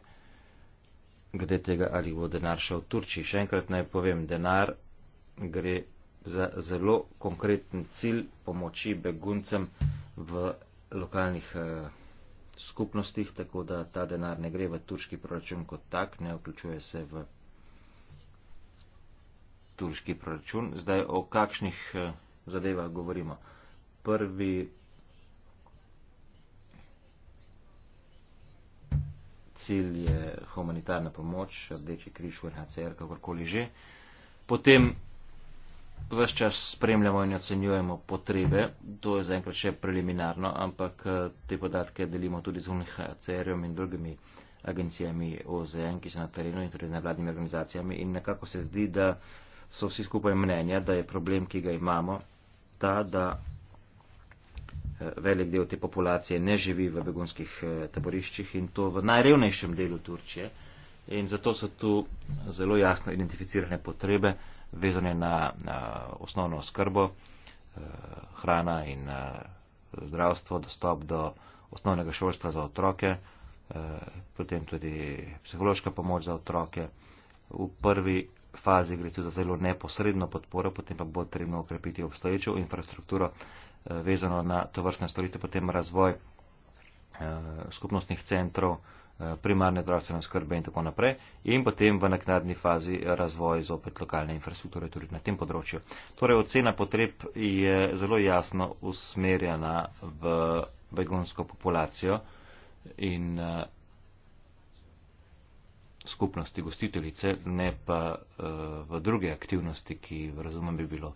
glede tega, ali bo denar šel v Turčiji. Še enkrat naj povem, denar gre za zelo konkreten cilj pomoči beguncem v lokalnih skupnostih, tako da ta denar ne gre v turški proračun kot tak, ne vključuje se v turški proračun. Zdaj o kakšnih zadevah govorimo prvi cilj je humanitarna pomoč, rdeči križ, UNHCR, kakorkoli že. Potem vse čas spremljamo in ocenjujemo potrebe, to je zaenkrat še preliminarno, ampak eh, te podatke delimo tudi z UNHCR-om in drugimi agencijami OZN, ki so na terenu in tudi z nevladnimi organizacijami in nekako se zdi, da so vsi skupaj mnenja, da je problem, ki ga imamo, ta, da Eh, velik del te populacije ne živi v begunskih eh, taboriščih in to v najrevnejšem delu Turčije. In zato so tu zelo jasno identificirane potrebe, vezane na, na osnovno oskrbo, eh, hrana in zdravstvo, dostop do osnovnega šolstva za otroke, potem tudi psihološka pomoč za otroke. V prvi fazi gre tu za zelo neposredno podporo, potem pa bo potrebno ukrepiti obstoječo infrastrukturo, Eh, vezano na to vrstne storitve, potem razvoj eh, skupnostnih centrov, eh, primarne zdravstvene skrbe in tako naprej in potem v naknadni fazi razvoj zopet lokalne infrastrukture tudi na tem področju. Torej ocena potreb je zelo jasno usmerjena v begonsko populacijo in skupnosti gostiteljice, ne pa v druge aktivnosti, ki razumem bi bilo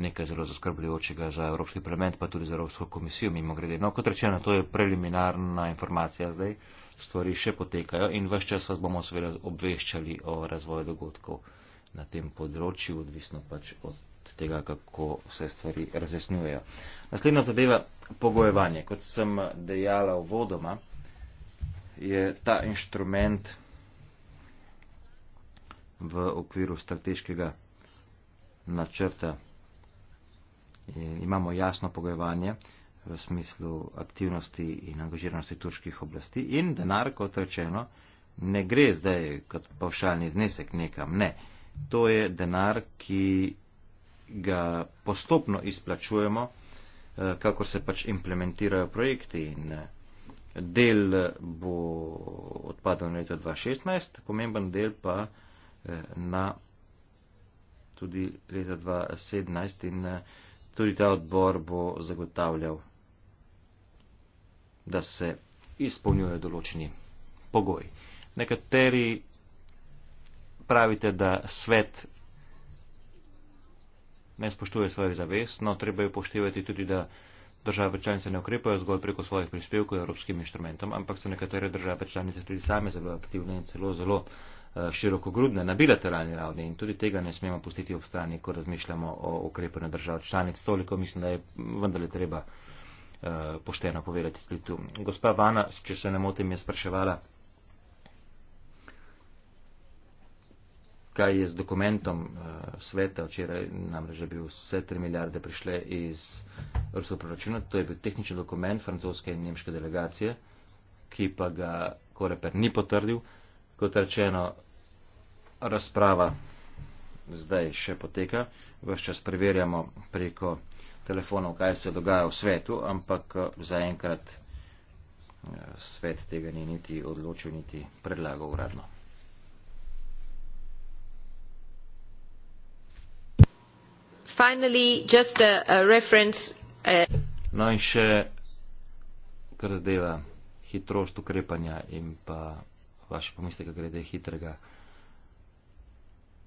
nekaj zelo zaskrbljujočega za Evropski parlament, pa tudi za Evropsko komisijo, mimo grede. No, kot rečeno, to je preliminarna informacija zdaj, stvari še potekajo in vse čas vas bomo seveda obveščali o razvoju dogodkov na tem področju, odvisno pač od tega, kako se stvari razjasnjujejo. Naslednja zadeva, pogojevanje. Kot sem dejala v vodoma, je ta inštrument v okviru strateškega načrta in imamo jasno pogojevanje v smislu aktivnosti in angažiranosti turških oblasti in denar, kot rečeno, ne gre zdaj kot povšalni znesek nekam, ne. To je denar, ki ga postopno izplačujemo, eh, kakor se pač implementirajo projekti in eh, del eh, bo odpadel na leto 2016, pomemben del pa na tudi leta 2017 in tudi ta odbor bo zagotavljal, da se izpolnjujejo določeni pogoji. Nekateri pravite, da svet ne spoštuje svojih zavez, no treba je upoštevati tudi, da države članice ne ukrepajo zgolj preko svojih prispevkov evropskim inštrumentom, ampak so nekatere države članice tudi same zelo aktivne in celo zelo uh, Eh, širokogrudne na bilateralni ravni in tudi tega ne smemo pustiti ob strani, ko razmišljamo o ukrepanju držav članic. Toliko mislim, da je vendarle treba eh, pošteno povedati tudi tu. Gospa Vana, če se ne motim, je spraševala, kaj je z dokumentom eh, sveta, včeraj namreč je bil vse 3 milijarde prišle iz Rusov proračuna, to je bil tehničen dokument francoske in nemške delegacije, ki pa ga Koreper ni potrdil kot rečeno, razprava zdaj še poteka. Ves čas preverjamo preko telefonov, kaj se dogaja v svetu, ampak eh, zaenkrat eh, svet tega ni niti odločil, niti predlagal uradno. Finally, just a, a reference. Uh... No in še, kar zadeva hitrost ukrepanja in pa vaše pomisleke glede hitrega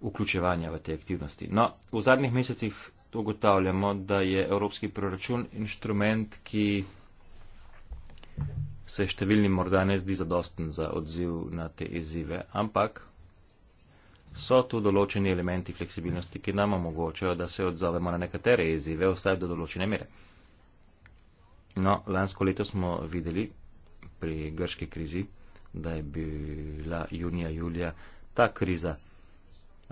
vključevanja v te aktivnosti. No, v zadnjih mesecih to ugotavljamo, da je evropski proračun inštrument, ki se številnim morda ne zdi zadosten za odziv na te izzive, ampak so tu določeni elementi fleksibilnosti, ki nam omogočajo, da se odzovemo na nekatere izzive, vsaj do določene mere. No, lansko leto smo videli pri grški krizi, da je bila junija, julija ta kriza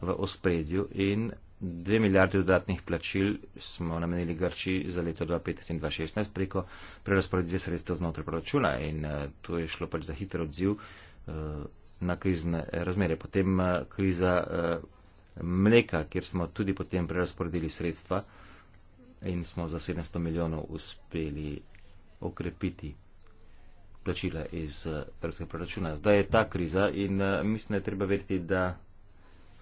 v ospredju in dve milijardi dodatnih plačil smo namenili Grči za leto 2015 in 2016 preko prerasporeditve sredstev znotraj proračuna in eh, to je šlo pač za hiter odziv eh, na krizne razmere. Potem eh, kriza mleka, kjer smo tudi potem prerasporedili sredstva in smo za 700 milijonov uspeli okrepiti plačila iz eh, evropskega proračuna. Zdaj je ta kriza in eh, mislim, da je treba verjeti, da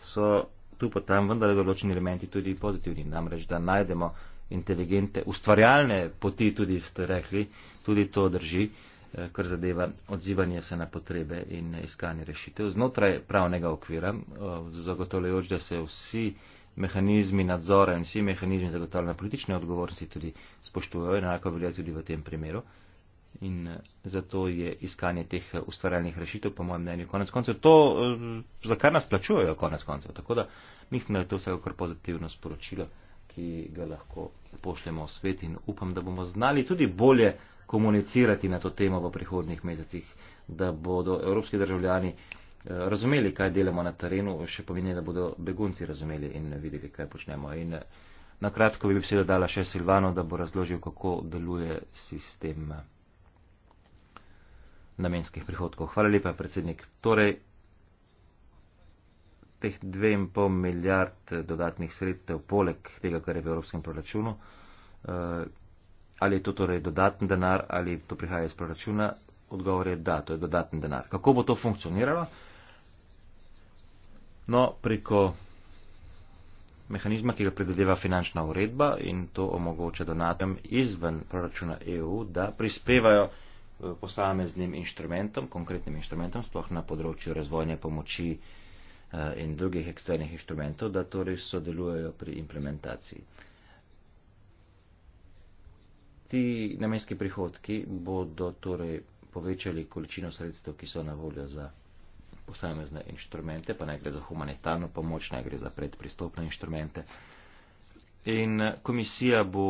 so tu pa tam vendarle določeni elementi tudi pozitivni. Namreč, da najdemo inteligente, ustvarjalne poti, tudi ste rekli, tudi to drži, eh, kar zadeva odzivanje se na potrebe in iskanje rešitev znotraj pravnega okvira, zagotovljajoč, da se vsi mehanizmi nadzora in vsi mehanizmi zagotavljanja politične odgovornosti tudi spoštujejo, enako velja tudi v tem primeru. In eh, zato je iskanje teh eh, ustvarjalnih rešitev, po mojem mnenju, konec koncev to, eh, za kar nas plačujejo, konec koncev. Tako da mislim, da je to vsekakor pozitivno sporočilo, ki ga lahko pošljemo v svet in upam, da bomo znali tudi bolje komunicirati na to temo v prihodnih mesecih, da bodo evropski državljani razumeli, kaj delamo na terenu, še pomeni, da bodo begunci razumeli in videli, kaj počnemo. In na kratko bi seveda dala še Silvano, da bo razložil, kako deluje sistem namenskih prihodkov. Hvala lepa, predsednik. Torej, teh 2,5 milijard eh, dodatnih sredstev, poleg tega, kar je v evropskem proračunu, eh, ali je to torej dodaten denar ali to prihaja iz proračuna, odgovor je da, to je dodaten denar. Kako bo to funkcioniralo? No, preko mehanizma, ki ga predvideva finančna uredba in to omogoča donatem izven proračuna EU, da prispevajo Eh, posameznim inštrumentom, konkretnim inštrumentom, sploh na področju razvojne pomoči eh, in drugih eksternih inštrumentov, da torej sodelujejo pri implementaciji. Ti namenski prihodki bodo torej povečali količino sredstev, ki so na voljo za posamezne inštrumente, pa naj gre za humanitarno pomoč, naj gre za predpristopne inštrumente. In eh, komisija bo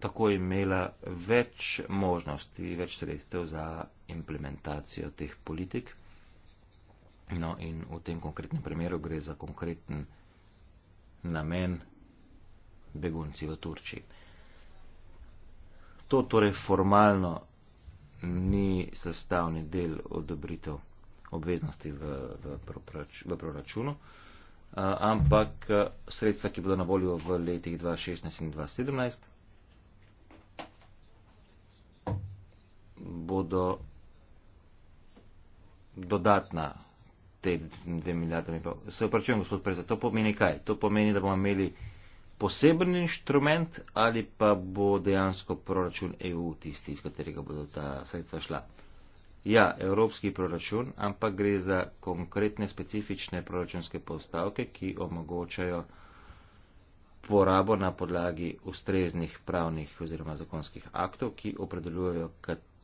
tako imela več možnosti, več sredstev za implementacijo teh politik. No in v tem konkretnem primeru gre za konkreten namen begunci v Turčiji. To torej formalno ni sestavni del odobritev obveznosti v, v, v proračunu, ampak sredstva, ki bodo na voljo v letih 2016 in 2017. bodo dodatna te dve milijardami. Se upravičujem, gospod Preza, to pomeni kaj? To pomeni, da bomo imeli poseben inštrument ali pa bo dejansko proračun EU tisti, iz katerega bodo ta sredstva šla. Ja, evropski proračun, ampak gre za konkretne specifične proračunske postavke, ki omogočajo porabo na podlagi ustreznih pravnih oziroma zakonskih aktov, ki opredeljujejo, kateri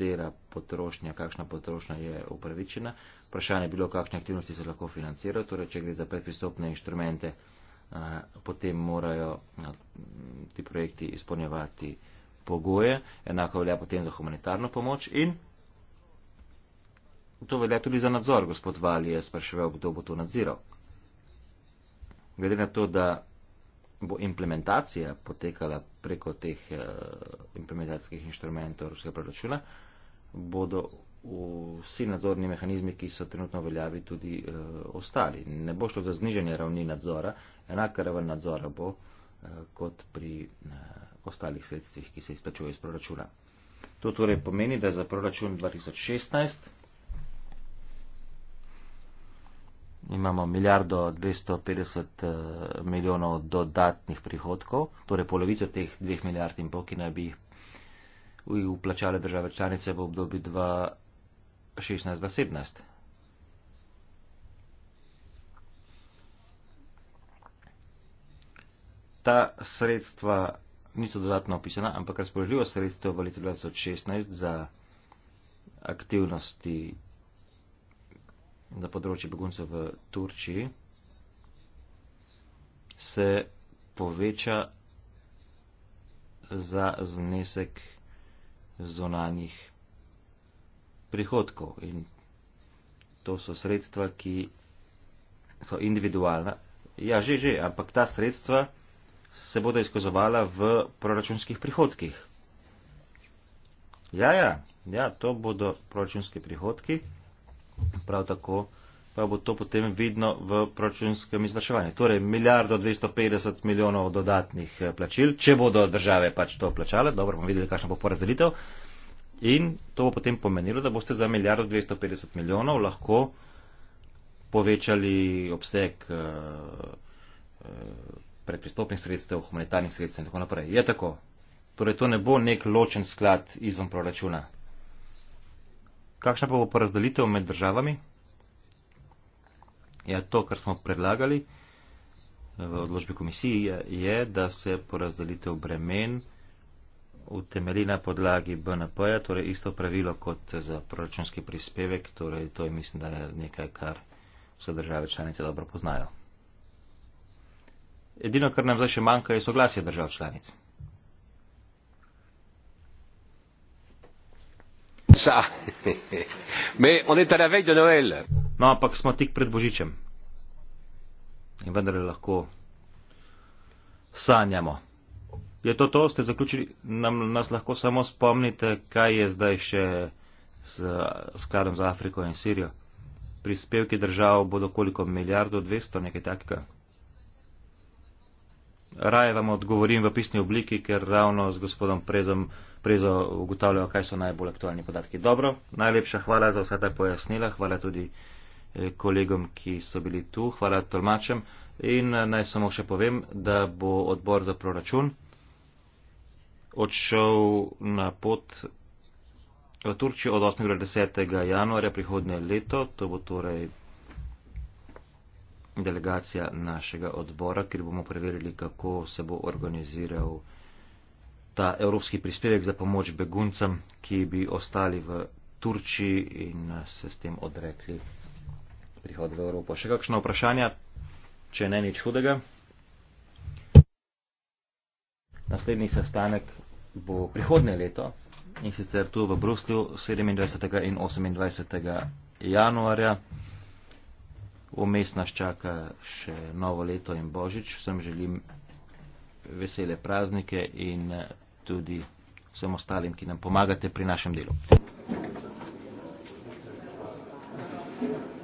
katera potrošnja, kakšna potrošnja je upravičena. Vprašanje je bilo, kakšne aktivnosti se lahko financirajo, torej če gre za predpristopne inštrumente, eh, potem morajo eh, ti projekti izpolnjevati pogoje, enako velja potem za humanitarno pomoč in to velja tudi za nadzor. Gospod Vali je spraševal, kdo bo to nadziral. Glede na to, da bo implementacija potekala preko teh eh, implementacijskih inštrumentov ruskega proračuna, bodo vsi nadzorni mehanizmi, ki so trenutno v veljavi, tudi e, ostali. Ne bo šlo za zniženje ravni nadzora, enaka raven nadzora bo e, kot pri e, ostalih sredstvih, ki se izplačujejo iz proračuna. To torej pomeni, da za proračun 2016 imamo milijardo 250 milijonov dodatnih prihodkov, torej polovico teh dveh milijard in pol, ki naj bi jih vplačale države članice v obdobju 2016-2017. Ta sredstva niso dodatno opisana, ampak razpoložljivo sredstvo v letu 2016 za aktivnosti na področju beguncev v Turčiji se poveča za znesek 1,5 zonanih prihodkov. In to so sredstva, ki so individualna. Ja, že, že, ampak ta sredstva se bodo izkazovala v proračunskih prihodkih. Ja, ja, ja, to bodo proračunski prihodki, prav tako pa bo to potem vidno v proračunskem izvrševanju. Torej, milijardo 250 milijonov dodatnih eh, plačil, če bodo države pač to plačale, dobro, bomo videli, kakšna bo porazdelitev. In to bo potem pomenilo, da boste za milijardo 250 milijonov lahko povečali obseg eh, eh, predpristopnih sredstev, humanitarnih sredstev in tako naprej. Je tako. Torej, to ne bo nek ločen sklad izven proračuna. Kakšna pa bo porazdelitev med državami? Ja, to, kar smo predlagali eh, v odložbi komisiji, je, da se porazdelitev bremen utemeli na podlagi BNP-ja, torej isto pravilo kot za proračunski prispevek, torej to je mislim, da je nekaj, kar vse države članice dobro poznajo. Edino, kar nam zdaj še manjka, je soglasje držav članic. [laughs] Ça, mais on est à la veille de Noël. No, ampak smo tik pred Božičem. In vendar le lahko sanjamo. Je to to, ste zaključili, Nam, nas lahko samo spomnite, kaj je zdaj še s skladom za Afriko in Sirijo. Prispevki držav bodo koliko milijardo, dvesto, nekaj takega. Raje vam odgovorim v pisni obliki, ker ravno z gospodom Prezom, Prezo ugotavljajo, kaj so najbolj aktualni podatki. Dobro, najlepša hvala za vsa ta pojasnila, hvala tudi. Eh, kolegom, ki so bili tu, hvala tolmačem. In eh, naj samo še povem, da bo odbor za proračun odšel na pot v Turčijo od 8.10. januarja prihodnje leto. To bo torej delegacija našega odbora, kjer bomo preverili, kako se bo organiziral ta evropski prispevek za pomoč beguncem, ki bi ostali v Turčiji in eh, se s tem odrekli prihod v Evropo. Še kakšno vprašanje, če ne nič hudega? Naslednji sestanek bo prihodnje leto in sicer tu v Bruslju 27. in 28. januarja. Vmes nas čaka še novo leto in božič. Vsem želim vesele praznike in tudi vsem ostalim, ki nam pomagate pri našem delu. Thank you.